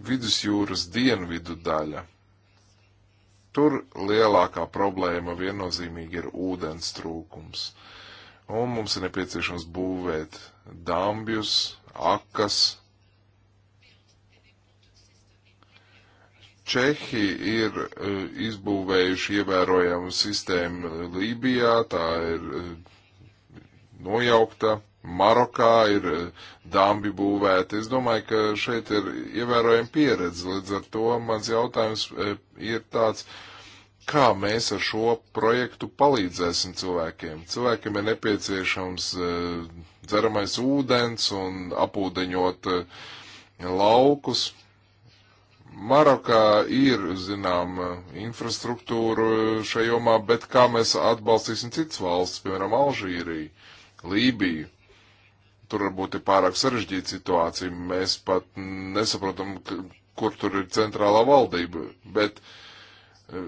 Vidusjūras dienvidu daļa. Tur lielākā problēma viennozīmīgi ir ūdens trūkums. Un mums ir nepieciešams būvēt dambjus, akas, Čehi ir e, izbūvējuši ievērojamu sistēmu Lībijā, tā ir e, nojaukta, Marokā ir e, dambi būvēti. Es domāju, ka šeit ir ievērojama pieredze, līdz ar to mans jautājums ir tāds, kā mēs ar šo projektu palīdzēsim cilvēkiem. Cilvēkiem ir nepieciešams dzeramais ūdens un apūdeņot laukus, Marokā ir, zinām, infrastruktūra šajā jomā, bet kā mēs atbalstīsim citas valsts, piemēram, Alžīriju, Lībiju? Tur varbūt ir pārāk sarežģīta situācija, mēs pat nesaprotam, kur tur ir centrālā valdība, bet e,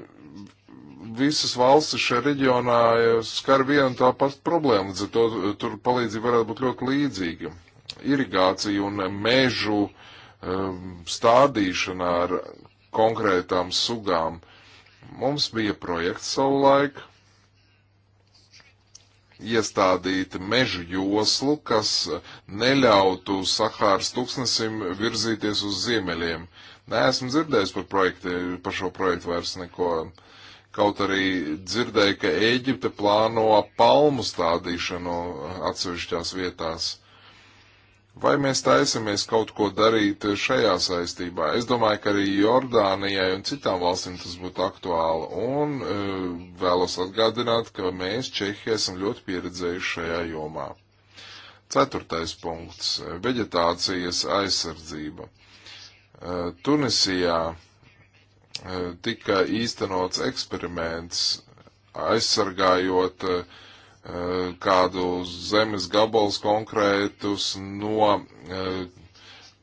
visas valstis šajā reģionā skar vienu tā pati problēmu, līdz ar to tur palīdzība varētu būt ļoti līdzīga. Irigācija un mēžu uh, Um, stādīšanā ar konkrētām sugām. Mums bija projekts savulaik iestādīt mežu joslu, kas neļautu Sahāras tūkstnesim virzīties uz ziemeļiem. Neesmu dzirdējis par, projektu, par šo projektu vairs neko. Kaut arī dzirdēju, ka Ēģipte plāno palmu stādīšanu atsevišķās vietās. Vai mēs taisamies kaut ko darīt šajā saistībā? Es domāju, ka arī Jordānijai un citām valstīm tas būtu aktuāli. Un e, vēlos atgādināt, ka mēs Čehijā esam ļoti pieredzējuši šajā jomā. Ceturtais punkts - veģetācijas aizsardzība. E, Tunisijā e, tika īstenots eksperiments aizsargājot uh, Eh, kādu zemes gabals konkrētus no eh,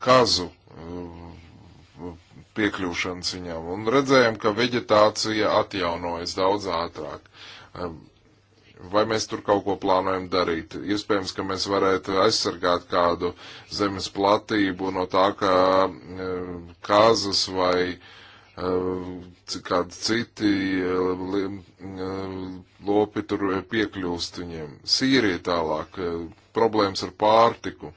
kazu eh, piekļūšanas viņam. Un redzējām, ka veģetācija atjaunojas daudz ātrāk. Vai mēs tur kaut ko plānojam darīt? Iespējams, ka mēs varētu aizsargāt kādu zemes platību no tā, ka kāzas vai uh, Ehm, kādi citi ehm, ehm, lopi tur piekļūst viņiem. Sīrija tālāk, problēmas ar pārtiku.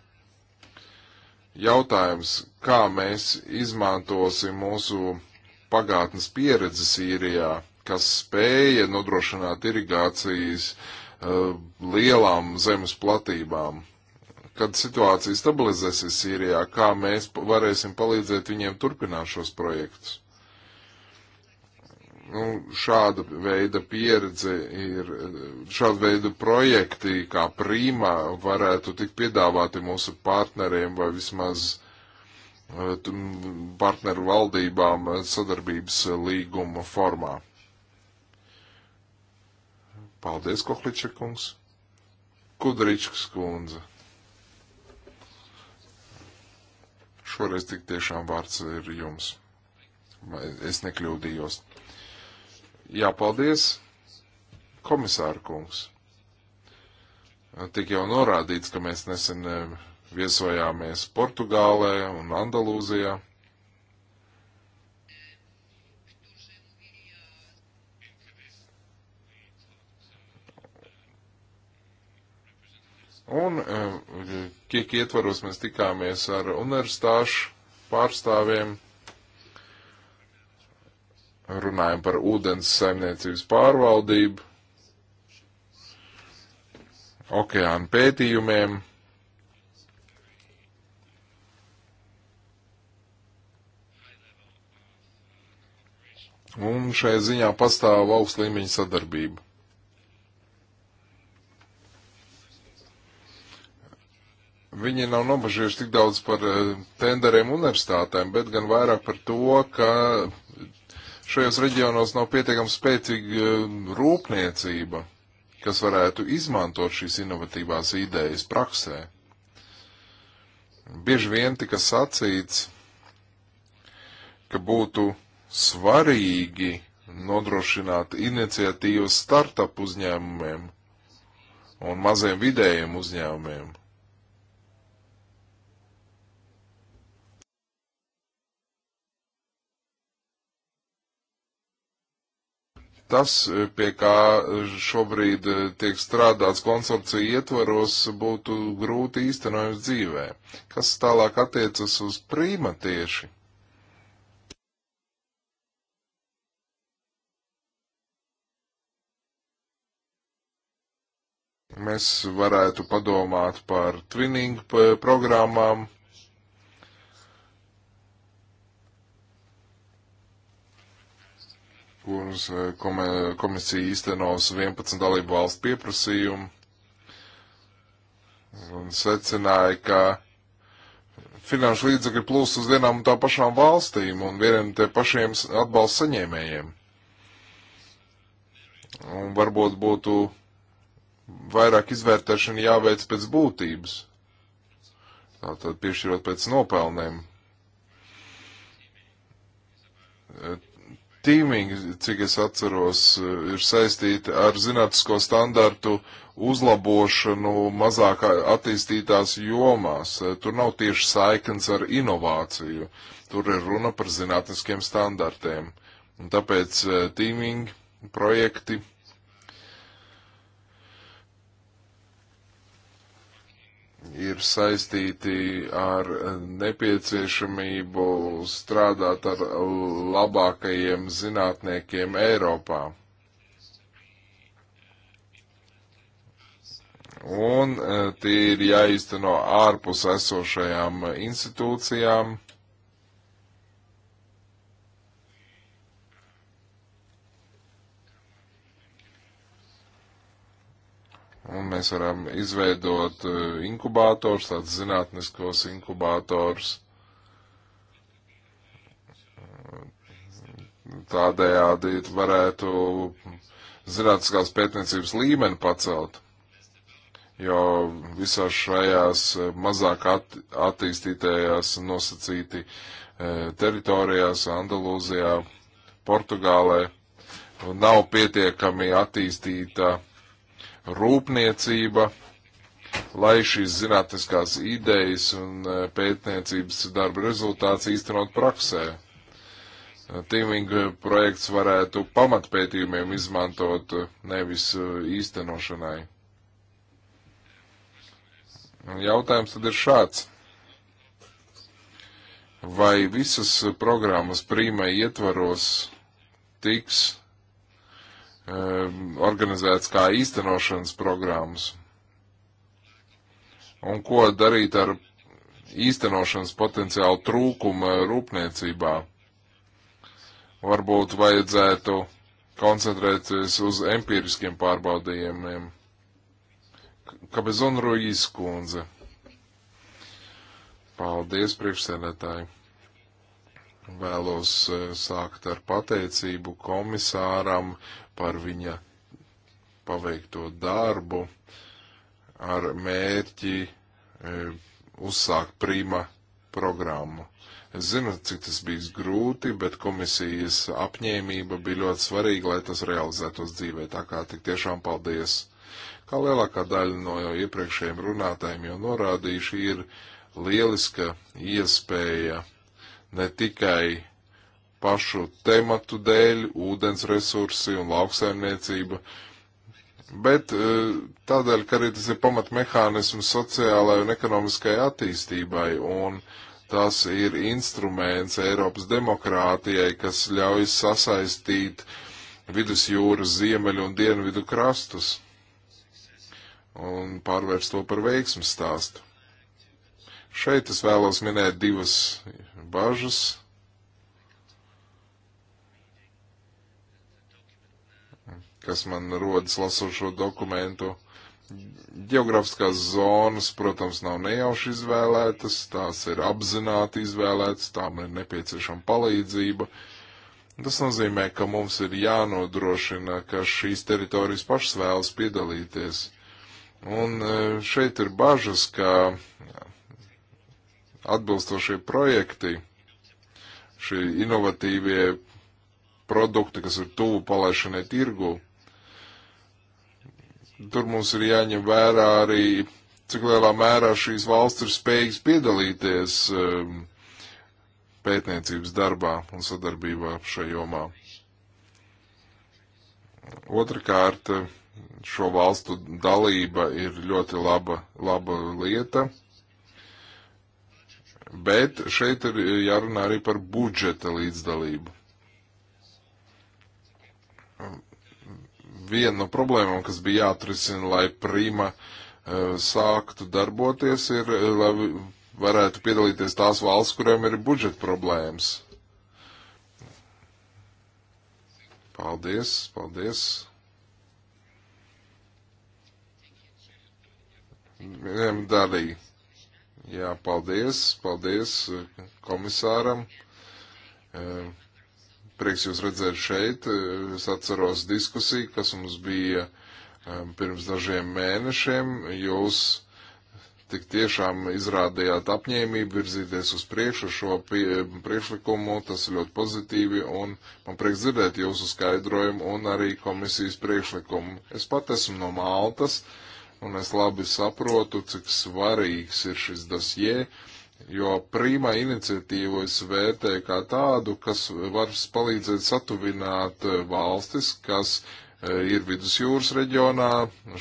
Jautājums, kā mēs izmantosim mūsu pagātnes pieredzi Sīrijā, kas spēja nodrošināt irigācijas lielām zemes platībām. Kad situācija stabilizēsies Sīrijā, kā mēs varēsim palīdzēt viņiem turpināt šos projektus? nu, šāda veida pieredze ir, šāda veida projekti kā prīmā varētu tikt piedāvāti mūsu partneriem vai vismaz eh, partneru valdībām eh, sadarbības eh, līguma formā. Paldies, Kohliča kungs. Kudričkas kundze. Šoreiz tik tiešām vārds ir jums. Es nekļūdījos. Jā, paldies, komisāra kungs. Tik jau norādīts, ka mēs nesen eh, viesojāmies Portugālē un Andalūzijā. Un eh, kiek ietvaros mēs tikāmies ar universitāšu pārstāvjiem runājam par ūdens saimniecības pārvaldību, okeāna pētījumiem. Un šajā ziņā pastāv augsts līmeņa sadarbība. Viņi nav nobažījuši tik daudz par eh, tenderiem universitātēm, bet gan vairāk par to, ka šajos reģionos nav pietiekami spēcīga eh, rūpniecība, kas varētu izmantot šīs inovatīvās idejas praksē. Bieži vien tika sacīts, ka būtu svarīgi nodrošināt iniciatīvas startup uzņēmumiem un maziem vidējiem uzņēmumiem, tas, eh, pie kā eh, šobrīd eh, tiek strādāts konsorcija ietvaros, būtu grūti īstenojums dzīvē. Kas tālāk attiecas uz prīma tieši? Mēs varētu padomāt par twinning programmām kuras eh, komisija īstenos 11 dalību valstu pieprasījumu un secināja, ka finanšu līdzekļi plūst uz vienām un tā pašām valstīm un vieniem tie pašiem atbalsta saņēmējiem. Un varbūt būtu vairāk izvērtēšana jāveic pēc būtības, tātad piešķirot pēc nopelniem tīmingi, cik es atceros, eh, ir saistīti ar zinātnisko standartu uzlabošanu mazāk attīstītās jomās. Eh, tur nav tieši saiknes ar inovāciju. Tur ir runa par zinātniskiem standartiem. Un tāpēc eh, tīmingi projekti ir saistīti ar nepieciešamību strādāt ar labākajiem zinātniekiem Eiropā. Un eh, tie ir jāizteno ārpus esošajām institūcijām un mēs varam izveidot e, inkubators, tāds zinātniskos inkubators. Tādējādi varētu zinātniskās pētniecības līmeni pacelt, jo visās šajās mazāk at attīstītajās nosacīti e, teritorijās, Andalūzijā, Portugālē, nav pietiekami attīstīta rūpniecība, lai šīs zinātniskās idejas un e, pētniecības darba rezultāts īstenot praksē. Tīming projekts varētu pamatpētījumiem izmantot e, nevis e, īstenošanai. Jautājums tad ir šāds. Vai visas programmas prīmai ietvaros tiks Um, organizēts kā īstenošanas programmas. Un ko darīt ar īstenošanas potenciālu trūkumu rūpniecībā? Varbūt vajadzētu koncentrēties uz empiriskiem pārbaudījumiem. Kabezon Ruijas kundze. Paldies, priekšsēdētāji. Vēlos eh, sākt ar pateicību komisāram par viņa paveikto darbu ar mērķi e, uzsākt prima programmu. Es zinu, cik tas bija grūti, bet komisijas apņēmība bija ļoti svarīga, lai tas realizētos dzīvē. Tā kā tik tiešām paldies. Kā lielākā daļa no jau iepriekšējiem runātājiem jau norādījuši, ir lieliska iespēja ne tikai pašu tematu dēļ, ūdens resursi un lauksaimniecība, bet e, tādēļ, ka arī tas ir pamatmehānisms sociālajai un ekonomiskajai attīstībai, un tas ir instruments Eiropas demokrātijai, kas ļauj sasaistīt vidusjūras ziemeļu un dienvidu krastus un pārvērst to par veiksmu stāstu. Šeit es vēlos minēt divas bažas, kas man rodas lasot šo dokumentu. Geogrāfiskās zonas, protams, nav nejauši izvēlētas, tās ir apzināti izvēlētas, tām ir nepieciešama palīdzība. Tas nozīmē, ka mums ir jānodrošina, ka šīs teritorijas pašas vēlas piedalīties. Un e, šeit ir bažas, ka atbilstošie projekti, šie inovatīvie produkti, kas ir tuvu palaišanai tirgu, tur mums ir jāņem vērā arī, cik lielā mērā šīs valsts ir spējīgas piedalīties um, pētniecības darbā un sadarbībā šajā jomā. Otrakārt, šo valstu dalība ir ļoti laba, laba lieta, bet šeit ir jārunā arī par budžeta līdzdalību. viena no problēmām, kas bija jāatrisina, lai prima eh, sāktu darboties, ir, eh, lai varētu piedalīties tās valsts, kurām ir budžeta problēmas. Paldies, paldies. Darīja. Jā, paldies, paldies eh, komisāram. Uh, Prieks jūs redzēt šeit. Es atceros diskusiju, kas mums bija um, pirms dažiem mēnešiem. Jūs tik tiešām izrādījāt apņēmību virzīties uz priekšu šo pie, priekšlikumu, tas ir ļoti pozitīvi, un man prieks dzirdēt jūsu skaidrojumu un arī komisijas priekšlikumu. Es pat esmu no Maltas, un es labi saprotu, cik svarīgs ir šis dosie. Ja jo prīmā iniciatīvu es vērtēju kā tādu, kas var palīdzēt satuvināt valstis, kas e, ir vidusjūras reģionā,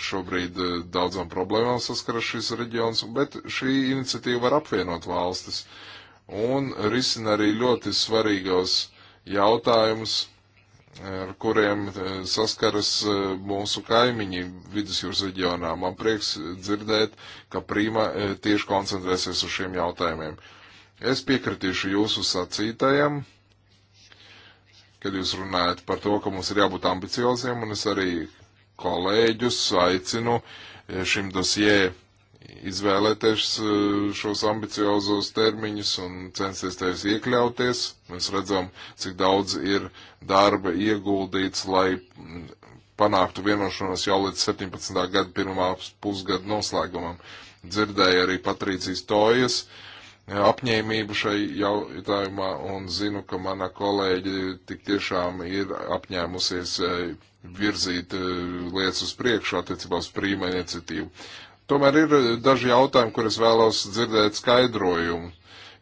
šobrīd e, daudzām problēmām saskaras šis reģions, bet šī iniciatīva var apvienot valstis un risina arī ļoti svarīgos jautājumus ar kuriem e, saskaras e, mūsu kaimiņi vidusjūras reģionā. Man prieks dzirdēt, ka Prīma e, tieši koncentrēsies uz šiem jautājumiem. Es piekritīšu jūsu sacītajam, kad jūs runājat par to, ka mums ir jābūt ambicioziem, un es arī kolēģus aicinu šim dosijai izvēlēties e, šos ambiciozos termiņus un censties tajos iekļauties. Mēs redzam, cik daudz ir darba ieguldīts, lai panāktu vienošanos jau līdz 17. gada pirmā pusgada noslēgumam. Dzirdēju arī Patrīcijas Tojas e, apņēmību šai jautājumā un zinu, ka mana kolēģi tik tiešām ir apņēmusies e, virzīt lietas uz priekšu attiecībā uz prīma iniciatīvu. Tomēr ir eh, daži jautājumi, kuras vēlos dzirdēt skaidrojumu,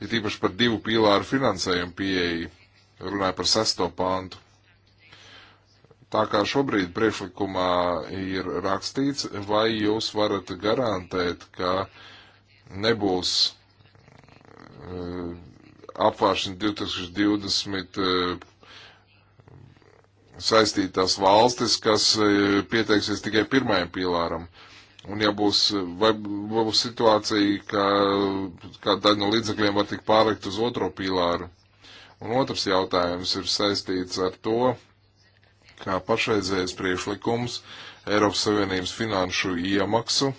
ir tīpaši par divu pīlāru finansējumu pieeju, runāju par sesto pāntu. Tā kā šobrīd priekšlikumā ir rakstīts, vai jūs varat garantēt, ka nebūs uh, apvāršana 2020 uh, eh, saistītās valstis, kas uh, pieteiksies tikai pirmajam pīlāram. Uh, Un ja būs, vai būs situācija, ka kāda daļa no līdzekļiem var tikt pārlikt uz otro pīlāru. Un otrs jautājums ir saistīts ar to, kā pašreizējais priešlikums Eiropas Savienības finanšu iemaksu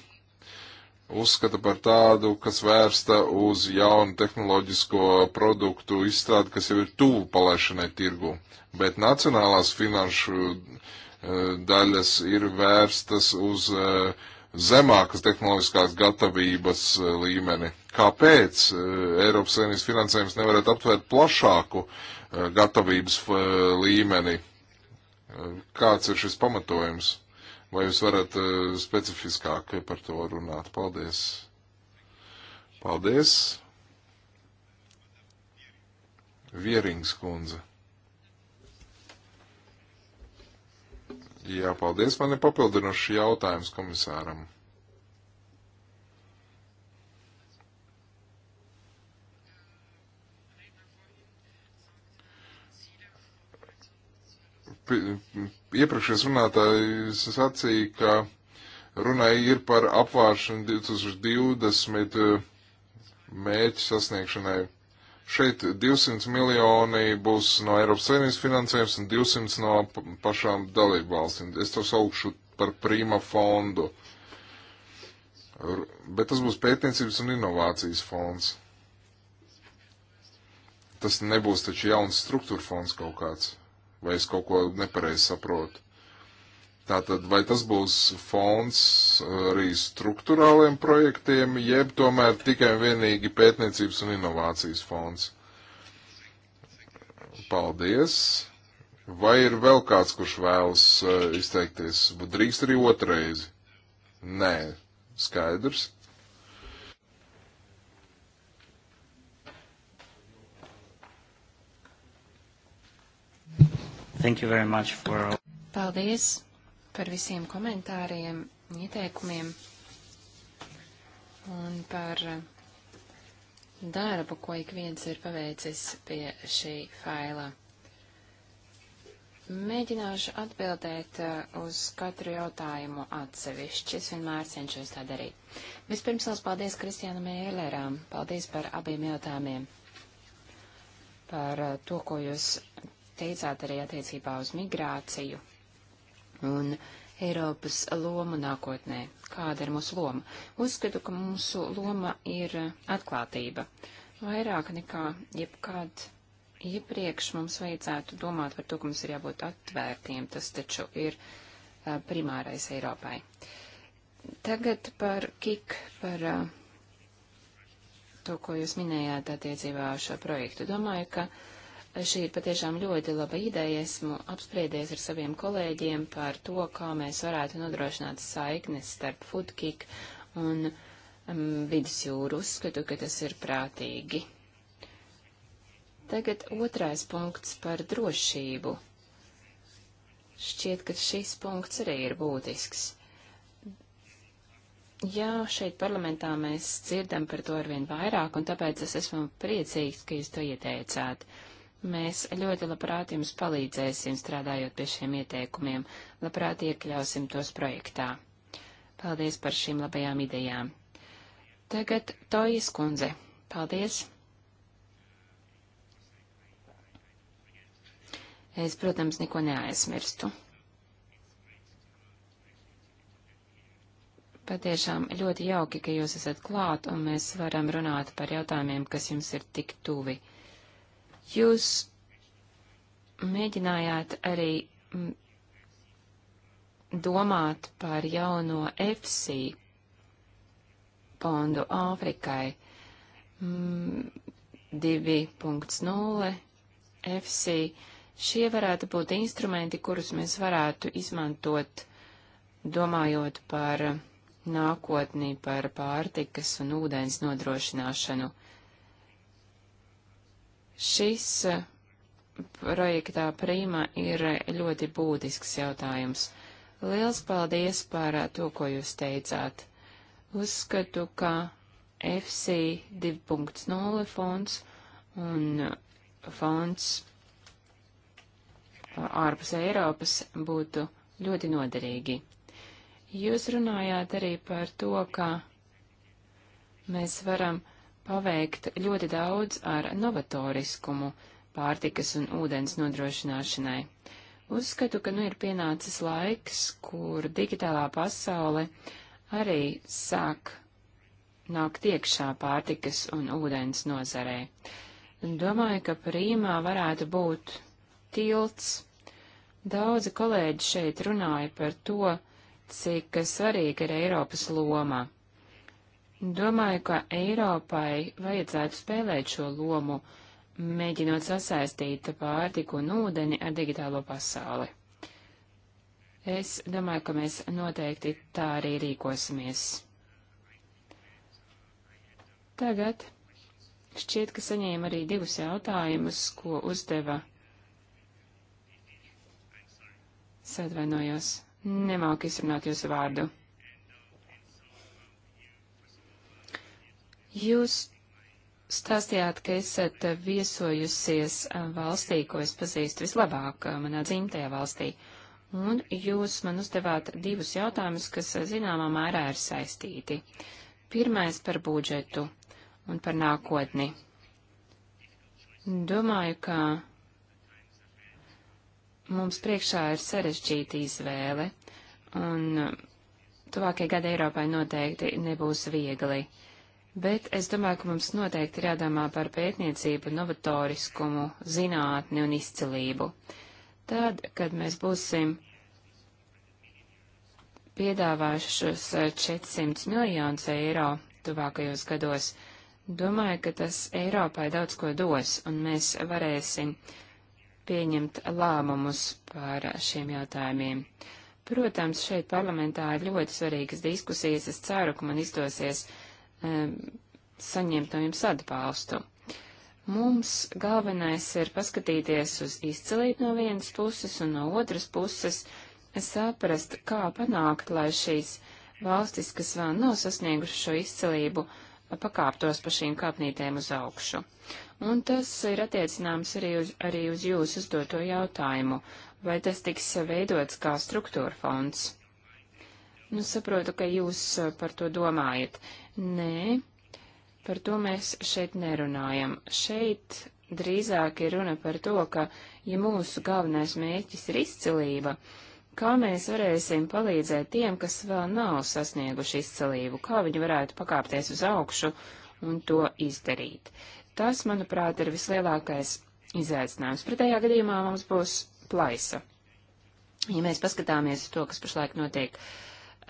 uzskata par tādu, kas vērsta uz jaunu tehnoloģisko produktu izstrādi, kas jau ir tuvu palaišanai tirgu. Bet nacionālās finanšu eh, daļas ir vērstas uz uh, zemākas tehnoloģiskās gatavības eh, līmeni. Kāpēc eh, Eiropas Savienības finansējums nevarētu aptvērt plašāku eh, gatavības līmeni? Kāds ir šis pamatojums? Vai jūs varat specifiskāk par to runāt? Paldies! Paldies! Vierings kundze. Jā, paldies. Man ir papildinošs jautājums komisāram. Iepriekšējais runātājs sacīja, ka runai ir par apvāršanu 2020 eh, mērķu sasniegšanai Šeit 200 miljoni būs no Eiropas Savienības finansējums un 200 no pašām dalību valstīm. Es to saukšu par prima fondu. Bet tas būs pētniecības un inovācijas fonds. Tas nebūs taču jauns struktūra fonds kaut kāds. Vai es kaut ko nepareizi saprotu? Tātad, vai tas būs fonds uh, arī struktūrāliem projektiem, jeb tomēr tikai un vienīgi pētniecības un inovācijas fonds? Paldies! Vai ir vēl kāds, kurš vēlas uh, izteikties? Drīkst arī otrreiz? Nē, skaidrs. Thank you very much for... Paldies par visiem komentāriem, ieteikumiem un par darbu, ko ik viens ir paveicis pie šī faila. Mēģināšu atbildēt uh, uz katru jautājumu atsevišķi. Es vienmēr cenšos tā darīt. Vispirms liels paldies Kristianam Eileram. Paldies par abiem jautājumiem. Par uh, to, ko jūs teicāt arī attiecībā uz migrāciju un Eiropas lomu nākotnē. Kāda ir mūsu loma? Uzskatu, ka mūsu loma ir atklātība. Vairāk nekā jebkad iepriekš mums vajadzētu domāt par to, ka mums ir jābūt atvērtiem. Tas taču ir uh, primārais Eiropai. Tagad par KIK, par uh, to, ko jūs minējāt attiecībā uz šo projektu. Domāju, ka uh, Šī ir patiešām ļoti laba ideja. Esmu apspriedies ar saviem kolēģiem par to, kā mēs varētu nodrošināt saiknes starp foodkick un um, vidusjūru. Uzskatu, ka tas ir prātīgi. Tagad otrais punkts par drošību. Šķiet, ka šis punkts arī ir būtisks. Jā, šeit parlamentā mēs dzirdam par to arvien vairāk, un tāpēc es esmu priecīgs, ka jūs to ieteicāt. Uh, Mēs ļoti labprāt jums palīdzēsim strādājot pie šiem ieteikumiem, labprāt iekļausim tos projektā. Paldies par šīm labajām idejām. Tagad Tojas kundze. Paldies! Es, protams, neko neaizmirstu. Patiešām ļoti jauki, ka jūs esat klāt un mēs varam runāt par jautājumiem, kas jums ir tik tuvi. Jūs mēģinājāt arī mm, domāt par jauno EFSI fondu Āfrikai 2.0 mm, EFSI. Šie varētu būt instrumenti, kurus mēs varētu izmantot, domājot par nākotnī, par pārtikas un ūdens nodrošināšanu. Šis eh, projektā prīma ir ļoti būtisks jautājums. Liels paldies par eh, to, ko jūs teicāt. Uzskatu, ka FC 2.0 fonds un eh, fonds ārpus Eiropas būtu ļoti noderīgi. Jūs runājāt arī par to, ka mēs varam paveikt ļoti daudz ar novatoriskumu pārtikas un ūdens nodrošināšanai. Uzskatu, ka nu ir pienācis laiks, kur digitālā pasaule arī sāk nākt iekšā pārtikas un ūdens nozarē. Domāju, ka prīmā varētu būt tilts. Daudzi kolēģi šeit runāja par to, cik svarīga ir Eiropas loma Domāju, ka Eiropai vajadzētu spēlēt šo lomu, mēģinot sasaistīt pārtiku un ūdeni ar digitālo pasauli. Es domāju, ka mēs noteikti tā arī rīkosimies. Tagad šķiet, ka saņēma arī divus jautājumus, ko uzdeva. Sadvainojos, nemāk izrunāt jūsu vārdu. Jūs stāstījāt, ka esat viesojusies valstī, ko es pazīstu vislabāk manā dzimtajā valstī, un jūs man uzdevāt divus jautājumus, kas zināmā mērā ir saistīti. Pirmais par budžetu un par nākotni. Domāju, ka mums priekšā ir sarežģīta izvēle, un tuvākie gadi Eiropai noteikti nebūs viegli. Uh, Bet es domāju, ka mums noteikti ir jādomā par pētniecību, novatoriskumu, zinātni un izcilību. Tad, kad mēs būsim piedāvājuši šos 400 eh, miljonus eiro tuvākajos gados, domāju, ka tas Eiropai daudz ko dos, un mēs varēsim pieņemt lēmumus par šiem jautājumiem. Protams, šeit parlamentā ir ļoti svarīgas diskusijas. Es ceru, ka man izdosies saņemtajiem sadbalstu. Mums galvenais ir paskatīties uz izcelību no vienas puses un no otras puses saprast, kā panākt, lai šīs valstis, kas vēl nav sasniegušas šo izcelību, pakāptos pa šīm kāpnītēm uz augšu. Un tas ir attiecināms arī uz, arī uz jūsu uzdoto jautājumu, vai tas tiks veidots kā struktūra fonds. Nu, saprotu, ka jūs par to domājat. Nē, par to mēs šeit nerunājam. Šeit drīzāk ir runa par to, ka, ja mūsu galvenais mērķis ir izcilība, kā mēs varēsim palīdzēt tiem, kas vēl nav sasnieguši izcilību, kā viņi varētu pakāpties uz augšu un to izdarīt. Tas, manuprāt, ir vislielākais izaicinājums. Pretējā gadījumā mums būs plaisa. Ja mēs paskatāmies uz to, kas pašlaik notiek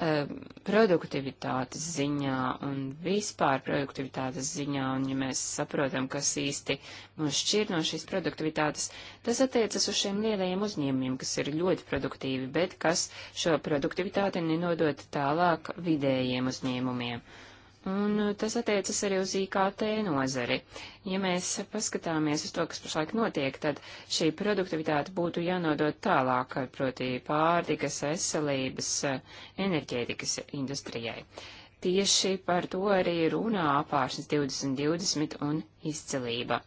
Um, produktivitātes ziņā un vispār produktivitātes ziņā, un ja mēs saprotam, kas īsti mūs šķir no šīs produktivitātes, tas attiecas uz šiem lielajiem uzņēmumiem, kas ir ļoti produktīvi, bet kas šo produktivitāti nenodot tālāk vidējiem uzņēmumiem. Un eh, tas attiecas arī uz IKT nozari. Ja mēs paskatāmies uz to, kas pašlaik notiek, tad šī produktivitāte būtu jānodot tālāk, proti pārtikas, veselības, eh, enerģētikas industrijai. Tieši par to arī runā apāršas 2020 un izcelība.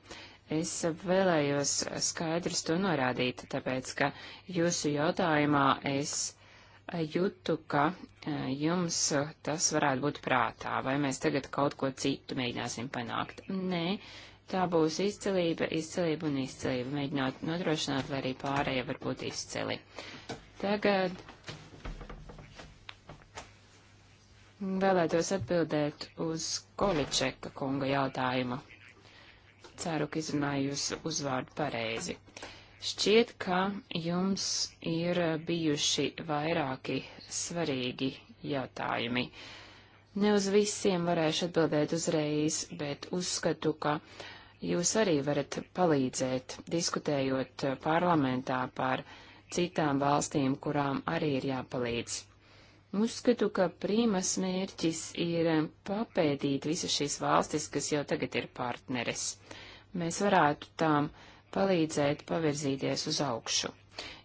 Es vēlējos skaidrs to norādīt, tāpēc, ka jūsu jautājumā es jutu, ka e, jums e, tas varētu būt prātā, vai mēs tagad kaut ko citu mēģināsim panākt. Nē, tā būs izcelība, izcelība un izcelība, mēģinot nodrošināt, lai arī pārējie var būt izceli. Tagad vēlētos atbildēt uz Količeka kunga jautājumu. Ceru, ka izrunāju jūsu uzvārdu pareizi. Uh, Šķiet, ka jums ir bijuši vairāki svarīgi jautājumi. Ne uz visiem varēšu atbildēt uzreiz, bet uzskatu, ka jūs arī varat palīdzēt, diskutējot parlamentā par citām valstīm, kurām arī ir jāpalīdz. Uzskatu, ka prīmas mērķis ir papētīt visas šīs valstis, kas jau tagad ir partneres. Mēs varētu tām uh, palīdzēt pavirzīties uz augšu.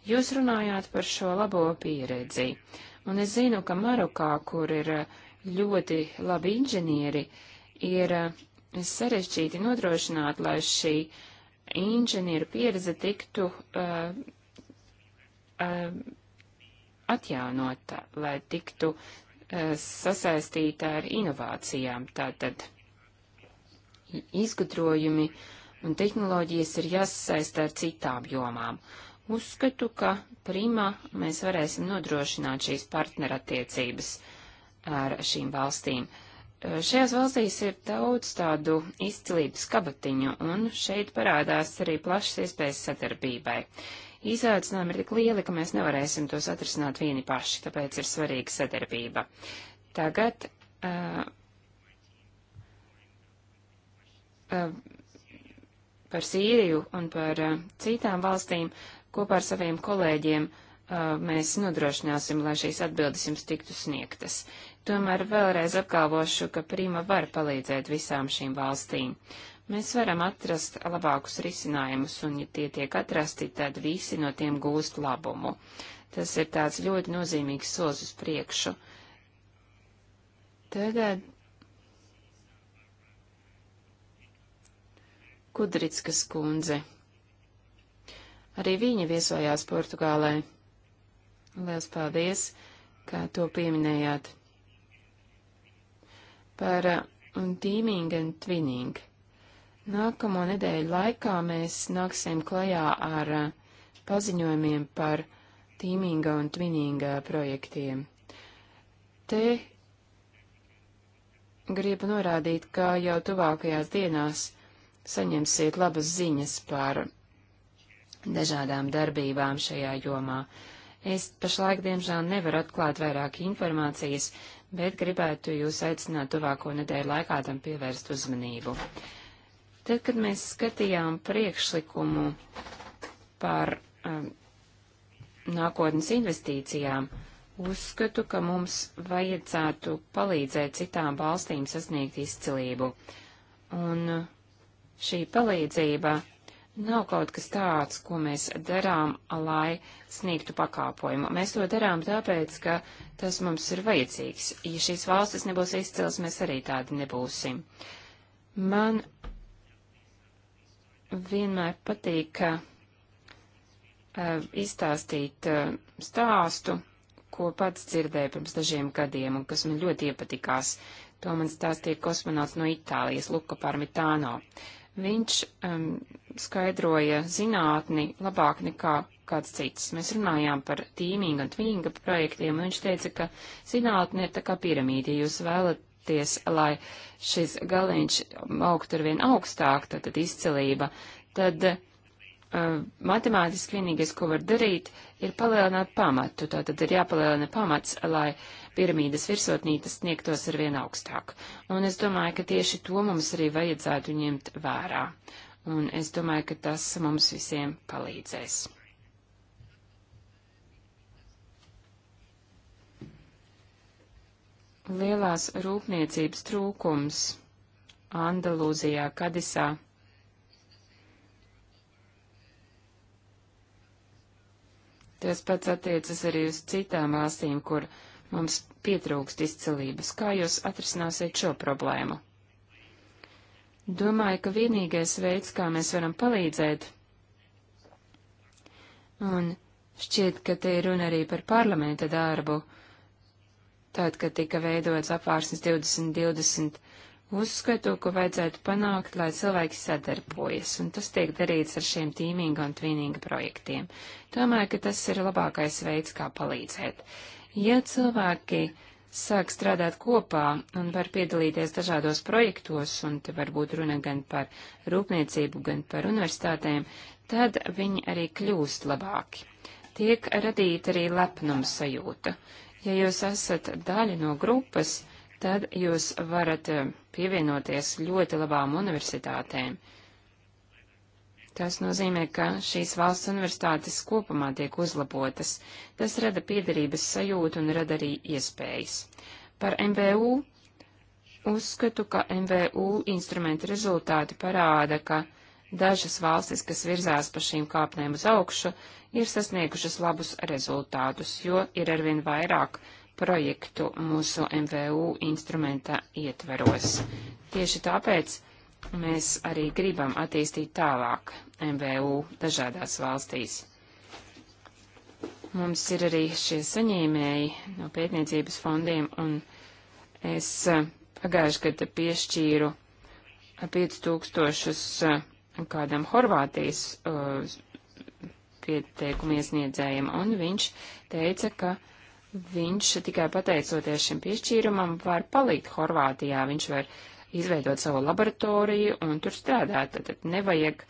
Jūs runājāt par šo labo pieredzi, un es zinu, ka Marokā, kur ir eh, ļoti labi inženieri, ir eh, sarežģīti nodrošināt, lai šī inženieru pieredze tiktu uh, uh, atjaunota, lai tiktu uh, sasaistīta ar inovācijām. Tātad izgudrojumi uh, un tehnoloģijas ir jāsasaista ar citām jomām. Uzskatu, ka primā mēs varēsim nodrošināt šīs partnerattiecības ar šīm valstīm. Šajās valstīs ir daudz tādu izcilības kabatiņu, un šeit parādās arī plašas iespējas sadarbībai. Izaicinājumi ir tik lieli, ka mēs nevarēsim tos atrisināt vieni paši, tāpēc ir svarīga sadarbība. Tagad uh, uh, par Sīriju un par uh, citām valstīm, kopā ar saviem kolēģiem uh, mēs nodrošināsim, lai šīs atbildes jums tiktu sniegtas. Tomēr vēlreiz apgalvošu, ka Prima var palīdzēt visām šīm valstīm. Mēs varam atrast labākus risinājumus, un ja tie tiek atrasti, tad visi no tiem gūst labumu. Tas ir tāds ļoti nozīmīgs solis uz priekšu. Tagad Kudrickas kundze. Arī viņa viesojās Portugālē. Liels paldies, ka to pieminējāt. Par uh, un tīming un twinning. Nākamo nedēļu laikā mēs nāksim klajā ar uh, paziņojumiem par tīminga un twininga projektiem. Te gribu norādīt, ka jau tuvākajās dienās saņemsiet labas ziņas par dažādām darbībām šajā jomā. Es pašlaik, diemžēl, nevaru atklāt vairāk informācijas, bet gribētu jūs aicināt tuvāko nedēļu laikā tam pievērst uzmanību. Tad, kad mēs skatījām priekšlikumu par um, nākotnes investīcijām, uzskatu, ka mums vajadzētu palīdzēt citām valstīm sasniegt izcilību. Un uh, Šī palīdzība nav kaut kas tāds, ko mēs darām, lai sniegtu pakāpojumu. Mēs to darām tāpēc, ka tas mums ir vajadzīgs. Ja šīs valstis nebūs izcils, mēs arī tādi nebūsim. Man vienmēr patīk uh, izstāstīt uh, stāstu, ko pats dzirdēju pirms dažiem gadiem un kas man ļoti iepatikās. To man stāstīja kosmonauts no Itālijas, Luka Parmitāno. Uh, Viņš um, skaidroja zinātni labāk nekā kāds cits. Mēs runājām par tīminga un tvinga projektiem, un viņš teica, ka zinātne ir tā kā piramīda. Ja jūs vēlaties, lai šis galiņš augtu ar vien augstāk, tad, tad izcelība, tad uh, matemātiski vienīgais, ko var darīt, ir palielināt pamatu. Tātad ir jāpalielina pamats, lai uh, piramīdas virsotnītes sniegtos ar vien augstāk. Un es domāju, ka tieši to mums arī vajadzētu ņemt vērā. Un es domāju, ka tas mums visiem palīdzēs. Lielās rūpniecības trūkums Andalūzijā, Kadisā. Tas pats attiecas arī uz citām valstīm, kur Mums pietrūkst izcelības. Kā jūs atrisināsiet šo problēmu? Domāju, ka vienīgais veids, kā mēs varam palīdzēt, un šķiet, ka te ir runa arī par parlamenta darbu, tad, kad tika veidots apvārsnes 2020, uzskatu, ka vajadzētu panākt, lai cilvēki sadarbojas, un tas tiek darīts ar šiem tīminga un tvīninga projektiem. Domāju, ka tas ir labākais veids, kā palīdzēt. Ja cilvēki sāk strādāt kopā un var piedalīties dažādos projektos, un te varbūt runa gan par rūpniecību, gan par universitātēm, tad viņi arī kļūst labāki. Tiek radīta arī lepnums sajūta. Ja jūs esat daļa no grupas, tad jūs varat eh, pievienoties ļoti labām universitātēm, Tas nozīmē, ka šīs valsts universitātes kopumā tiek uzlabotas. Tas rada piederības sajūtu un rada arī iespējas. Par MVU uzskatu, ka MVU instrumenta rezultāti parāda, ka dažas valstis, kas virzās pa šīm kāpnēm uz augšu, ir sasniegušas labus rezultātus, jo ir arvien vairāk projektu mūsu MVU instrumenta ietveros. Tieši tāpēc Mēs arī gribam attīstīt tālāk MVU dažādās valstīs. Mums ir arī šie saņēmēji no pētniecības fondiem, un es eh, pagājuši gadu piešķīru 5000 eh, eh, kādam Horvātijas pieteikumu iesniedzējiem, un viņš teica, ka viņš tikai pateicoties šim piešķīrumam var palikt Horvātijā, viņš var uh, izveidot savu laboratoriju un tur strādāt. Tad nevajag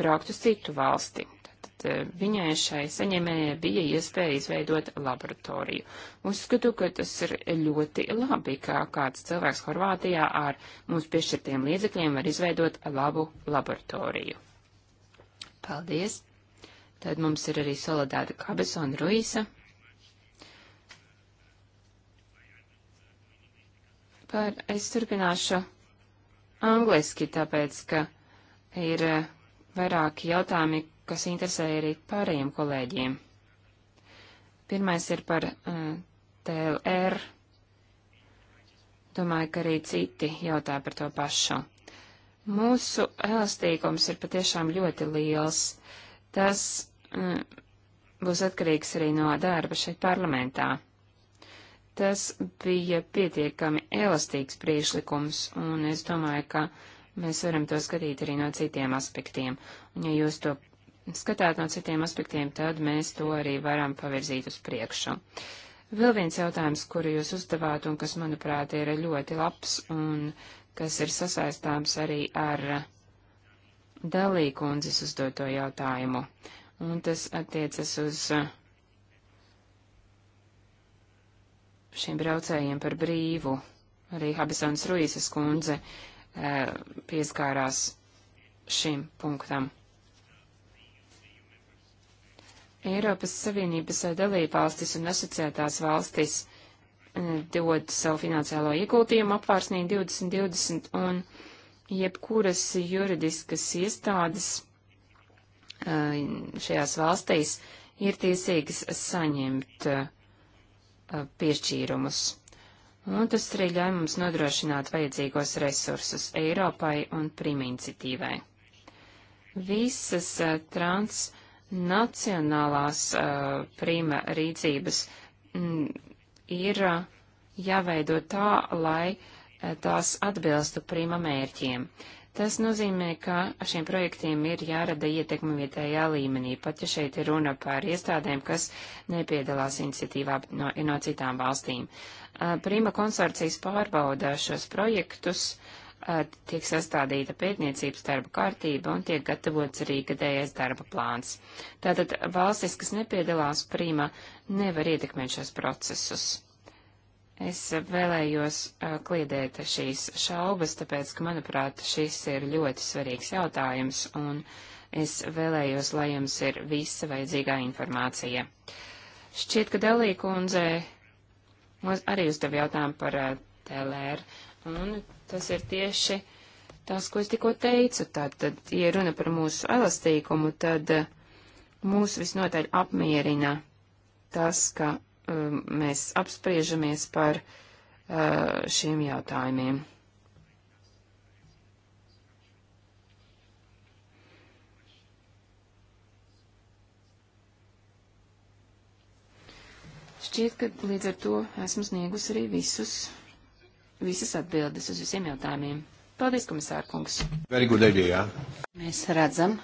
braukt uz citu valsti. Tad eh, viņai šai saņēmējai bija iespēja izveidot laboratoriju. Uzskatu, ka tas ir ļoti labi, kā kāds cilvēks Horvātijā ar mums piešķirtiem līdzekļiem var izveidot labu laboratoriju. Paldies! Tad mums ir arī Soledāta Kabesona Ruisa. Par es turpināšu angliski, tāpēc, ka ir eh, vairāki jautājumi, kas interesē arī pārējiem kolēģiem. Pirmais ir par uh, eh, TLR. Domāju, ka arī citi jautā par to pašu. Mūsu elastīgums ir patiešām ļoti liels. Tas uh, būs atkarīgs arī no darba šeit parlamentā. Tas bija pietiekami elastīgs priešlikums, un es domāju, ka mēs varam to skatīt arī no citiem aspektiem. Un ja jūs to skatāt no citiem aspektiem, tad mēs to arī varam pavirzīt uz priekšu. Vēl viens jautājums, kuru jūs uzdevāt un kas, manuprāt, ir ļoti labs un kas ir sasaistāms arī ar dalīkundzes uzdoto jautājumu. Un tas attiecas uz uh, šiem braucējiem par brīvu. Arī Habisons Ruīsas kundze e, pieskārās šim punktam. Eiropas Savienības dalībvalstis un asociētās valstis e, dod savu finansiālo ieguldījumu apvārsnī 2020 un jebkuras juridiskas iestādes e, šajās valstīs ir tiesīgas saņemt uh, Eh, piešķīrumus. Un tas arī ļauj mums nodrošināt vajadzīgos resursus Eiropai un primincitīvai. Visas uh, transnacionālās uh, eh, prima rīcības m, mm, ir uh, jāveido tā, lai uh, tās atbilstu prima mērķiem. Uh, Tas nozīmē, ka šiem projektiem ir jārada ietekme vietējā līmenī, pat ja šeit ir runa par iestādēm, kas nepiedalās iniciatīvā no, no citām valstīm. Prima konsorcijas pārbauda šos projektus, tiek sastādīta pētniecības darba kārtība un tiek gatavots arī gadējais darba plāns. Tātad valstis, kas nepiedalās prima, nevar ietekmēt šos procesus. Es vēlējos uh, kliedēt šīs šaubas, tāpēc, ka, manuprāt, šis ir ļoti svarīgs jautājums, un es vēlējos, lai jums ir visa vajadzīgā informācija. Šķiet, ka Delī kundze arī uzdev jautājumu par uh, TLR, un tas ir tieši tas, ko es tikko teicu. Tātad, ja runa par mūsu elastīkumu, tad uh, mūs visnotaļ apmierina tas, ka Um, mēs apspriežamies par uh, šiem jautājumiem. Šķiet, ka līdz ar to esmu sniegus arī visus, visas atbildes uz visiem jautājumiem. Paldies, komisārkungs. Idea, Mēs redzam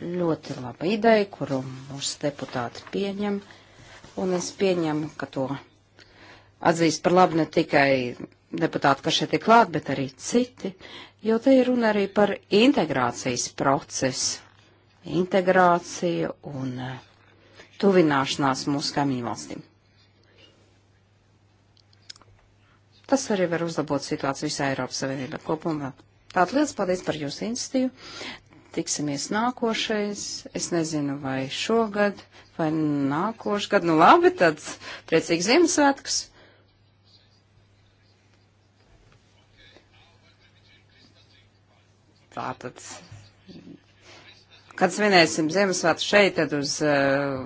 ļoti labu ideju, kuru mūsu deputāti pieņem un es pieņemu, ka to atzīst par labu ne tikai deputāti, kas šeit ir klāt, bet arī citi, jo te ir runa arī par integrācijas procesu, integrāciju un eh, tuvināšanās mūsu kaimiņu valstīm. Tas arī var uzlabot situāciju visā Eiropas Savienībā kopumā. Tātad liels paldies par jūsu institīvu tiksimies nākošais, es nezinu, vai šogad, vai nākošgad, nu labi, tad priecīgs Ziemassvētkus! Tātad, kad svinēsim Ziemassvētku šeit, tad uz uh,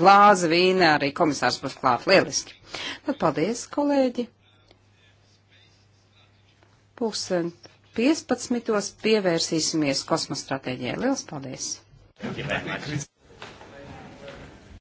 glāzi vīna arī komisārs būs klāt lieliski. Tad nu, paldies, kolēģi! Pūkstens 15. pievērsīsimies kosmostratēģijai. Lielas paldies!